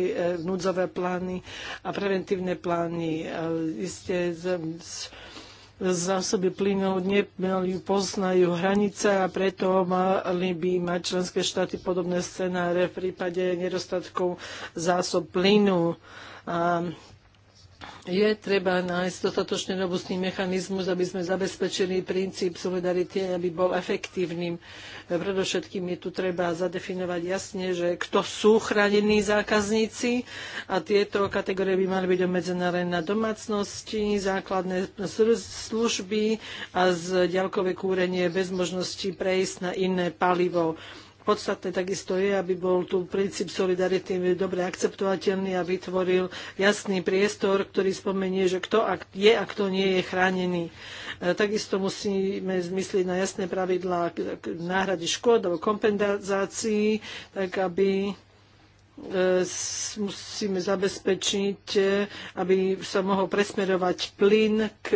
núdzové plány a preventívne plány. Isté z, z, zásoby plynov nemali poznajú hranice a preto mali by mať členské štáty podobné scenáre v prípade nedostatkov zásob plynu. A je treba nájsť dostatočne robustný mechanizmus, aby sme zabezpečili princíp solidarity, aby bol efektívnym. Predovšetkým je tu treba zadefinovať jasne, že kto sú chránení zákazníci a tieto kategórie by mali byť obmedzené len na domácnosti, základné služby a zďalkové kúrenie bez možnosti prejsť na iné palivo. Podstatné takisto je, aby bol tu princíp solidarity dobre akceptovateľný a vytvoril jasný priestor, ktorý spomenie, že kto je a kto nie je chránený. E, takisto musíme zmysliť na jasné pravidlá náhrady škôd alebo kompenzácií, tak aby E, musíme zabezpečiť, e, aby sa mohol presmerovať plyn k,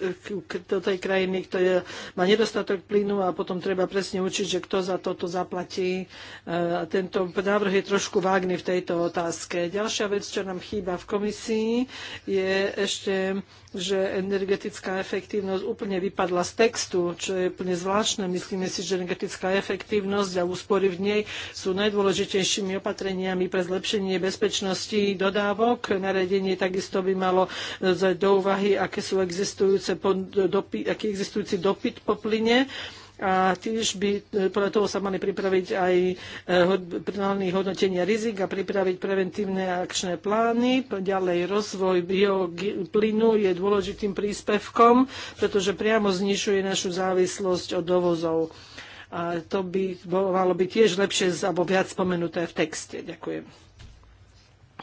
e, k, k, do tej krajiny, ktorá má nedostatok plynu a potom treba presne učiť, že kto za toto zaplatí. A tento návrh je trošku vágny v tejto otázke. Ďalšia vec, čo nám chýba v komisii, je ešte že energetická efektívnosť úplne vypadla z textu, čo je úplne zvláštne. Myslíme si, že energetická efektívnosť a úspory v nej sú najdôležitejšími opatreniami pre zlepšenie bezpečnosti dodávok. Naredenie takisto by malo do úvahy, aké sú existujúce, aký existujúci dopyt po plyne a tiež by e, podľa toho sa mali pripraviť aj e, plány hodnotenia rizik a pripraviť preventívne akčné plány. Ďalej rozvoj bioplynu je dôležitým príspevkom, pretože priamo znižuje našu závislosť od dovozov. A to by malo byť tiež lepšie alebo viac spomenuté v texte. Ďakujem.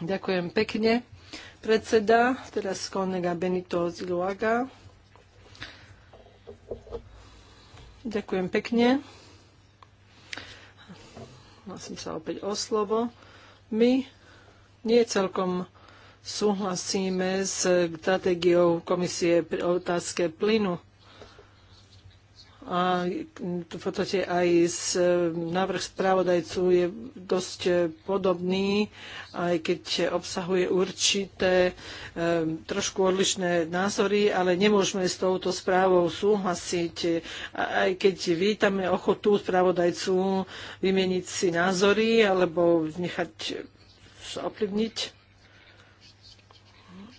Ďakujem pekne. Predseda, teraz kolega Benito Ziluaga. Ďakujem pekne. Hlasím sa opäť o slovo. My nie celkom súhlasíme s stratégiou komisie pri otázke plynu a v podstate aj z, e, návrh správodajcu je dosť e, podobný, aj keď obsahuje určité e, trošku odlišné názory, ale nemôžeme s touto správou súhlasiť. aj keď vítame ochotu správodajcu vymeniť si názory alebo nechať sa ovplyvniť.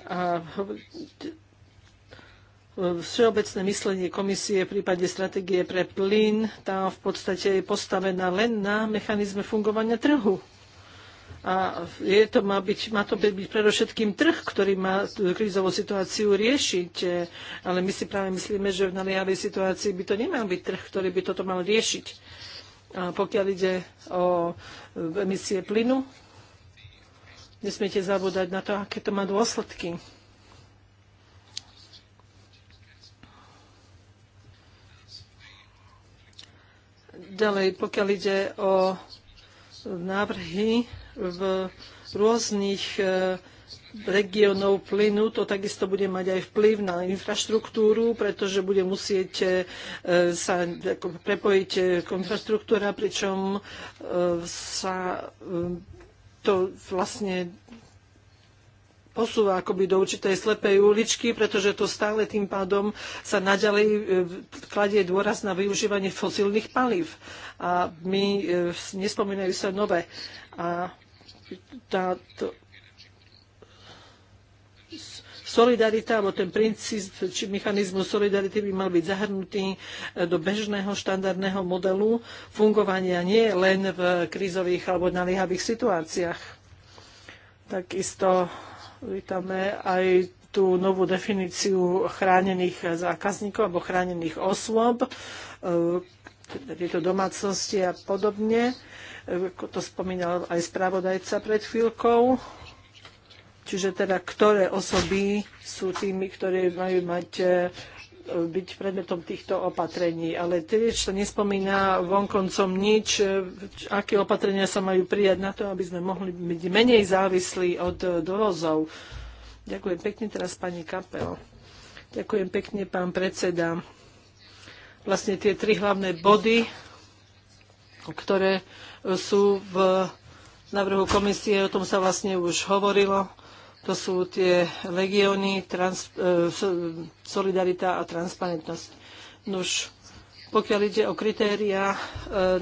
A všeobecné myslenie komisie v prípade stratégie pre plyn, tá v podstate je postavená len na mechanizme fungovania trhu. A je to, má, byť, má to byť predovšetkým trh, ktorý má tú krízovú situáciu riešiť. Ale my si práve myslíme, že v naliehavej situácii by to nemal byť trh, ktorý by toto mal riešiť. A pokiaľ ide o emisie plynu, nesmiete zabúdať na to, aké to má dôsledky Ďalej, pokiaľ ide o návrhy v rôznych e, regiónov plynu, to takisto bude mať aj vplyv na infraštruktúru, pretože bude musieť e, sa prepojiť e, infraštruktúra, pričom sa to vlastne posúva akoby do určitej slepej uličky, pretože to stále tým pádom sa naďalej e, kladie dôraz na využívanie fosílnych palív. A my e, nespomínajú sa nové. A táto solidarita, alebo ten princíp či mechanizmus solidarity by mal byť zahrnutý e, do bežného štandardného modelu fungovania nie len v krízových alebo naliehavých situáciách. Takisto vítame aj tú novú definíciu chránených zákazníkov alebo chránených osôb, e, teda tieto domácnosti a podobne, e, ako to spomínal aj spravodajca pred chvíľkou. Čiže teda, ktoré osoby sú tými, ktoré majú mať e, byť predmetom týchto opatrení. Ale tiež sa nespomína vonkoncom nič, aké opatrenia sa majú prijať na to, aby sme mohli byť menej závislí od dovozov. Ďakujem pekne teraz pani Kapel. Ďakujem pekne pán predseda. Vlastne tie tri hlavné body, ktoré sú v návrhu komisie, o tom sa vlastne už hovorilo to sú tie legióny, trans, e, solidarita a transparentnosť. Nuž, pokiaľ ide o kritéria e,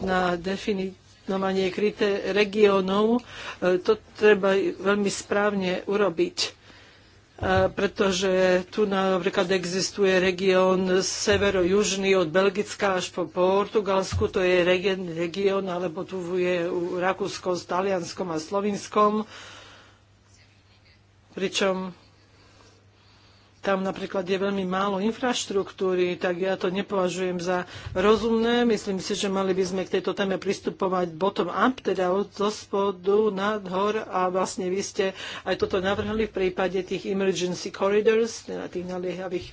na definovanie krité, regiónov, e, to treba veľmi správne urobiť e, pretože tu napríklad existuje región severo-južný od Belgická až po Portugalsku, to je región, alebo tu je Rakúsko s Talianskom a Slovinskom pričom tam napríklad je veľmi málo infraštruktúry, tak ja to nepovažujem za rozumné. Myslím si, že mali by sme k tejto téme pristupovať bottom-up, teda od zo spodu nadhor a vlastne vy ste aj toto navrhli v prípade tých emergency corridors, teda tých naliehavých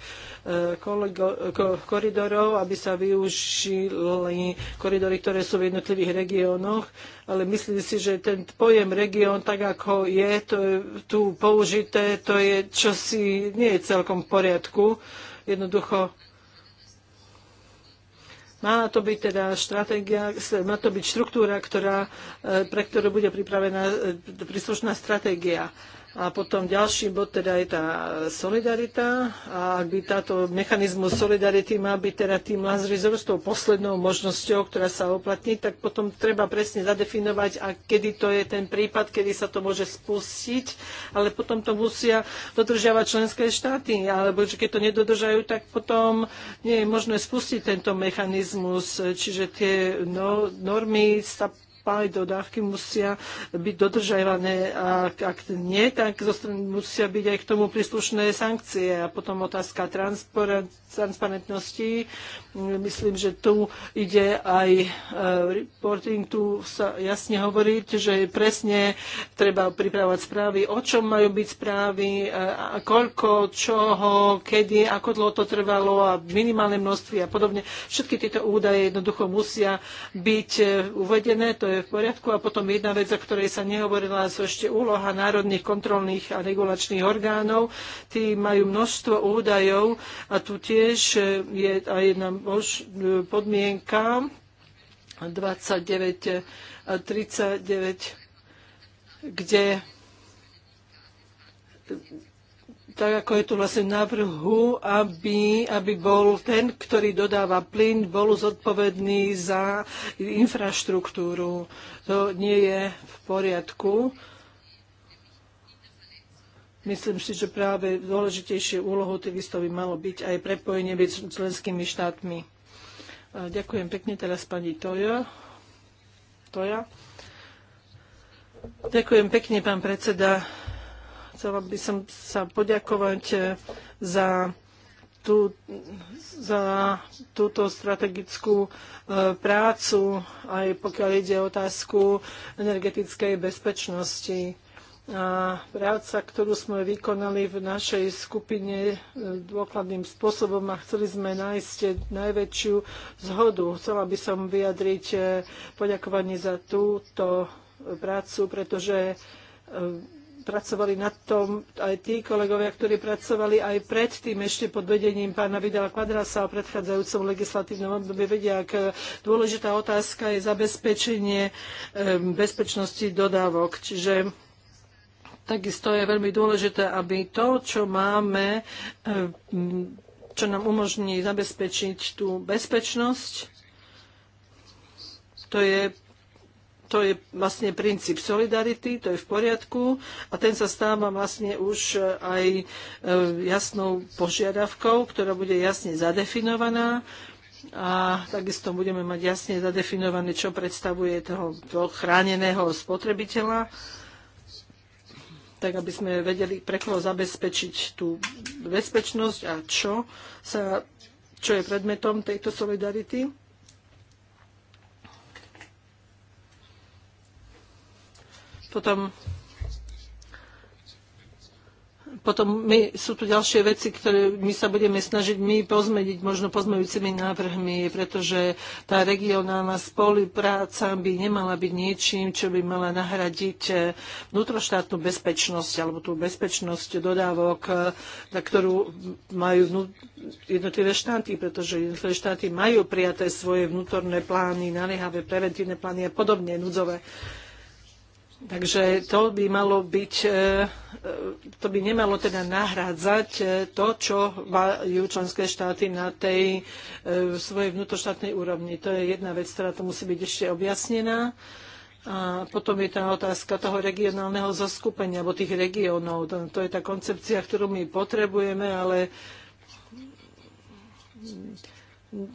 koridorov, aby sa využili koridory, ktoré sú v jednotlivých regiónoch, ale myslím si, že ten pojem región, tak ako je, to je tu použité, to je čosi nie je celkom v poriadku. Jednoducho má to byť teda stratégia, má to byť štruktúra, ktorá, e, pre ktorú bude pripravená e, príslušná stratégia. A potom ďalší bod teda je tá solidarita. A ak by táto mechanizmus solidarity má byť teda tým Lazarus tou poslednou možnosťou, ktorá sa oplatní, tak potom treba presne zadefinovať, a kedy to je ten prípad, kedy sa to môže spustiť, ale potom to musia dodržiavať členské štáty, alebo že keď to nedodržajú, tak potom nie je možné spustiť tento mechanizmus. Čiže tie no, normy sa paliv dodávky musia byť dodržajované. a ak nie, tak musia byť aj k tomu príslušné sankcie. A potom otázka transparentnosti. Myslím, že tu ide aj e, reporting, tu sa jasne hovorí, že presne treba pripravovať správy, o čom majú byť správy, e, koľko, čoho, kedy, ako dlho to trvalo a minimálne množství a podobne. Všetky tieto údaje jednoducho musia byť e, uvedené, to je je v poriadku. A potom jedna vec, o ktorej sa nehovorila, sú ešte úloha národných kontrolných a regulačných orgánov. Tí majú množstvo údajov a tu tiež e, je aj jedna e, podmienka 29 e, a 39, kde tak ako je tu vlastne návrhu, aby, aby bol ten, ktorý dodáva plyn, bol zodpovedný za infraštruktúru. To nie je v poriadku. Myslím si, že práve dôležitejšie úlohou takisto by malo byť aj prepojenie medzi členskými štátmi. Ďakujem pekne teraz pani Toja. Toja. Ďakujem pekne, pán predseda. Chcela by som sa poďakovať eh, za tú, za túto strategickú eh, prácu, aj pokiaľ ide o otázku energetickej bezpečnosti. A práca, ktorú sme vykonali v našej skupine eh, dôkladným spôsobom a chceli sme nájsť najväčšiu zhodu. Chcela by som vyjadriť poďakovanie za túto prácu, pretože pracovali na tom aj tí kolegovia, ktorí pracovali aj predtým ešte pod vedením pána Vidala Kvadrasa o predchádzajúcom legislatívnom období vedia, ak dôležitá otázka je zabezpečenie bezpečnosti dodávok. Čiže takisto je veľmi dôležité, aby to, čo máme, čo nám umožní zabezpečiť tú bezpečnosť, to je to je vlastne princíp solidarity, to je v poriadku a ten sa stáva vlastne už e, aj e, jasnou požiadavkou, ktorá bude jasne zadefinovaná a takisto budeme mať jasne zadefinované, čo predstavuje toho, toho chráneného spotrebiteľa, tak aby sme vedeli, pre koho zabezpečiť tú bezpečnosť a čo, sa, čo je predmetom tejto solidarity. Potom potom my, sú tu ďalšie veci, ktoré my sa budeme snažiť my pozmeniť možno pozmeňujúcimi návrhmi, pretože tá regionálna spolupráca by nemala byť niečím, čo by mala nahradiť eh, vnútroštátnu bezpečnosť alebo tú bezpečnosť dodávok, eh, na ktorú majú jednotlivé štáty, pretože jednotlivé štáty majú prijaté svoje vnútorné plány, naliehavé preventívne plány a podobne núdzové. Takže to by malo byť, e, e, to by nemalo teda nahrádzať e, to, čo majú členské štáty na tej svojej vnútroštátnej úrovni. To je jedna vec, ktorá to musí byť ešte objasnená. A potom je tá otázka toho regionálneho zoskupenia, alebo tých regiónov. To je tá koncepcia, ktorú my potrebujeme, ale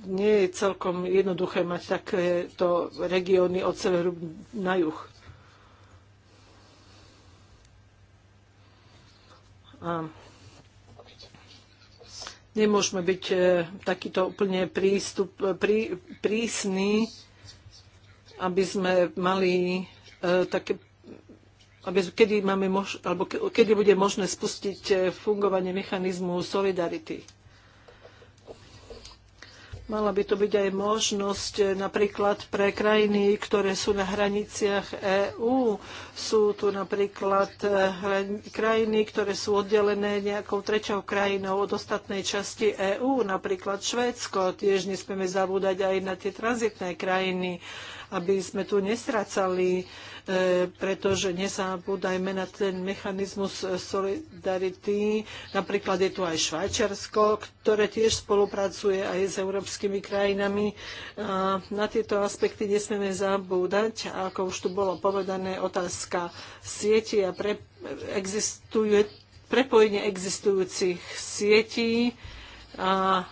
nie je celkom jednoduché mať takéto regióny od severu na juh. nemôžeme byť e, takýto úplne prístup, e, prí, prísny, aby sme mali e, také aby, kedy, máme mož, alebo kedy bude možné spustiť fungovanie mechanizmu solidarity. Mala by to byť aj možnosť e, napríklad pre krajiny, ktoré sú na hraniciach EÚ. Sú tu napríklad e, krajiny, ktoré sú oddelené nejakou treťou krajinou od ostatnej časti EÚ, napríklad Švédsko. Tiež nesmieme zabúdať aj na tie tranzitné krajiny, aby sme tu nestracali E, pretože nezabúdajme na ten mechanizmus solidarity. Napríklad je tu aj Švajčiarsko, ktoré tiež spolupracuje aj s európskymi krajinami. E, na tieto aspekty nesmieme zabúdať. ako už tu bolo povedané, otázka sieti a pre, existuje, prepojenie existujúcich sietí. A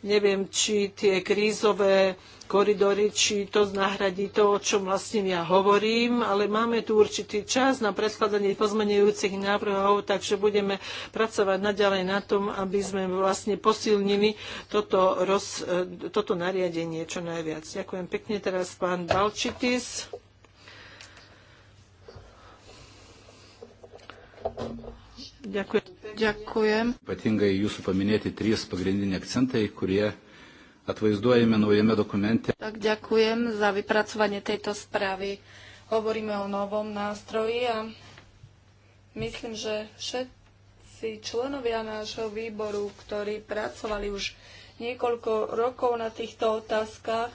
neviem, či tie krízové koridory, či to nahradí to, o čom vlastne ja hovorím, ale máme tu určitý čas na predkladanie pozmenujúcich návrhov, takže budeme pracovať naďalej na tom, aby sme vlastne posilnili toto, roz, e, toto nariadenie čo najviac. Ďakujem pekne teraz pán Balčitis. Ďakujem. Ďakujem. Ypatingai jūsų paminėti trys pagrindiniai akcentai, kurie atvaizduojame naujame dokumente. Tak ďakujem za vypracovanie tejto správy. Hovoríme o novom nástroji a myslím, že všetci členovia nášho výboru, ktorí pracovali už niekoľko rokov na týchto otázkach,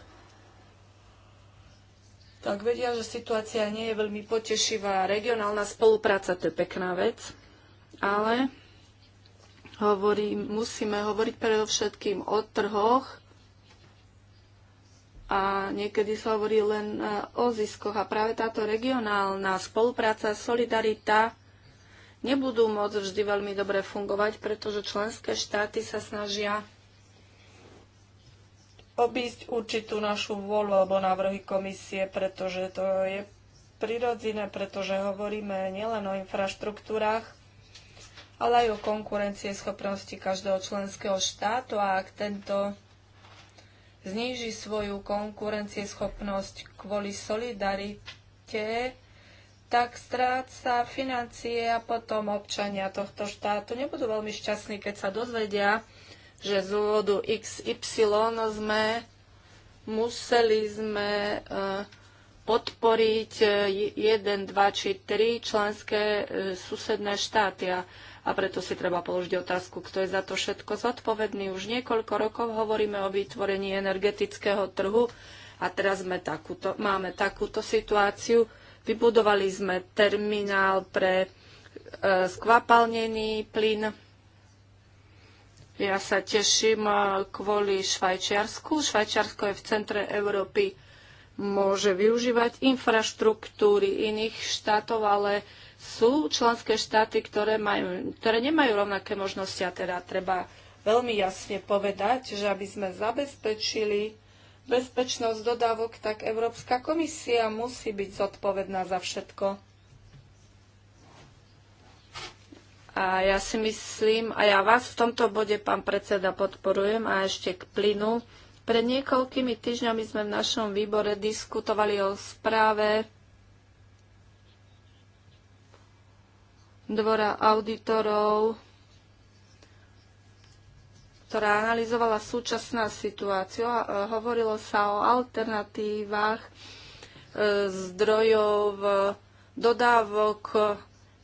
tak vedia, že situácia nie je veľmi potešivá. Regionálna spolupráca to je pekná vec, ale hovorím, musíme hovoriť predovšetkým o trhoch a niekedy sa hovorí len e, o ziskoch. A práve táto regionálna spolupráca, solidarita nebudú môcť vždy veľmi dobre fungovať, pretože členské štáty sa snažia obísť určitú našu vôľu alebo návrhy komisie, pretože to je prirodzené, pretože hovoríme nielen o infraštruktúrach, ale aj o konkurencieschopnosti každého členského štátu a ak tento zníži svoju konkurencieschopnosť kvôli solidarite, tak stráca financie a potom občania tohto štátu nebudú veľmi šťastní, keď sa dozvedia, že z úvodu XY sme museli sme uh, podporiť e, jeden, dva či tri členské e, susedné štáty. A, preto si treba položiť otázku, kto je za to všetko zodpovedný. Už niekoľko rokov hovoríme o vytvorení energetického trhu a teraz sme takúto, máme takúto situáciu. Vybudovali sme terminál pre e, skvapalnený plyn. Ja sa teším kvôli Švajčiarsku. Švajčiarsko je v centre Európy môže využívať infraštruktúry iných štátov, ale sú členské štáty, ktoré, majú, ktoré nemajú rovnaké možnosti a teda treba veľmi jasne povedať, že aby sme zabezpečili bezpečnosť dodávok, tak Európska komisia musí byť zodpovedná za všetko. A ja si myslím, a ja vás v tomto bode, pán predseda, podporujem a ešte k plynu. Pred niekoľkými týždňami sme v našom výbore diskutovali o správe Dvora auditorov, ktorá analyzovala súčasná situáciu a e, hovorilo sa o alternatívach e, zdrojov e, dodávok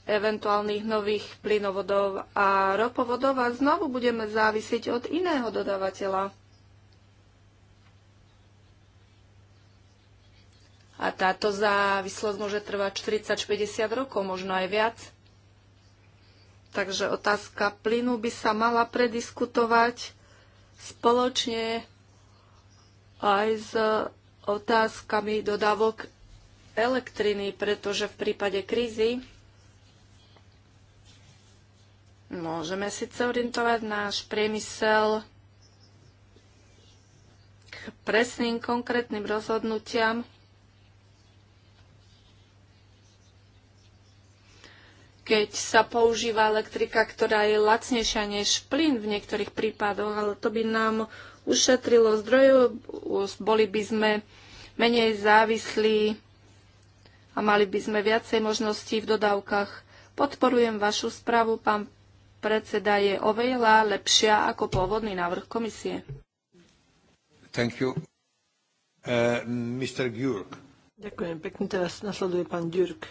eventuálnych nových plynovodov a ropovodov a znovu budeme závisiť od iného dodávateľa. A táto závislosť môže trvať 40-50 rokov, možno aj viac. Takže otázka plynu by sa mala prediskutovať spoločne aj s otázkami dodávok elektriny, pretože v prípade krízy môžeme síce orientovať náš priemysel k presným konkrétnym rozhodnutiam, keď sa používa elektrika, ktorá je lacnejšia než plyn v niektorých prípadoch, ale to by nám ušetrilo zdrojov, boli by sme menej závislí a mali by sme viacej možností v dodávkach. Podporujem vašu správu, pán predseda, je oveľa lepšia ako pôvodný návrh komisie. Thank you. Uh, Mr. Gjurk. Ďakujem pekne. Teraz nasleduje pán Gjurk.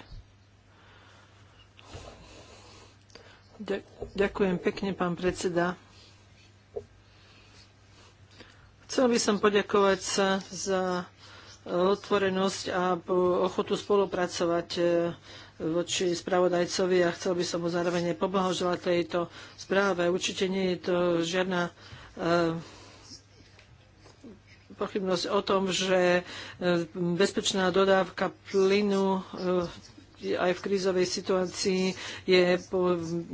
Ďakujem pekne, pán predseda. Chcel by som poďakovať sa za otvorenosť a ochotu spolupracovať e, voči spravodajcovi a chcel by som mu zároveň poblahoželať tejto správe. Určite nie je to žiadna e, pochybnosť o tom, že e, bezpečná dodávka plynu aj v krízovej situácii je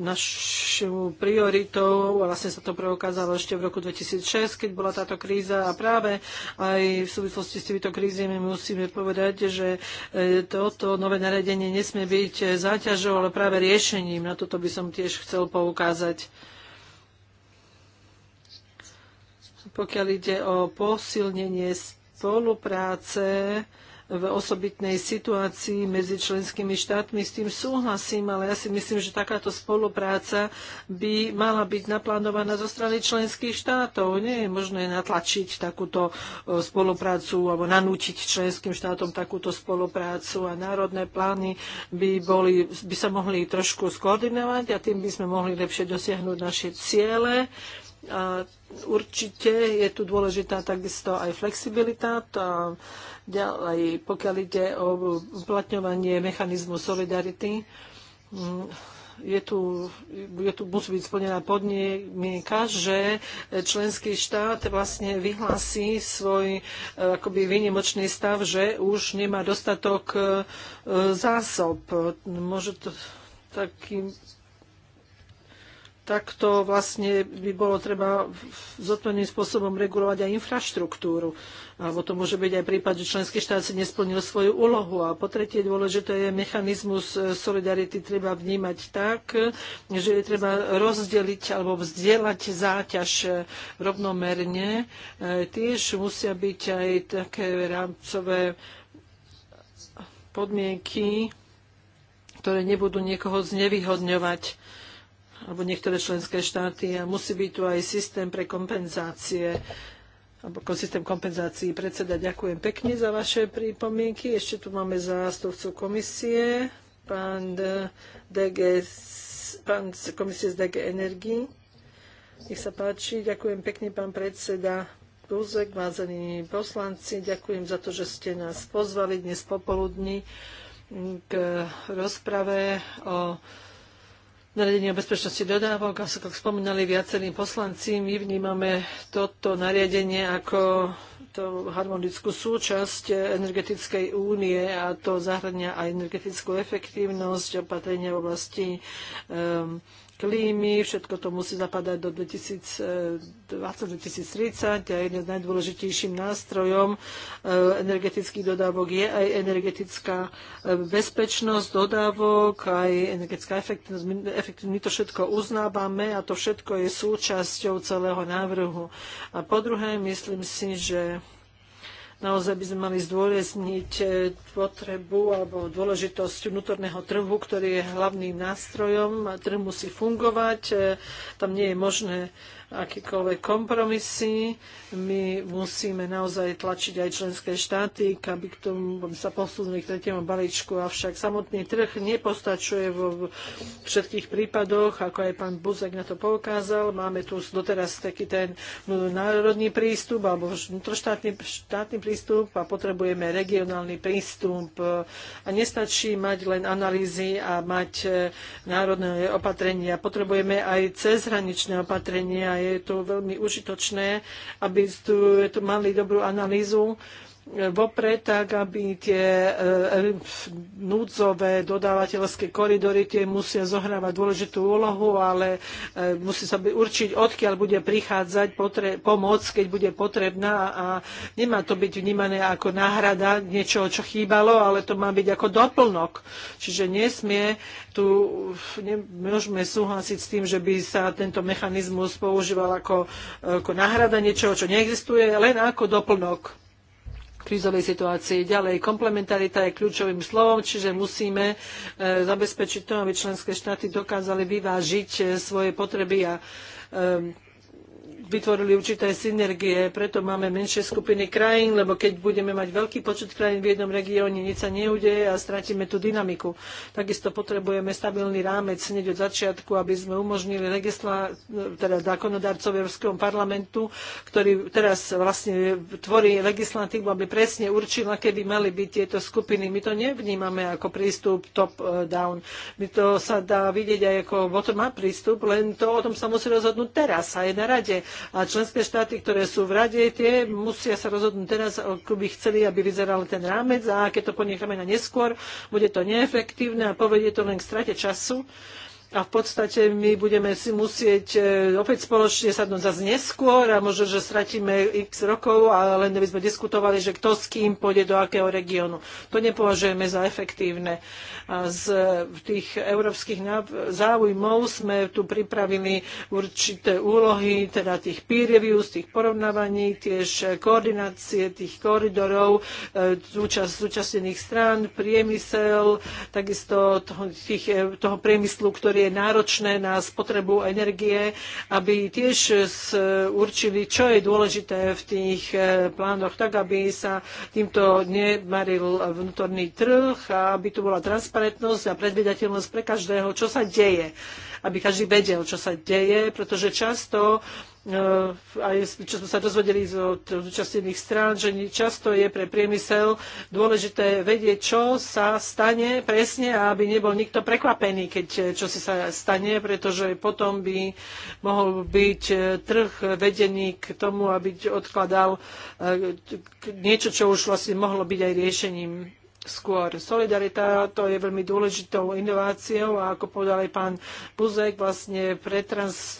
našou prioritou a vlastne sa to preukázalo ešte v roku 2006, keď bola táto kríza a práve aj v súvislosti s týmito krízami musíme povedať, že e, toto nové naredenie nesmie byť záťažou, ale práve riešením. Na toto by som tiež chcel poukázať. Pokiaľ ide o posilnenie spolupráce, v osobitnej situácii medzi členskými štátmi. S tým súhlasím, ale ja si myslím, že takáto spolupráca by mala byť naplánovaná zo strany členských štátov. Nie je možné natlačiť takúto e, spoluprácu alebo nanútiť členským štátom takúto spoluprácu a národné plány by, boli, by sa mohli trošku skoordinovať a tým by sme mohli lepšie dosiahnuť naše ciele. A určite je tu dôležitá takisto aj flexibilita. To ďalej, pokiaľ ide o uplatňovanie mechanizmu solidarity, mm, je tu, je tu musí byť splnená podmienka, že členský štát vlastne vyhlási svoj e, akoby výnimočný stav, že už nemá dostatok e, zásob. Môže to takým tak to vlastne by bolo treba zodpovedným spôsobom regulovať aj infraštruktúru. Alebo to môže byť aj prípad, že členský štát si nesplnil svoju úlohu. A po tretie dôležité je mechanizmus solidarity treba vnímať tak, že je treba rozdeliť alebo vzdielať záťaž rovnomerne. E, tiež musia byť aj také rámcové podmienky, ktoré nebudú niekoho znevýhodňovať alebo niektoré členské štáty a musí byť tu aj systém pre kompenzácie alebo systém kompenzácií. Predseda, ďakujem pekne za vaše pripomienky. Ešte tu máme zástupcu komisie, pán, DG, pán komisie z DG Energii. Nech sa páči. Ďakujem pekne, pán predseda. Buzek, vázení poslanci, ďakujem za to, že ste nás pozvali dnes popoludní k rozprave o nariadenie o bezpečnosti dodávok. A ako spomínali viacerí poslanci, my vnímame toto nariadenie ako to harmonickú súčasť energetickej únie a to zahrania aj energetickú efektívnosť, opatrenia v oblasti um, klímy, všetko to musí zapadať do 2020-2030 a jedným z najdôležitejším nástrojom eh, energetických dodávok je aj energetická eh, bezpečnosť dodávok, aj energetická efektivnosť. My to všetko uznávame a to všetko je súčasťou celého návrhu. A po druhé, myslím si, že Naozaj by sme mali zdôrazniť e, potrebu alebo dôležitosť vnútorného trhu, ktorý je hlavným nástrojom. Trh musí fungovať, e, tam nie je možné akýkoľvek kompromisy. My musíme naozaj tlačiť aj členské štáty, aby k tomu sa posunuli k tretiemu balíčku. Avšak samotný trh nepostačuje vo všetkých prípadoch, ako aj pán Buzek na to poukázal. Máme tu doteraz taký ten národný prístup alebo vnútroštátny štátny prístup a potrebujeme regionálny prístup. A nestačí mať len analýzy a mať národné opatrenia. Potrebujeme aj cezhraničné opatrenia, je to veľmi užitočné, aby tu, tu mali dobrú analýzu vopred, tak aby tie eh, eh, núdzové dodávateľské koridory tie musia zohrávať dôležitú úlohu, ale eh, musí sa by určiť, odkiaľ bude prichádzať potre- pomoc, keď bude potrebná a nemá to byť vnímané ako náhrada niečoho, čo chýbalo, ale to má byť ako doplnok. Čiže nesmie tu, nemôžeme súhlasiť s tým, že by sa tento mechanizmus používal ako, ako náhrada niečoho, čo neexistuje, len ako doplnok krízovej situácii. Ďalej, komplementarita je kľúčovým slovom, čiže musíme e, zabezpečiť to, aby členské štáty dokázali vyvážiť e, svoje potreby a e, vytvorili určité synergie, preto máme menšie skupiny krajín, lebo keď budeme mať veľký počet krajín v jednom regióne, nič sa neudeje a stratíme tú dynamiku. Takisto potrebujeme stabilný rámec hneď od začiatku, aby sme umožnili legisla, teda zákonodarcov Európskeho parlamentu, ktorý teraz vlastne tvorí legislatívu, aby presne určila, kedy mali byť tieto skupiny. My to nevnímame ako prístup top-down. Eh, My to sa dá vidieť aj ako bottom-up prístup, len to o tom sa musí rozhodnúť teraz aj na rade. A členské štáty, ktoré sú v rade, tie musia sa rozhodnúť teraz, ako by chceli, aby vyzeral ten rámec a keď to ponecháme na neskôr, bude to neefektívne a povedie to len k strate času a v podstate my budeme si musieť e, opäť spoločne sadnúť zase neskôr a možno, že stratíme x rokov a len by sme diskutovali, že kto s kým pôjde do akého regiónu. To nepovažujeme za efektívne. A z tých európskych záujmov sme tu pripravili určité úlohy, teda tých peer reviews, tých porovnávaní, tiež koordinácie tých koridorov, e, zúčast, zúčastnených strán, priemysel, takisto toho, tých, e, toho priemyslu, ktorý ktoré je náročné na spotrebu energie, aby tiež určili, čo je dôležité v tých eh, plánoch, tak aby sa týmto nemaril vnútorný trh a aby tu bola transparentnosť a predvedateľnosť pre každého, čo sa deje aby každý vedel, čo sa deje, pretože často eh, aj čo sme sa dozvedeli od zúčastnených strán, že často je pre priemysel dôležité vedieť, čo sa stane presne, aby nebol nikto prekvapený, keď eh, čo si sa stane, pretože potom by mohol byť eh, trh vedený k tomu, aby odkladal niečo, čo už vlastne mohlo byť aj riešením skôr. Solidarita to je veľmi dôležitou inováciou a ako povedal aj pán Buzek, vlastne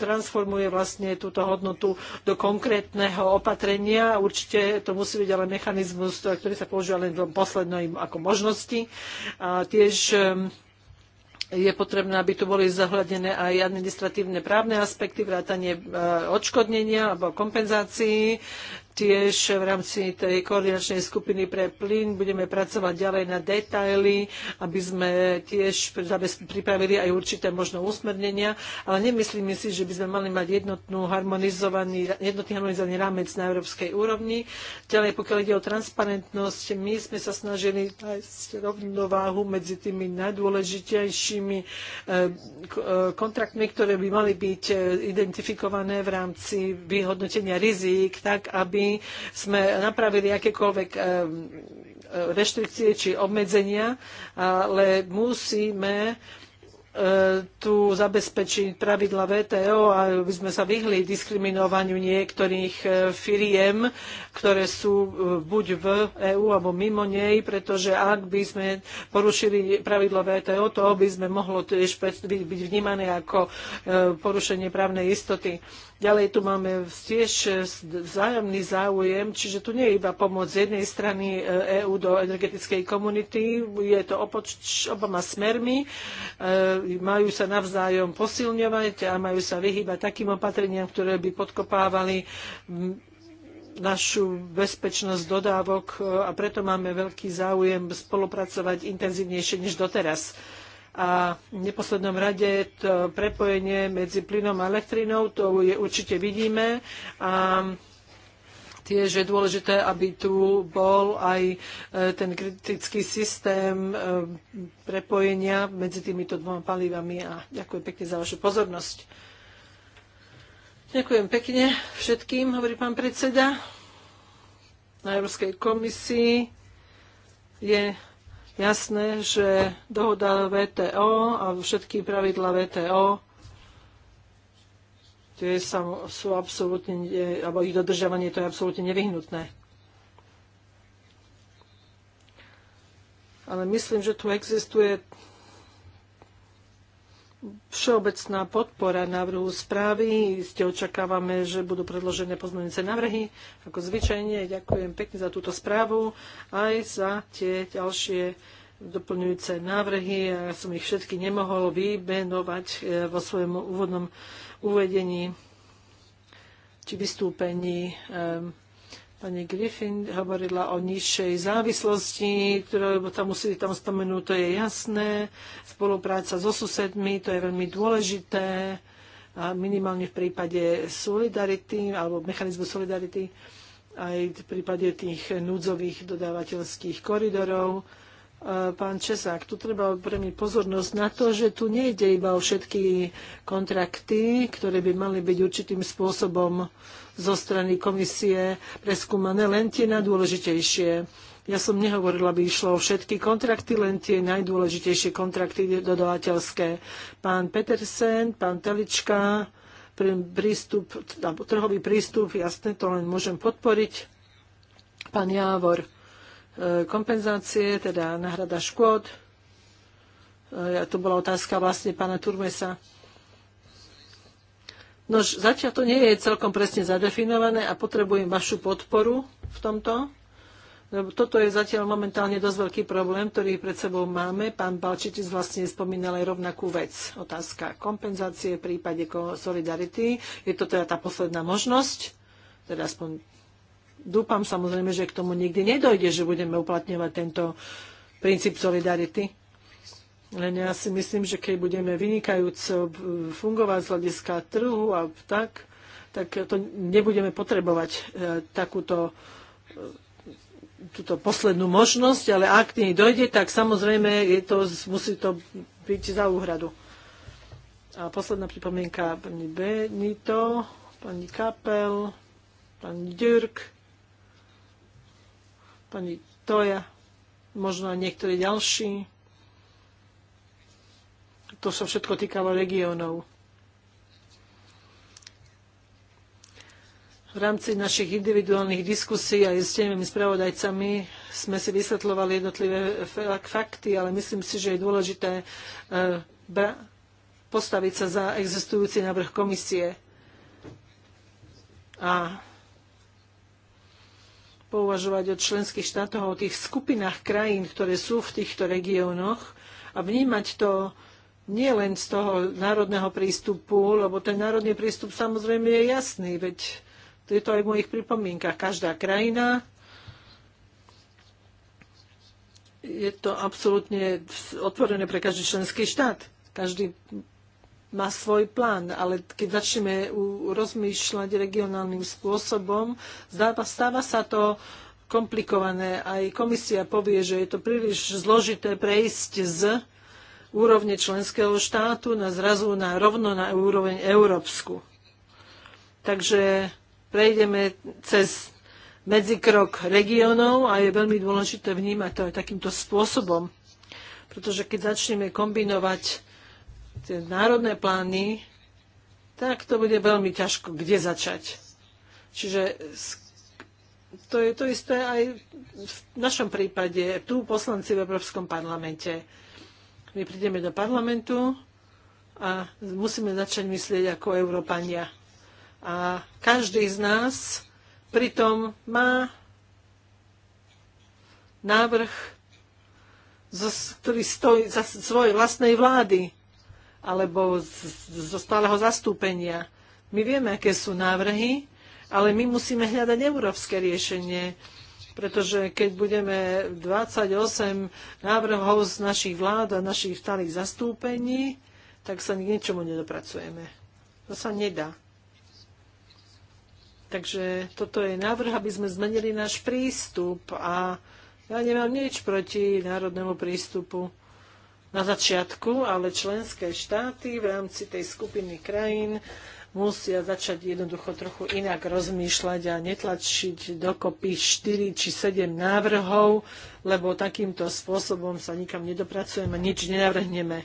transformuje vlastne túto hodnotu do konkrétneho opatrenia. Určite to musí byť ale mechanizmus, ktorý sa používa len v poslednej ako možnosti. A tiež ehm, je potrebné, aby tu boli zohľadené aj administratívne právne aspekty, vrátanie e, odškodnenia alebo kompenzácií. Tiež v rámci tej koordinačnej skupiny pre plyn budeme pracovať ďalej na detaily, aby sme tiež pripravili aj určité možno usmernenia, ale nemyslím si, že by sme mali mať jednotnú harmonizovaný, jednotný harmonizovaný rámec na európskej úrovni. Ďalej, pokiaľ ide o transparentnosť, my sme sa snažili nájsť rovnováhu medzi tými najdôležitejšími eh, eh, kontraktmi, ktoré by mali byť eh, identifikované v rámci vyhodnotenia rizík, tak aby sme napravili akékoľvek eh, eh, reštrikcie či obmedzenia, ale musíme eh, tu zabezpečiť pravidla VTO, aby sme sa vyhli diskriminovaniu niektorých firiem, ktoré sú buď v EÚ alebo mimo nej, pretože ak by sme porušili pravidlo VTO, to by sme mohlo tiež byť vnímané ako porušenie právnej istoty. Ďalej tu máme tiež e, vzájomný záujem, čiže tu nie je iba pomoc z jednej strany EÚ e do energetickej komunity, je to opoč- oboma smermi, e, majú sa navzájom posilňovať a majú sa vyhýbať takým opatreniam, ktoré by podkopávali našu bezpečnosť dodávok a preto máme veľký záujem spolupracovať intenzívnejšie než doteraz a v neposlednom rade to prepojenie medzi plynom a elektrinou, to je určite vidíme. A tiež je dôležité, aby tu bol aj e, ten kritický systém e, prepojenia medzi týmito dvoma palivami. A ďakujem pekne za vašu pozornosť. Ďakujem pekne všetkým, hovorí pán predseda. Na Európskej komisii je jasné, že dohoda VTO a všetky pravidla VTO tie sa, sú absolútne, alebo ich dodržiavanie to je absolútne nevyhnutné. Ale myslím, že tu existuje všeobecná podpora návrhu správy. Ste očakávame, že budú predložené pozmeňujúce návrhy. Ako zvyčajne ďakujem pekne za túto správu aj za tie ďalšie doplňujúce návrhy. Ja som ich všetky nemohol vymenovať e, vo svojom úvodnom uvedení či vystúpení. E, Pani Griffin hovorila o nižšej závislosti, ktoré tam museli tam spomenúť, to je jasné. Spolupráca so susedmi, to je veľmi dôležité. A minimálne v prípade solidarity alebo mechanizmu solidarity aj v prípade tých núdzových dodávateľských koridorov Eh, pán Česák, tu treba odpremiť pozornosť na to, že tu nejde iba o všetky kontrakty, ktoré by mali byť určitým spôsobom zo strany komisie preskúmané, len tie najdôležitejšie. Ja som nehovorila, aby išlo o všetky kontrakty, len tie najdôležitejšie kontrakty dodavateľské. Pán Petersen, pán Telička, prístup, trhový prístup, jasne, to len môžem podporiť. Pán Jávor, E, kompenzácie, teda náhrada škôd. E, to bola otázka vlastne pána Turmesa. Nož, zatiaľ to nie je celkom presne zadefinované a potrebujem vašu podporu v tomto. Lebo toto je zatiaľ momentálne dosť veľký problém, ktorý pred sebou máme. Pán Balčitis vlastne spomínal aj rovnakú vec. Otázka kompenzácie v prípade solidarity. Je to teda tá posledná možnosť, teda aspoň dúfam samozrejme, že k tomu nikdy nedojde, že budeme uplatňovať tento princíp solidarity. Len ja si myslím, že keď budeme vynikajúco fungovať z hľadiska trhu a tak, tak to nebudeme potrebovať e, takúto e, túto poslednú možnosť, ale ak k nej dojde, tak samozrejme je to, musí to byť za úhradu. A posledná pripomienka pani Benito, pani Kapel, pani Dürk pani Toja, možno niektorí ďalší. To sa všetko týkalo regiónov. V rámci našich individuálnych diskusí aj s tými spravodajcami sme si vysvetľovali jednotlivé fakty, ale myslím si, že je dôležité e, postaviť sa za existujúci návrh komisie. A pouvažovať o členských štátov, o tých skupinách krajín, ktoré sú v týchto regiónoch a vnímať to nie len z toho národného prístupu, lebo ten národný prístup samozrejme je jasný, veď to je to aj v mojich pripomienkach. Každá krajina je to absolútne otvorené pre každý členský štát. Každý má svoj plán, ale keď začneme rozmýšľať regionálnym spôsobom, stáva sa to komplikované. Aj komisia povie, že je to príliš zložité prejsť z úrovne členského štátu na zrazu na rovno na úroveň európsku. Takže prejdeme cez medzikrok regiónov a je veľmi dôležité vnímať to aj takýmto spôsobom. Pretože keď začneme kombinovať tie národné plány, tak to bude veľmi ťažko, kde začať. Čiže to je to isté aj v našom prípade, tu poslanci v Európskom parlamente. My prídeme do parlamentu a musíme začať myslieť ako Európania. A každý z nás pritom má návrh, ktorý stojí za svojej vlastnej vlády alebo zo stáleho zastúpenia. My vieme, aké sú návrhy, ale my musíme hľadať európske riešenie, pretože keď budeme 28 návrhov z našich vlád a našich stálych zastúpení, tak sa k ničomu nedopracujeme. To sa nedá. Takže toto je návrh, aby sme zmenili náš prístup a ja nemám nič proti národnému prístupu na začiatku, ale členské štáty v rámci tej skupiny krajín musia začať jednoducho trochu inak rozmýšľať a netlačiť dokopy 4 či 7 návrhov, lebo takýmto spôsobom sa nikam nedopracujeme, nič nenavrhneme.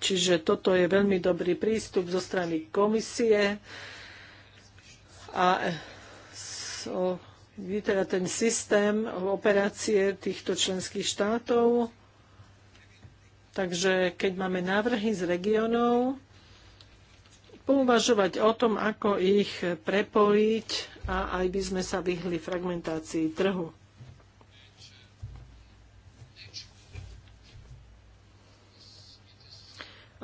Čiže toto je veľmi dobrý prístup zo strany komisie a so, teda ten systém operácie týchto členských štátov Takže keď máme návrhy z regiónov, pouvažovať o tom, ako ich prepojiť a aj by sme sa vyhli fragmentácii trhu.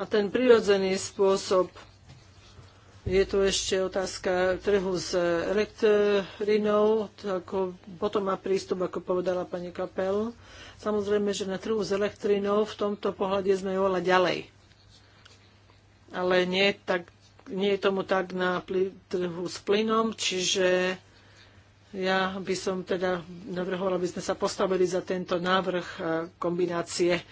A ten prirodzený spôsob je tu ešte otázka trhu s elektrinou, potom má prístup, ako povedala pani Kapel. Samozrejme, že na trhu s elektrínou v tomto pohľade sme oveľa ďalej. Ale nie, tak, nie je tomu tak na trhu s plynom, čiže ja by som teda navrhovala, aby sme sa postavili za tento návrh e, kombinácie e,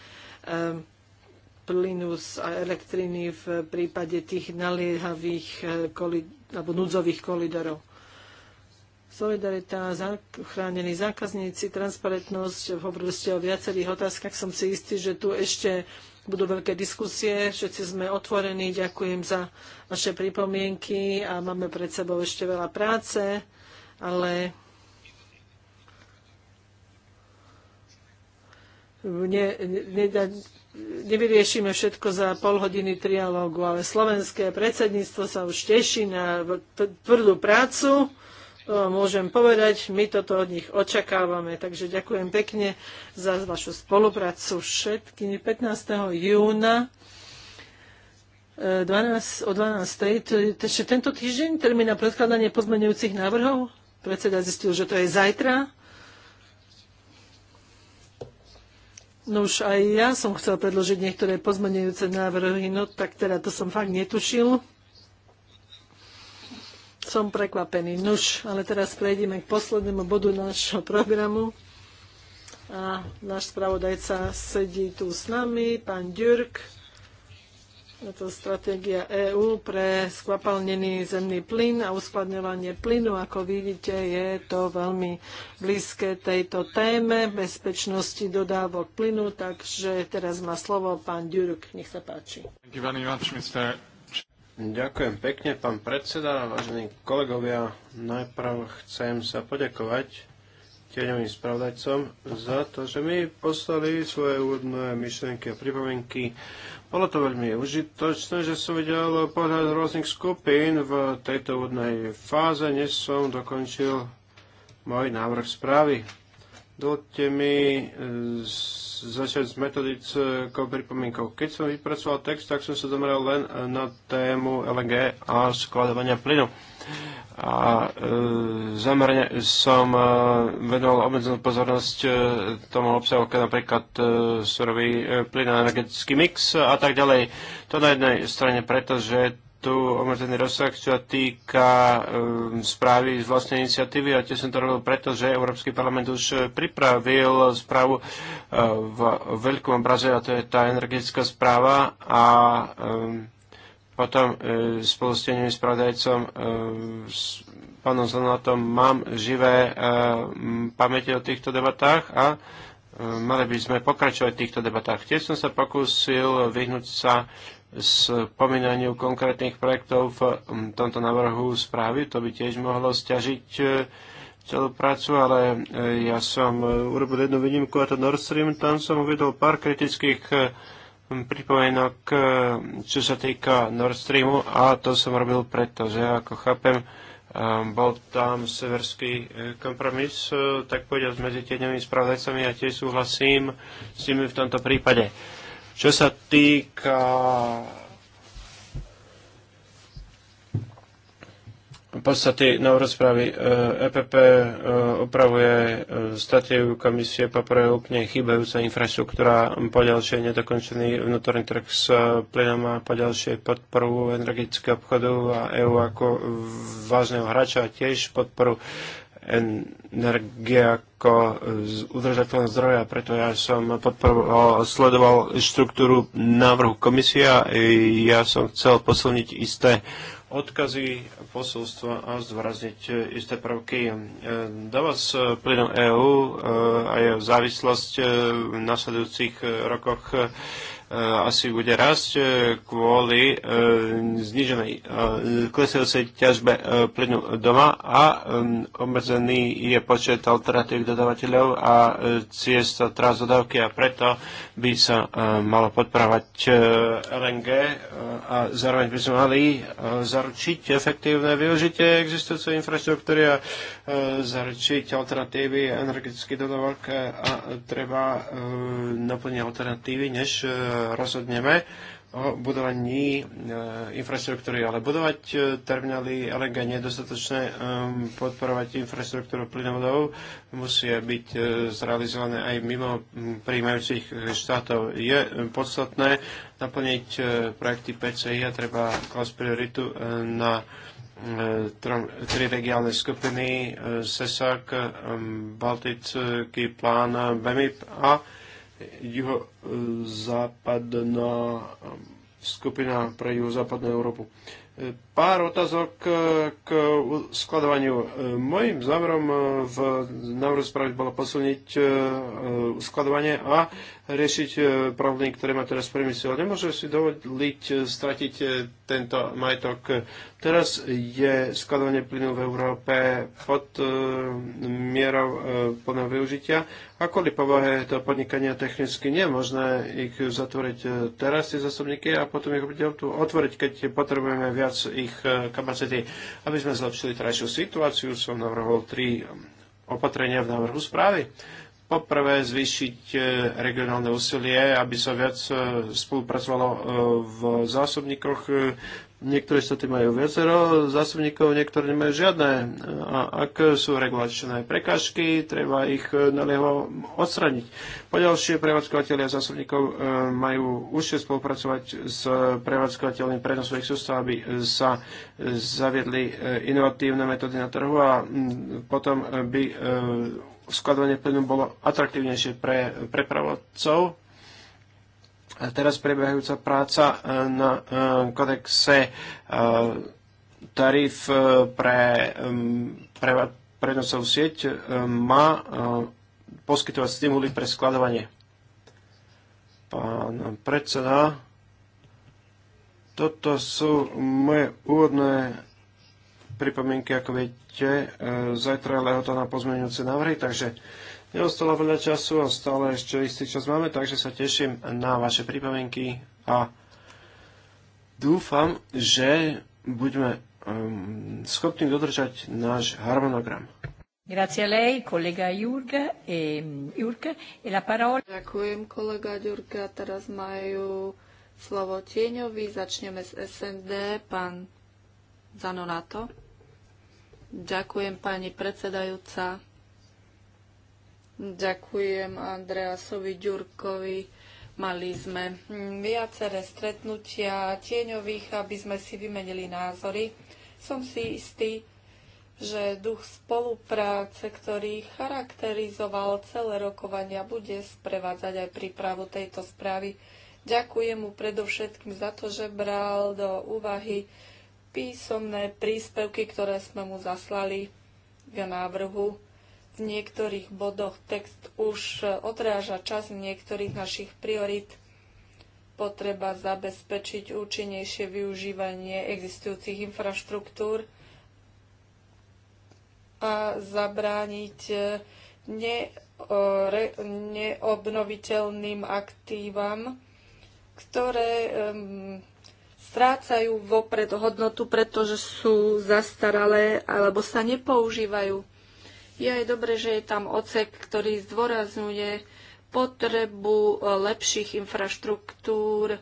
plynu z elektriny v prípade tých naliehavých e, kolid- alebo núdzových kolidorov solidarita, chránení zákazníci, transparentnosť. Hovorili ste o viacerých otázkach. Som si istý, že tu ešte budú veľké diskusie. Všetci sme otvorení. Ďakujem za vaše pripomienky a máme pred sebou ešte veľa práce, ale ne, ne, nevyriešime všetko za pol hodiny trialógu, ale slovenské predsedníctvo sa už teší na tvrdú prácu to môžem povedať, my toto od nich očakávame. Takže ďakujem pekne za vašu spoluprácu všetkým. 15. júna 12, eh, o 12. Takže tento týždeň termín na predkladanie pozmenujúcich návrhov? Predseda zistil, že to je zajtra. No už aj ja som chcel predložiť niektoré pozmenujúce návrhy, no tak teda to som fakt netušil som prekvapený. Nuž, ale teraz prejdeme k poslednému bodu nášho programu. A náš spravodajca sedí tu s nami, pán Ďurk. Je to stratégia EÚ pre skvapalnený zemný plyn a uskladňovanie plynu. Ako vidíte, je to veľmi blízke tejto téme bezpečnosti dodávok plynu, takže teraz má slovo pán Ďurk. Nech sa páči. Thank you very much, Mr. Ďakujem pekne, pán predseda, vážení kolegovia. Najprv chcem sa poďakovať tieňovým spravodajcom za to, že mi poslali svoje úvodné myšlenky a pripomienky. Bolo to veľmi užitočné, že som videl pohľad rôznych skupín v tejto úvodnej fáze, než som dokončil môj návrh správy. Dovolte mi e, začať s metodickou pripomienkou. Keď som vypracoval text, tak som sa zameral len e, na tému LNG a skladovania plynu. A e, zamerne som e, venoval obmedzenú pozornosť tomu obsahu, keď napríklad surový plyn a energetický mix a tak ďalej. To na jednej strane preto, že tu omezený rozsah, čo sa týka um, správy z vlastnej iniciatívy a tiež som to robil preto, že Európsky parlament už pripravil správu uh, v veľkom obraze a to je tá energetická správa a um, potom uh, spolu s tým spravodajcom uh, s pánom Zanatom mám živé uh, pamäte o týchto debatách a uh, mali by sme pokračovať v týchto debatách. Tiež som sa pokúsil vyhnúť sa uh, spomínaniu konkrétnych projektov v tomto návrhu správy. To by tiež mohlo stiažiť e, celú prácu, ale e, ja som e, urobil jednu výnimku a to Nord Stream, tam som uvedol pár kritických pripomienok, čo sa týka Nord Streamu a to som robil preto, že ako chápem, bol tam severský kompromis, tak povedať medzi tieňovými spravodajcami a ja tiež súhlasím s nimi v tomto prípade. Čo sa týka v podstate na rozprávy EPP e e, opravuje, e, stratégiu komisie poprvé úplne chýbajúca infraštruktúra, poďalšie nedokončený vnútorný trh s plynom a poďalšie podporu energetického obchodu a EU ako vážneho hráča a tiež podporu energie ako udržateľného zdroja, preto ja som podporoval, sledoval štruktúru návrhu komisia. Ja som chcel posilniť isté odkazy posolstva a zdôrazniť isté prvky. Do vás plynul EÚ e, a jeho závislosť e, v nasledujúcich rokoch E, asi bude rásť e, kvôli e, zniženej klesajúcej ťažbe plynu doma a obmedzený je počet alternatív dodávateľov a ciest a trás dodávky a preto by sa malo podporovať LNG a zároveň by sme mali zaručiť efektívne využitie existujúcej infraštruktúry a zaručiť alternatívy energetických dodávok a treba naplniť alternatívy než rozhodneme o budovaní e, infraštruktúry, ale budovať e, terminály LNG je nedostatočné, e, podporovať infraštruktúru plynovodov musí byť zrealizované aj mimo príjmajúcich štátov. Je podstatné naplniť projekty PCI a treba klas prioritu na tri regiálne skupiny SESAC, Baltický plán BEMIP a juhozápadná um, skupina pre juhozápadnú Európu. E, Pár otázok e, k skladovaniu. E, mojím zámerom e, v návrhu spraviť bolo posilniť skladovanie a riešiť problémy, ktoré má teraz priemysel. Nemôže si dovoliť stratiť tento majetok. Teraz je skladovanie plynu v Európe pod mierou plného využitia a kvôli povahe toho podnikania technicky nie je možné ich zatvoriť teraz tie zásobníky a potom ich otvoriť, keď potrebujeme viac ich ich e, kapacity. Aby sme zlepšili trajšiu situáciu, som navrhol tri opatrenia v návrhu správy. Poprvé zvýšiť e, regionálne úsilie, aby sa viac e, spolupracovalo v zásobníkoch Niektoré štáty majú viacero zásobníkov, niektoré nemajú žiadne. A ak sú regulačné prekážky, treba ich nalieho odstraniť. Poďalšie prevádzkovateľia zásobníkov e, majú užšie spolupracovať s prevádzkovateľmi prenosových sústav, aby sa zaviedli e, inovatívne metódy na trhu a potom e, by skladovanie plynu bolo atraktívnejšie pre prepravodcov teraz prebiehajúca práca e, na e, kodexe e, tarif pre prenosov sieť má poskytovať stimuly pre skladovanie. Pán predseda, toto sú moje úvodné pripomienky, ako viete. Zajtra je lehota na pozmeňujúce návrhy, takže Neostalo veľa času a stále ešte istý čas máme, takže sa teším na vaše pripomienky a dúfam, že budeme um, schopní dodržať náš harmonogram. Grazie a lei, kolega Jurga e, Jurka, e la parola... Ďakujem, kolega Jurga. Teraz majú slovo tieňovi. Začneme s SND. Pán Zanonato. Ďakujem, pani predsedajúca. Ďakujem Andreasovi Ďurkovi. Mali sme viaceré stretnutia tieňových, aby sme si vymenili názory. Som si istý, že duch spolupráce, ktorý charakterizoval celé rokovania, bude sprevádzať aj prípravu tejto správy. Ďakujem mu predovšetkým za to, že bral do úvahy písomné príspevky, ktoré sme mu zaslali k návrhu niektorých bodoch text už e, odráža čas niektorých našich priorit. Potreba zabezpečiť účinnejšie využívanie existujúcich infraštruktúr a zabrániť e, ne, neobnoviteľným aktívam, ktoré strácajú vopred hodnotu, pretože sú zastaralé alebo sa nepoužívajú je aj dobre, že je tam ocek, ktorý zdôrazňuje potrebu e, lepších infraštruktúr e,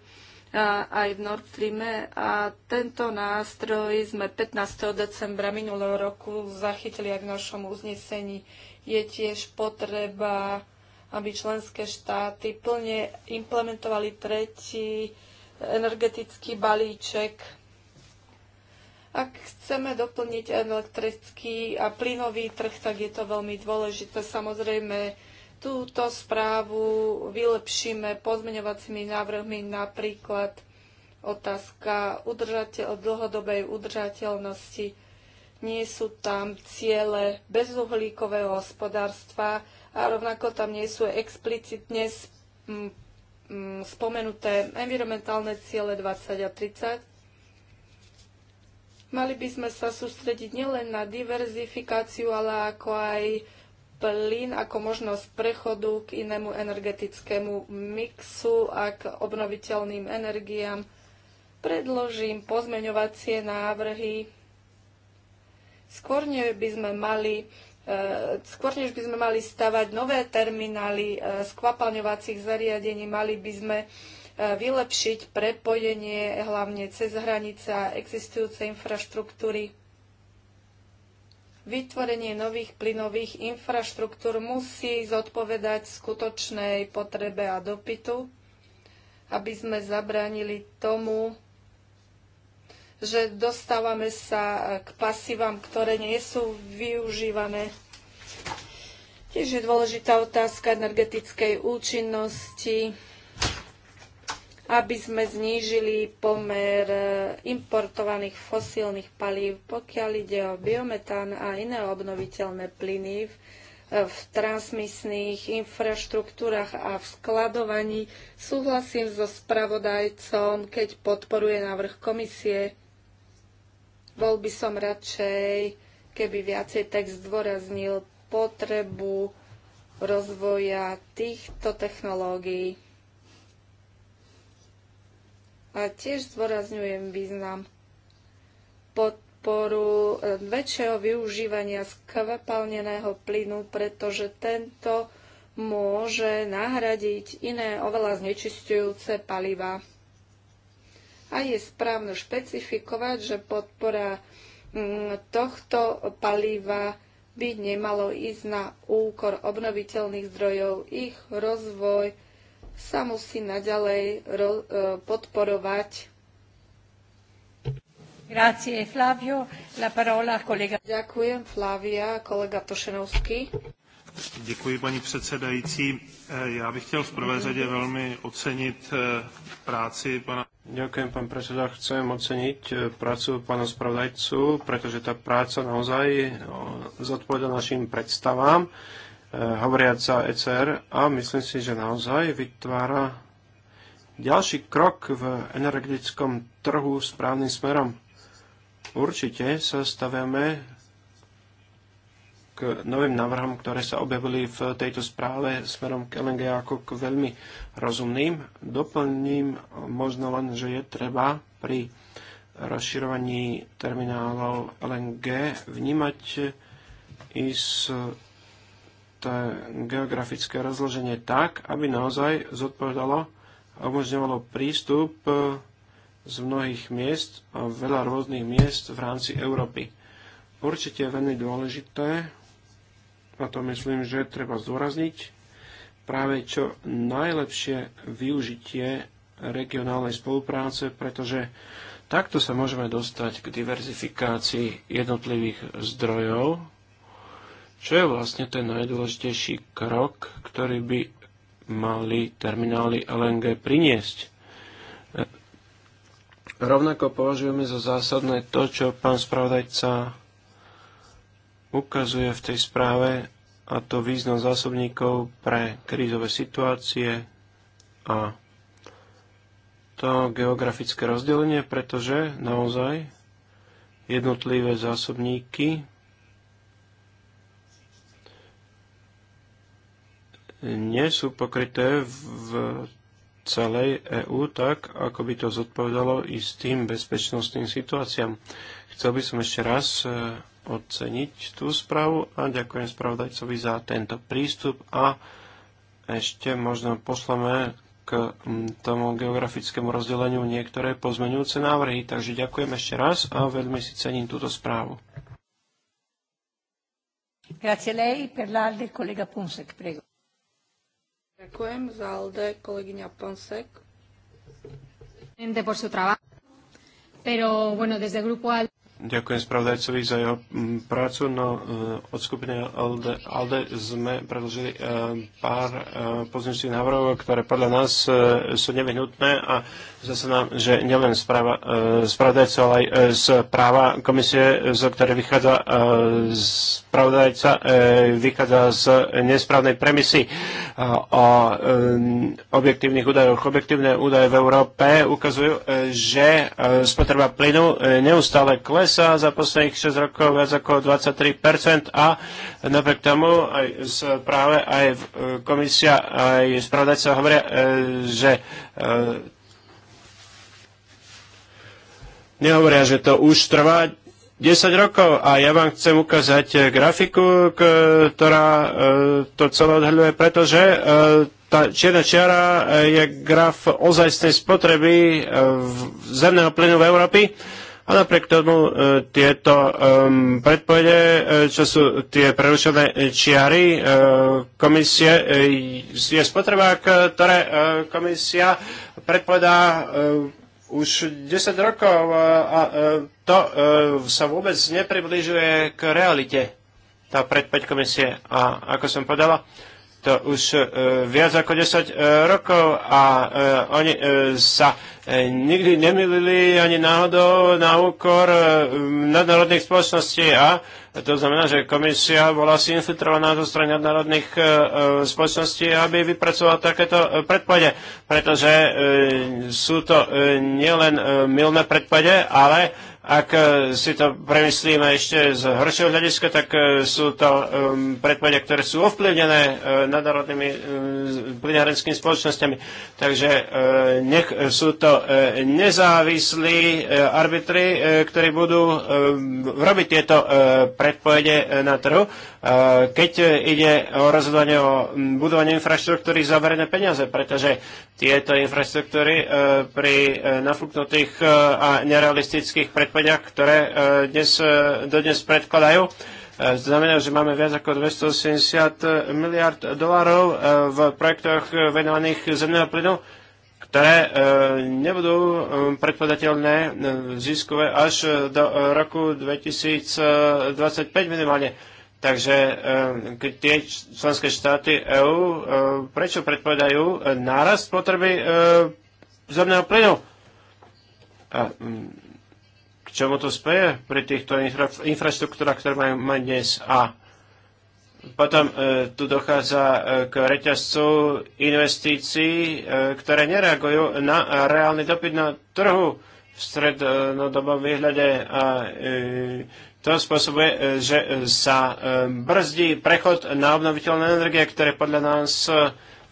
aj v Nord Streame a tento nástroj sme 15. decembra minulého roku zachytili aj v našom uznesení. Je tiež potreba, aby členské štáty plne implementovali tretí energetický balíček ak chceme doplniť elektrický a plynový trh, tak je to veľmi dôležité. Samozrejme, túto správu vylepšíme pozmeňovacími návrhmi napríklad otázka udržateľ, dlhodobej udržateľnosti. Nie sú tam ciele bezuhlíkového hospodárstva a rovnako tam nie sú explicitne spomenuté environmentálne ciele 20 a 30 Mali by sme sa sústrediť nielen na diverzifikáciu, ale ako aj plyn ako možnosť prechodu k inému energetickému mixu a k obnoviteľným energiám. Predložím pozmeňovacie návrhy. Skôr by sme mali e, skôr než by sme mali stavať nové terminály e, skvapalňovacích zariadení, mali by sme E, vylepšiť prepojenie hlavne cez hranica existujúce infraštruktúry. Vytvorenie nových plynových infraštruktúr musí zodpovedať skutočnej potrebe a dopytu, aby sme zabránili tomu, že dostávame sa k pasívam, ktoré nie sú využívané. Tiež je dôležitá otázka energetickej účinnosti aby sme znížili pomer e, importovaných fosílnych palív, pokiaľ ide o biometán a iné obnoviteľné plyny e, v transmisných infraštruktúrach a v skladovaní. Súhlasím so spravodajcom, keď podporuje návrh komisie. Bol by som radšej, keby viacej text zdôraznil potrebu rozvoja týchto technológií a tiež zdôrazňujem význam podporu e, väčšieho využívania skvapalneného plynu, pretože tento môže nahradiť iné oveľa znečistujúce paliva. A je správne špecifikovať, že podpora mm, tohto paliva by nemalo ísť na úkor obnoviteľných zdrojov. Ich rozvoj sa musí naďalej e, podporovať. Grazie, Flavio. La parola, kolega. Ďakujem, Flavia, kolega Tošenovský. Děkuji, paní předsedající. E, já bych chtěl v prvé řadě velmi ocenit e, práci pana... Ďakujem, pán predseda. Chcem oceniť prácu pána spravodajcu, pretože tá práca naozaj zodpoveda našim predstavám. Eh, hovoriac za ECR a myslím si, že naozaj vytvára ďalší krok v energetickom trhu správnym smerom. Určite sa stavíme k novým návrhom, ktoré sa objavili v tejto správe smerom k LNG ako k veľmi rozumným. Doplním možno len, že je treba pri rozširovaní terminálov LNG vnímať i z to geografické rozloženie tak, aby naozaj zodpovedalo a umožňovalo prístup e, z mnohých miest a veľa rôznych miest v rámci Európy. Určite je veľmi dôležité, a to myslím, že treba zdôrazniť, práve čo najlepšie využitie regionálnej spolupráce, pretože takto sa môžeme dostať k diverzifikácii jednotlivých zdrojov čo je vlastne ten najdôležitejší krok, ktorý by mali terminály LNG priniesť? E, rovnako považujeme za zásadné to, čo pán spravodajca ukazuje v tej správe, a to význam zásobníkov pre krízové situácie a to geografické rozdelenie, pretože naozaj jednotlivé zásobníky nie sú pokryté v celej EÚ tak, ako by to zodpovedalo istým bezpečnostným situáciám. Chcel by som ešte raz e, oceniť tú správu a ďakujem spravodajcovi za tento prístup a ešte možno poslame k tomu geografickému rozdeleniu niektoré pozmenujúce návrhy. Takže ďakujem ešte raz a veľmi si cením túto správu. Grazie lei per l'alde, collega Ponsek, prego. Ďakujem za LD, kolegyňa Ponsek. Por su trabajo. Pero bueno, desde el grupo al... Ďakujem spravodajcovi za jeho mm, prácu. No, e, od skupiny ALDE, ALDE sme predložili e, pár e, pozničných návrhov, ktoré podľa nás sú nevyhnutné a zase nám, že nielen správa spravodajca, ale aj správa komisie, zo ktorej vychádza spravodajca, vychádza z nesprávnej premisy o objektívnych údajoch. Objektívne údaje v Európe ukazujú, že spotreba plynu neustále klesá klesá za posledných 6 rokov viac ako 23% a napriek tomu aj práve aj e, komisia, aj spravodajca hovoria, e, že e, nehovoria, že to už trvá 10 rokov a ja vám chcem ukázať grafiku, ktorá to celé odhľuje, pretože tá čierna čiara je graf ozajstnej spotreby zemného plynu v Európe a napriek tomu e, tieto um, predpovede, e, čo sú tie prerušené čiary e, komisie, je spotreba, ktoré komisia predpovedá už 10 rokov a to sa vôbec nepribližuje k realite, tá predpoveď komisie. A ako som povedala, to už e, viac ako 10 e, rokov a e, oni sa nikdy nemilili ani náhodou na úkor nadnárodných spoločností a to znamená, že komisia bola si infiltrovaná zo strany nadnárodných spoločností, aby vypracovala takéto predpade, pretože sú to nielen milné predpade, ale ak e, si to premyslíme ešte z horšieho hľadiska, tak e, sú to um, predpovedia, ktoré sú ovplyvnené uh, nadnárodnými uh, spoločnosťami. Takže uh, nech sú to uh, nezávislí uh, arbitri, uh, ktorí budú robiť tieto uh, predpovede na trhu, uh, keď ide o rozhodovanie o budovaní infraštruktúry za verejné peniaze, pretože tieto infraštruktúry uh, pri uh, nafúknutých uh, a nerealistických predpovedách opatreniach, ktoré e, dnes, e, dodnes predkladajú. E, znamená, že máme viac ako 280 miliard dolárov v projektoch venovaných zemného plynu, ktoré nebudú predpodateľné ziskové až do roku 2025 minimálne. Takže keď tie členské štáty EÚ prečo predpovedajú nárast potreby zemného plynu? Mm, čomu to speje pri týchto infra, infraštruktúrach, ktoré majú mať dnes a potom e, tu dochádza e, k reťazcu investícií, e, ktoré nereagujú na reálny dopyt na trhu v strednodobom výhľade a e, to spôsobuje, e, že sa e, brzdí prechod na obnoviteľné energie, ktoré podľa nás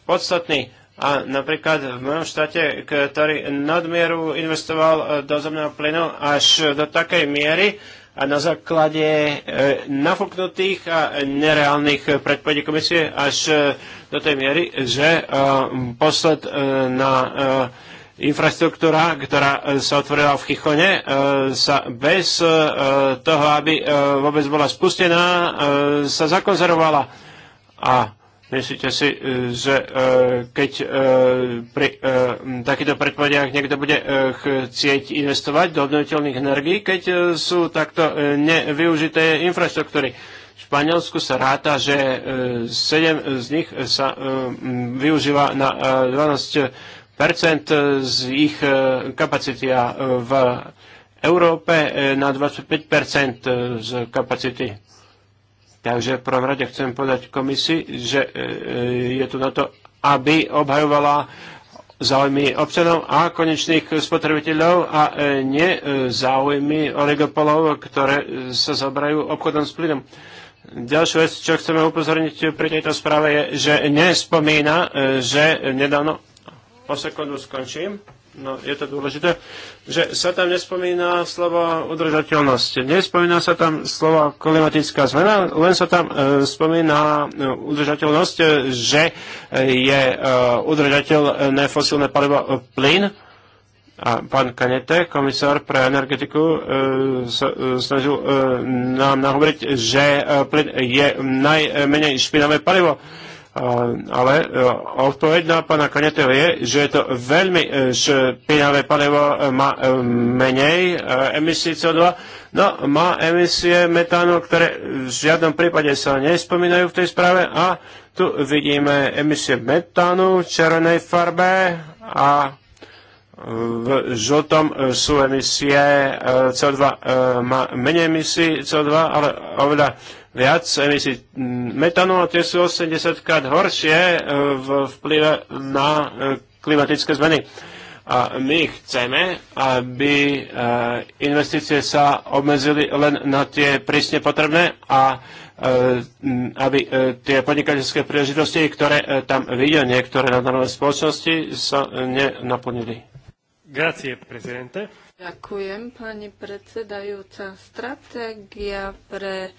podstatný. A napríklad v mojom štáte, ktorý nadmieru investoval e, do zemného plynu až do takej miery, a na základe e, nafúknutých a nereálnych predpovedí komisie až e, do tej miery, že posledná infraštruktúra, ktorá sa otvorila v Chichone, sa bez toho, aby vôbec bola spustená, sa zakonzervovala. A Myslíte si, e, že e, keď e, pri takýchto predpovediach niekto bude chcieť investovať do obnoviteľných energií, keď sú takto nevyužité infraštruktúry? V Španielsku sa ráta, že 7 z nich sa využíva na 12 z ich kapacity a v Európe na 25 z kapacity. Takže v prvom rade chcem povedať komisii, že e, e, je tu na to, aby obhajovala záujmy občanov a konečných spotrebiteľov a e, nie záujmy oligopolov, ktoré sa zabrajú obchodom s plynom. Ďalšia vec, čo chceme upozorniť pri tejto správe, je, že nespomína, že nedávno, o sekundu skončím, no, je to dôležité, že sa tam nespomína slovo udržateľnosť. Nespomína sa tam slovo klimatická zmena, len sa tam e, spomína e, udržateľnosť, e, že e, je e, udržateľné fosílne palivo plyn. A pán Kanete, komisár pre energetiku, sa snažil nám nahovoriť, že plyn je najmenej špinavé palivo ale e, odpoveď na pána Kaneteho je, že je to veľmi e, špinavé palivo, e, má menej emisí CO2, no má emisie metánu, ktoré v žiadnom prípade sa nespomínajú v tej správe a tu vidíme emisie metánu v červenej farbe a v žltom sú emisie CO2, má menej emisí CO2, ale oveľa viac emisí metanu a tie sú 80 krát horšie e, v vplyve na e, klimatické zmeny. A my chceme, aby e, investície sa obmedzili len na tie prísne potrebné a aby tie podnikateľské príležitosti, ktoré tam vidia niektoré nadnárodné spoločnosti, sa nenaplnili. Grazie, prezidente. Ďakujem, pani predsedajúca. Stratégia pre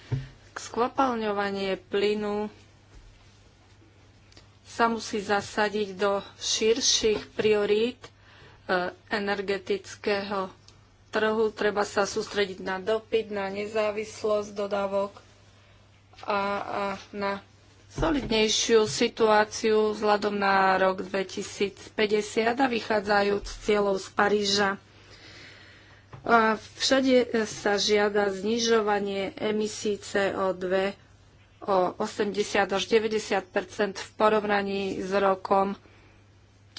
skvapalňovanie plynu sa musí zasadiť do širších priorít eh, energetického trhu. Treba sa sústrediť na dopyt, na nezávislosť dodávok a, a na solidnejšiu situáciu vzhľadom na rok 2050 a vychádzajúc cieľov z Paríža. Všade e, sa žiada znižovanie emisí CO2 o 80 až 90 v porovnaní s rokom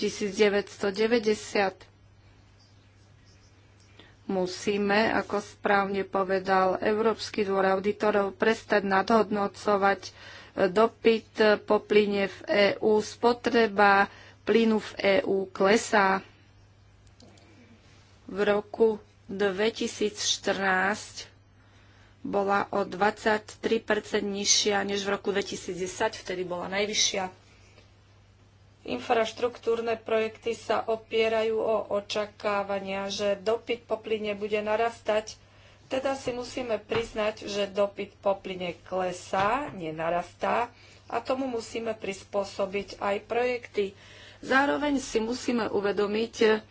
1990 musíme, ako správne povedal Európsky dvor auditorov, prestať nadhodnocovať e, dopyt e, po plyne v EÚ. Spotreba plynu v EÚ klesá. V roku 2014 bola o 23 nižšia než v roku 2010, vtedy bola najvyššia. Infraštruktúrne projekty sa opierajú o očakávania, že dopyt po plyne bude narastať, teda si musíme priznať, že dopyt po plyne klesá, nenarastá a tomu musíme prispôsobiť aj projekty. Zároveň si musíme uvedomiť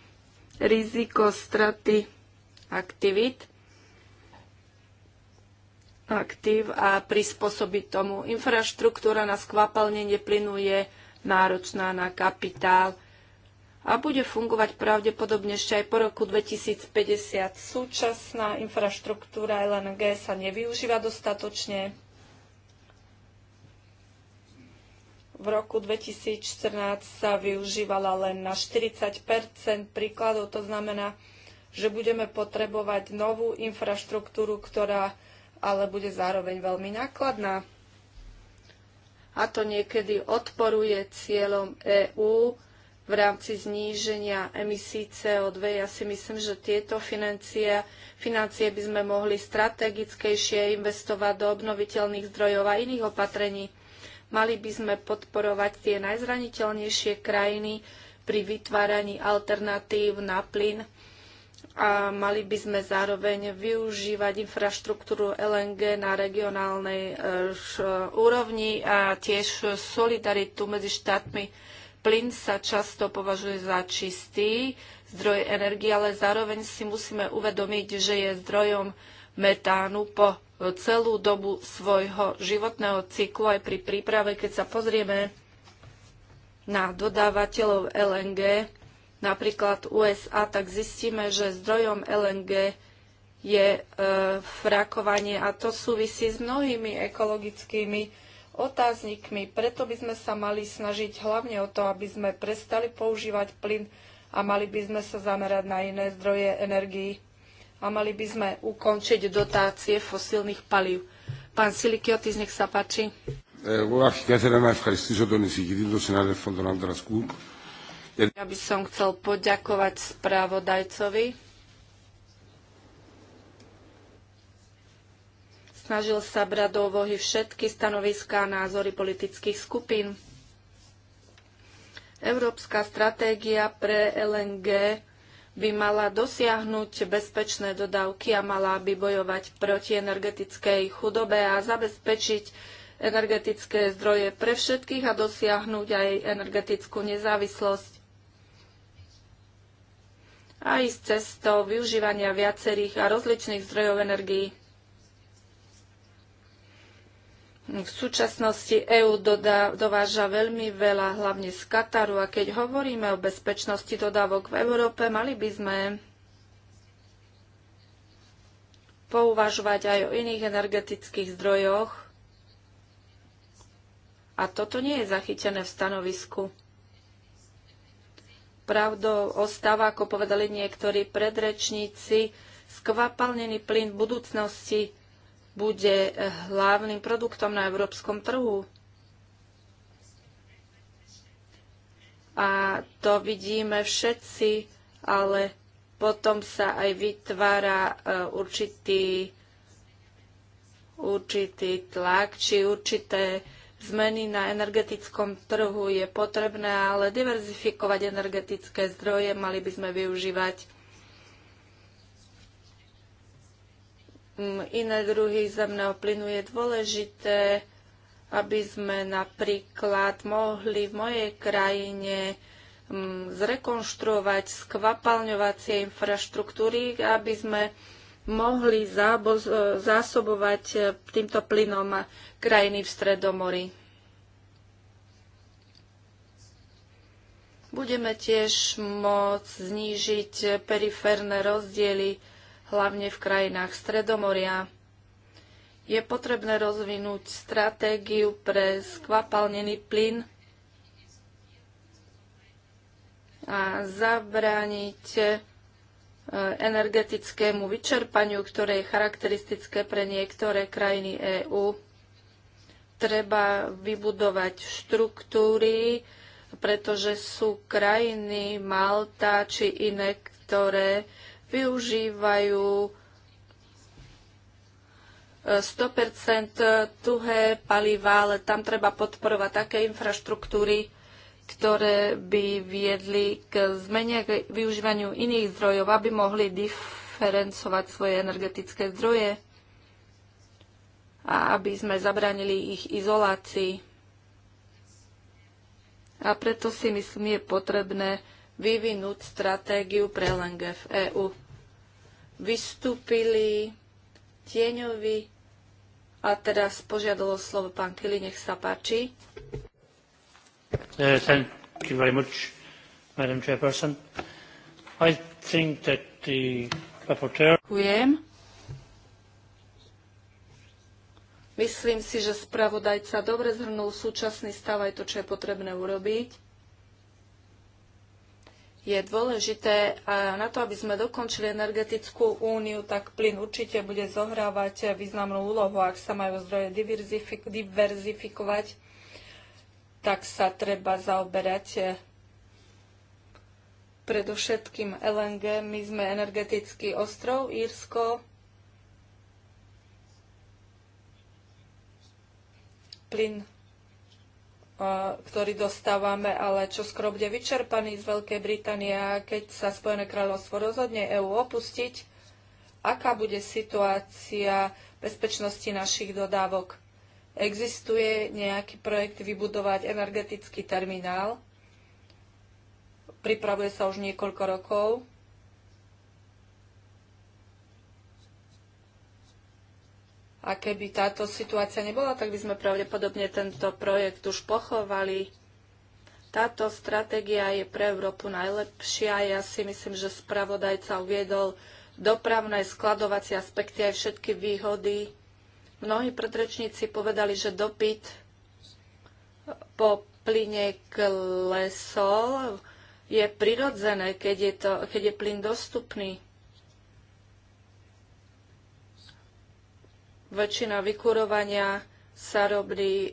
riziko straty aktivít aktív a prispôsobiť tomu. Infraštruktúra na skvapalnenie plynu je náročná na kapitál a bude fungovať pravdepodobne ešte aj po roku 2050. Súčasná infraštruktúra LNG sa nevyužíva dostatočne. V roku 2014 sa využívala len na 40 príkladov, to znamená, že budeme potrebovať novú infraštruktúru, ktorá ale bude zároveň veľmi nákladná. A to niekedy odporuje cieľom EÚ v rámci zníženia emisí CO2. Ja si myslím, že tieto financie, financie by sme mohli strategickejšie investovať do obnoviteľných zdrojov a iných opatrení. Mali by sme podporovať tie najzraniteľnejšie krajiny pri vytváraní alternatív na plyn a mali by sme zároveň využívať infraštruktúru LNG na regionálnej e, úrovni a tiež solidaritu medzi štátmi. Plyn sa často považuje za čistý zdroj energie, ale zároveň si musíme uvedomiť, že je zdrojom metánu po celú dobu svojho životného cyklu aj pri príprave, keď sa pozrieme na dodávateľov LNG, napríklad USA, tak zistíme, že zdrojom LNG je e, frakovanie a to súvisí s mnohými ekologickými otáznikmi. Preto by sme sa mali snažiť hlavne o to, aby sme prestali používať plyn a mali by sme sa zamerať na iné zdroje energii a mali by sme ukončiť dotácie fosílnych palív. Pán Silikiotis, nech sa páči. Εγώ e, well, ja by som chcel poďakovať správodajcovi. Snažil sa brať do ovohy všetky stanoviská a názory politických skupín. Európska stratégia pre LNG by mala dosiahnuť bezpečné dodávky a mala by bojovať proti energetickej chudobe a zabezpečiť energetické zdroje pre všetkých a dosiahnuť aj energetickú nezávislosť aj s cestou využívania viacerých a rozličných zdrojov energií. V súčasnosti EÚ dováža veľmi veľa, hlavne z Kataru, a keď hovoríme o bezpečnosti dodávok v Európe, mali by sme pouvažovať aj o iných energetických zdrojoch. A toto nie je zachytené v stanovisku. Pravdou ostáva, ako povedali niektorí predrečníci, skvapalnený plyn v budúcnosti bude hlavným produktom na európskom trhu. A to vidíme všetci, ale potom sa aj vytvára e, určitý, určitý tlak či určité zmeny na energetickom trhu je potrebné, ale diverzifikovať energetické zdroje mali by sme využívať mm, iné druhy zemného plynu je dôležité, aby sme napríklad mohli v mojej krajine mm, zrekonštruovať skvapalňovacie infraštruktúry, aby sme mohli zásobovať e, týmto plynom krajiny v Stredomori. Budeme tiež môcť znížiť periférne rozdiely, hlavne v krajinách Stredomoria. Je potrebné rozvinúť stratégiu pre skvapalnený plyn a zabrániť energetickému vyčerpaniu, ktoré je charakteristické pre niektoré krajiny EÚ. Treba vybudovať štruktúry, pretože sú krajiny Malta či iné, ktoré využívajú 100% e, tuhé palivá, ale tam treba podporovať také infraštruktúry, ktoré by viedli k zmene k využívaniu iných zdrojov, aby mohli diferencovať svoje energetické zdroje a aby sme zabránili ich izolácii. A preto si myslím, je potrebné vyvinúť stratégiu pre LNG v EÚ. Vystúpili tieňovi a teraz požiadalo slovo pán Kili, nech sa páči. Uh, Ďakujem. Myslím si, že spravodajca dobre zhrnul súčasný stav aj to, čo je potrebné urobiť. Je dôležité a na to, aby sme dokončili energetickú úniu, tak plyn určite bude zohrávať významnú úlohu, ak sa majú zdroje diverzifikovať tak sa treba zaoberať eh, predovšetkým LNG. My sme energetický ostrov Írsko. Plyn, eh, ktorý dostávame, ale čo skoro bude vyčerpaný z Veľkej Británie, keď sa Spojené kráľovstvo rozhodne EÚ opustiť, aká bude situácia bezpečnosti našich dodávok. Existuje nejaký projekt vybudovať energetický terminál. Pripravuje sa už niekoľko rokov. A keby táto situácia nebola, tak by sme pravdepodobne tento projekt už pochovali. Táto stratégia je pre Európu najlepšia. Ja si myslím, že spravodajca uviedol dopravné skladovacie aspekty aj všetky výhody Mnohí predrečníci povedali, že dopyt po plyne klesol. Je prirodzené, keď je, to, keď je plyn dostupný. Väčšina vykurovania sa robí e,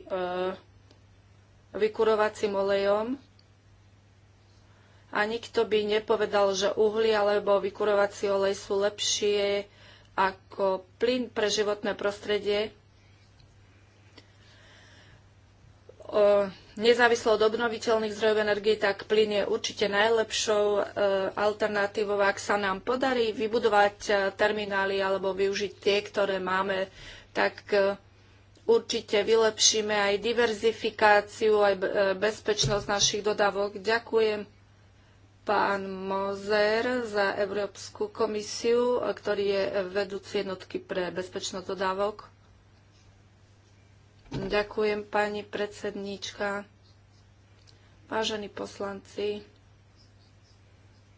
vykurovacím olejom a nikto by nepovedal, že uhly alebo vykurovací olej sú lepšie ako plyn pre životné prostredie nezávislo od obnoviteľných zdrojov energie, tak plyn je určite najlepšou e, alternatívou, ak sa nám podarí vybudovať e, terminály alebo využiť tie, ktoré máme, tak e, určite vylepšíme aj diverzifikáciu, aj bezpečnosť našich dodávok. Ďakujem pán Mozer za Európsku komisiu, ktorý je vedúci jednotky pre bezpečnosť dodávok. Ďakujem, pani predsedníčka. Vážení poslanci,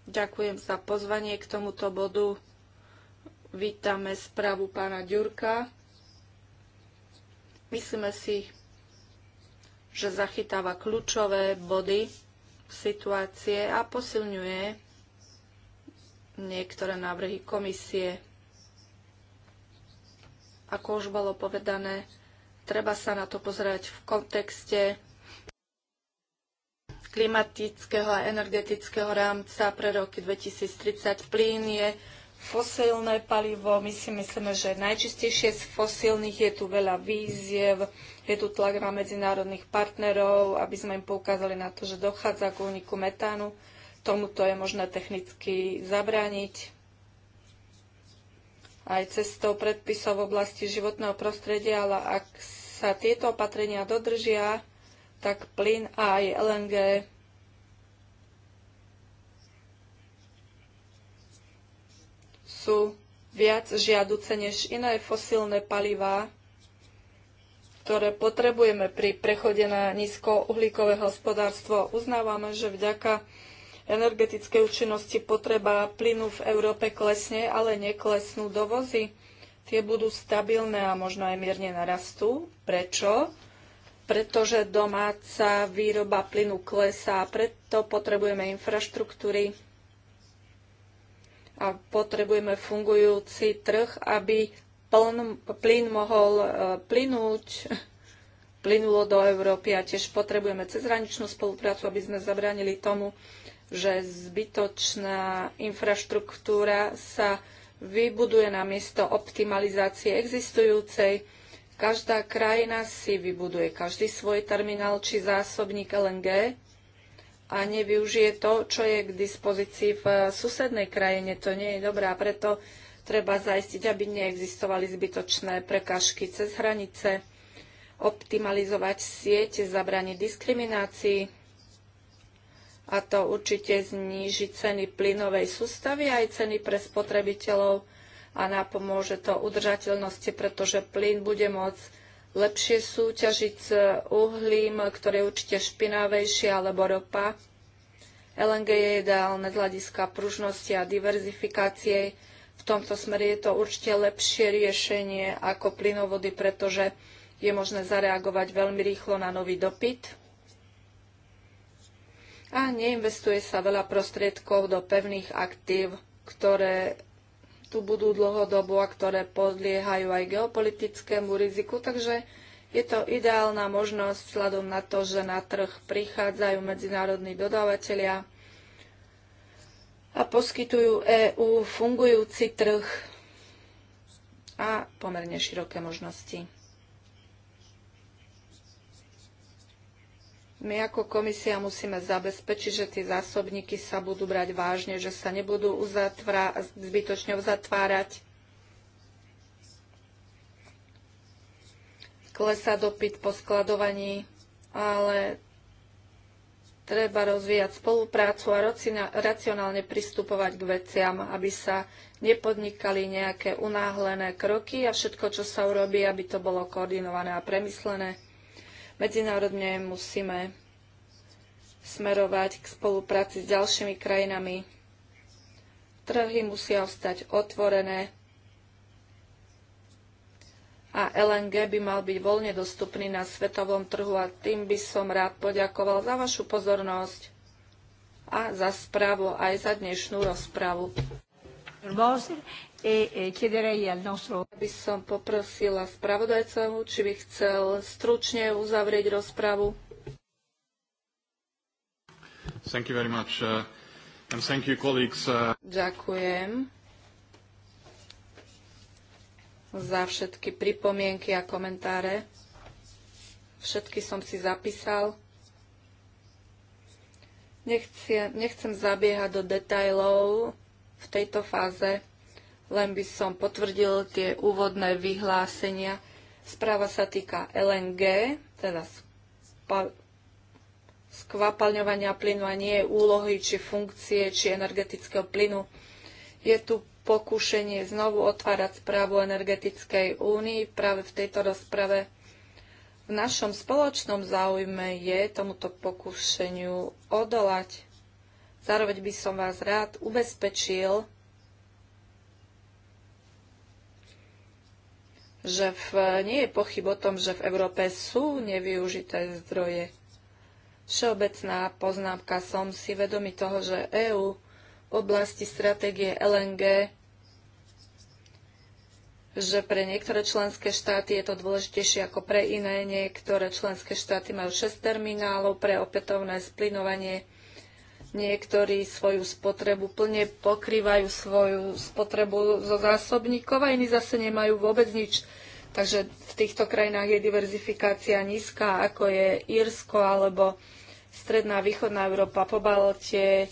ďakujem za pozvanie k tomuto bodu. Vítame správu pána Ďurka. Myslíme si, že zachytáva kľúčové body situácie a posilňuje niektoré návrhy komisie. Ako už bolo povedané, treba sa na to pozerať v kontexte klimatického a energetického rámca pre roky 2030. Plín je fosílne palivo, my si myslíme, že najčistejšie z fosílnych je tu veľa výziev, je tu tlak na medzinárodných partnerov, aby sme im poukázali na to, že dochádza k úniku metánu. Tomuto je možné technicky zabrániť aj cestou predpisov v oblasti životného prostredia, ale ak sa tieto opatrenia dodržia, tak plyn a aj LNG sú viac žiaduce než iné fosílne palivá, ktoré potrebujeme pri prechode na nízkouhlíkové hospodárstvo. Uznávame, že vďaka energetickej účinnosti potreba plynu v Európe klesne, ale neklesnú dovozy. Tie budú stabilné a možno aj mierne narastú. Prečo? Pretože domáca výroba plynu klesá, preto potrebujeme infraštruktúry a potrebujeme fungujúci trh, aby pln, plyn mohol e, plynúť, plynulo do Európy a tiež potrebujeme cezhraničnú spoluprácu, aby sme zabránili tomu, že zbytočná infraštruktúra sa vybuduje na miesto optimalizácie existujúcej. Každá krajina si vybuduje každý svoj terminál či zásobník LNG a nevyužije to, čo je k dispozícii v eh, susednej krajine. To nie je dobré a preto treba zaistiť, aby neexistovali zbytočné prekážky cez hranice, optimalizovať siete, zabraniť diskriminácii a to určite zníži ceny plynovej sústavy aj ceny pre spotrebiteľov a napomôže to udržateľnosti, pretože plyn bude môcť lepšie súťažiť s uhlím, ktoré je určite špinavejšie, alebo ropa. LNG je ideálne z hľadiska pružnosti a diverzifikácie. V tomto smere je to určite lepšie riešenie ako plynovody, pretože je možné zareagovať veľmi rýchlo na nový dopyt a neinvestuje sa veľa prostriedkov do pevných aktív, ktoré tu budú dlhodobo a ktoré podliehajú aj geopolitickému riziku, takže je to ideálna možnosť vzhľadom na to, že na trh prichádzajú medzinárodní dodávateľia a poskytujú EÚ fungujúci trh a pomerne široké možnosti. My ako komisia musíme zabezpečiť, že tie zásobníky sa budú brať vážne, že sa nebudú uzatvra- zbytočne uzatvárať. Klesá dopyt po skladovaní, ale treba rozvíjať spoluprácu a racionálne pristupovať k veciam, aby sa nepodnikali nejaké unáhlené kroky a všetko, čo sa urobí, aby to bolo koordinované a premyslené. Medzinárodne musíme smerovať k spolupráci s ďalšími krajinami. Trhy musia ostať otvorené a LNG by mal byť voľne dostupný na svetovom trhu a tým by som rád poďakoval za vašu pozornosť a za správu aj za dnešnú rozpravu e, e chiederei al nostro... By som poprosila spravodajcovu, či by chcel stručne uzavrieť rozpravu. Thank you very much. Uh, and thank you, colleagues. Uh... Ďakujem za všetky pripomienky a komentáre. Všetky som si zapísal. Nechcem, nechcem zabiehať do detajlov v tejto fáze len by som potvrdil tie úvodné vyhlásenia. Správa sa týka LNG, teda skvapalňovania plynu a nie úlohy či funkcie či energetického plynu. Je tu pokušenie znovu otvárať správu energetickej únii práve v tejto rozprave. V našom spoločnom záujme je tomuto pokušeniu odolať. Zároveň by som vás rád ubezpečil, že v, nie je pochyb o tom, že v Európe sú nevyužité zdroje. Všeobecná poznámka som si vedomý toho, že EÚ v oblasti stratégie LNG že pre niektoré členské štáty je to dôležitejšie ako pre iné. Niektoré členské štáty majú 6 terminálov pre opätovné splinovanie Niektorí svoju spotrebu plne pokrývajú svoju spotrebu zo zásobníkov a iní zase nemajú vôbec nič. Takže v týchto krajinách je diverzifikácia nízka, ako je Írsko alebo Stredná východná Európa po Balte. E,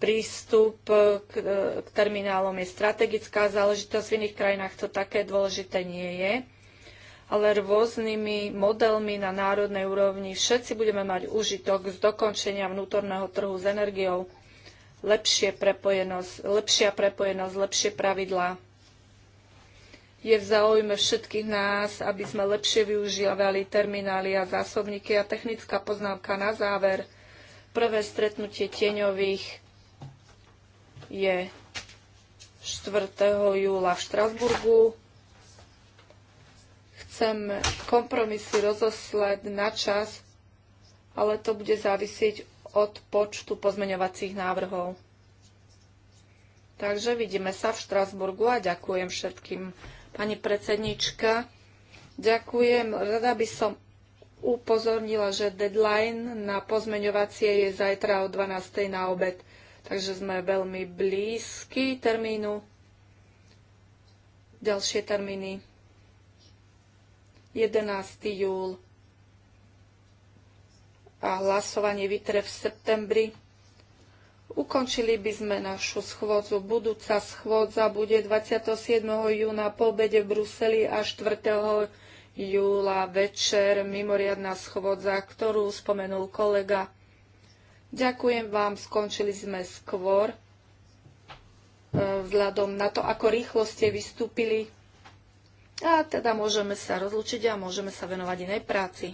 prístup k, e, k terminálom je strategická záležitosť, v iných krajinách to také dôležité nie je ale rôznymi modelmi na národnej úrovni. Všetci budeme mať užitok z dokončenia vnútorného trhu s energiou, lepšie prepojenosť, lepšia prepojenosť, lepšie pravidlá. Je v záujme všetkých nás, aby sme lepšie využívali terminály a zásobníky. A technická poznámka na záver. Prvé stretnutie tieňových je 4. júla v Štrasburgu chcem kompromisy rozoslať na čas, ale to bude závisieť od počtu pozmeňovacích návrhov. Takže vidíme sa v Štrasburgu a ďakujem všetkým. Pani predsednička, ďakujem. Rada by som upozornila, že deadline na pozmeňovacie je zajtra o 12.00 na obed. Takže sme veľmi blízky termínu. Ďalšie termíny 11. júl a hlasovanie vytre v septembri. Ukončili by sme našu schôdzu. Budúca schôdza bude 27. júna po obede v Bruseli a 4. júla večer mimoriadná schôdza, ktorú spomenul kolega. Ďakujem vám, skončili sme skôr e, vzhľadom na to, ako rýchlo ste vystúpili. A teda môžeme sa rozlučiť a môžeme sa venovať inej práci.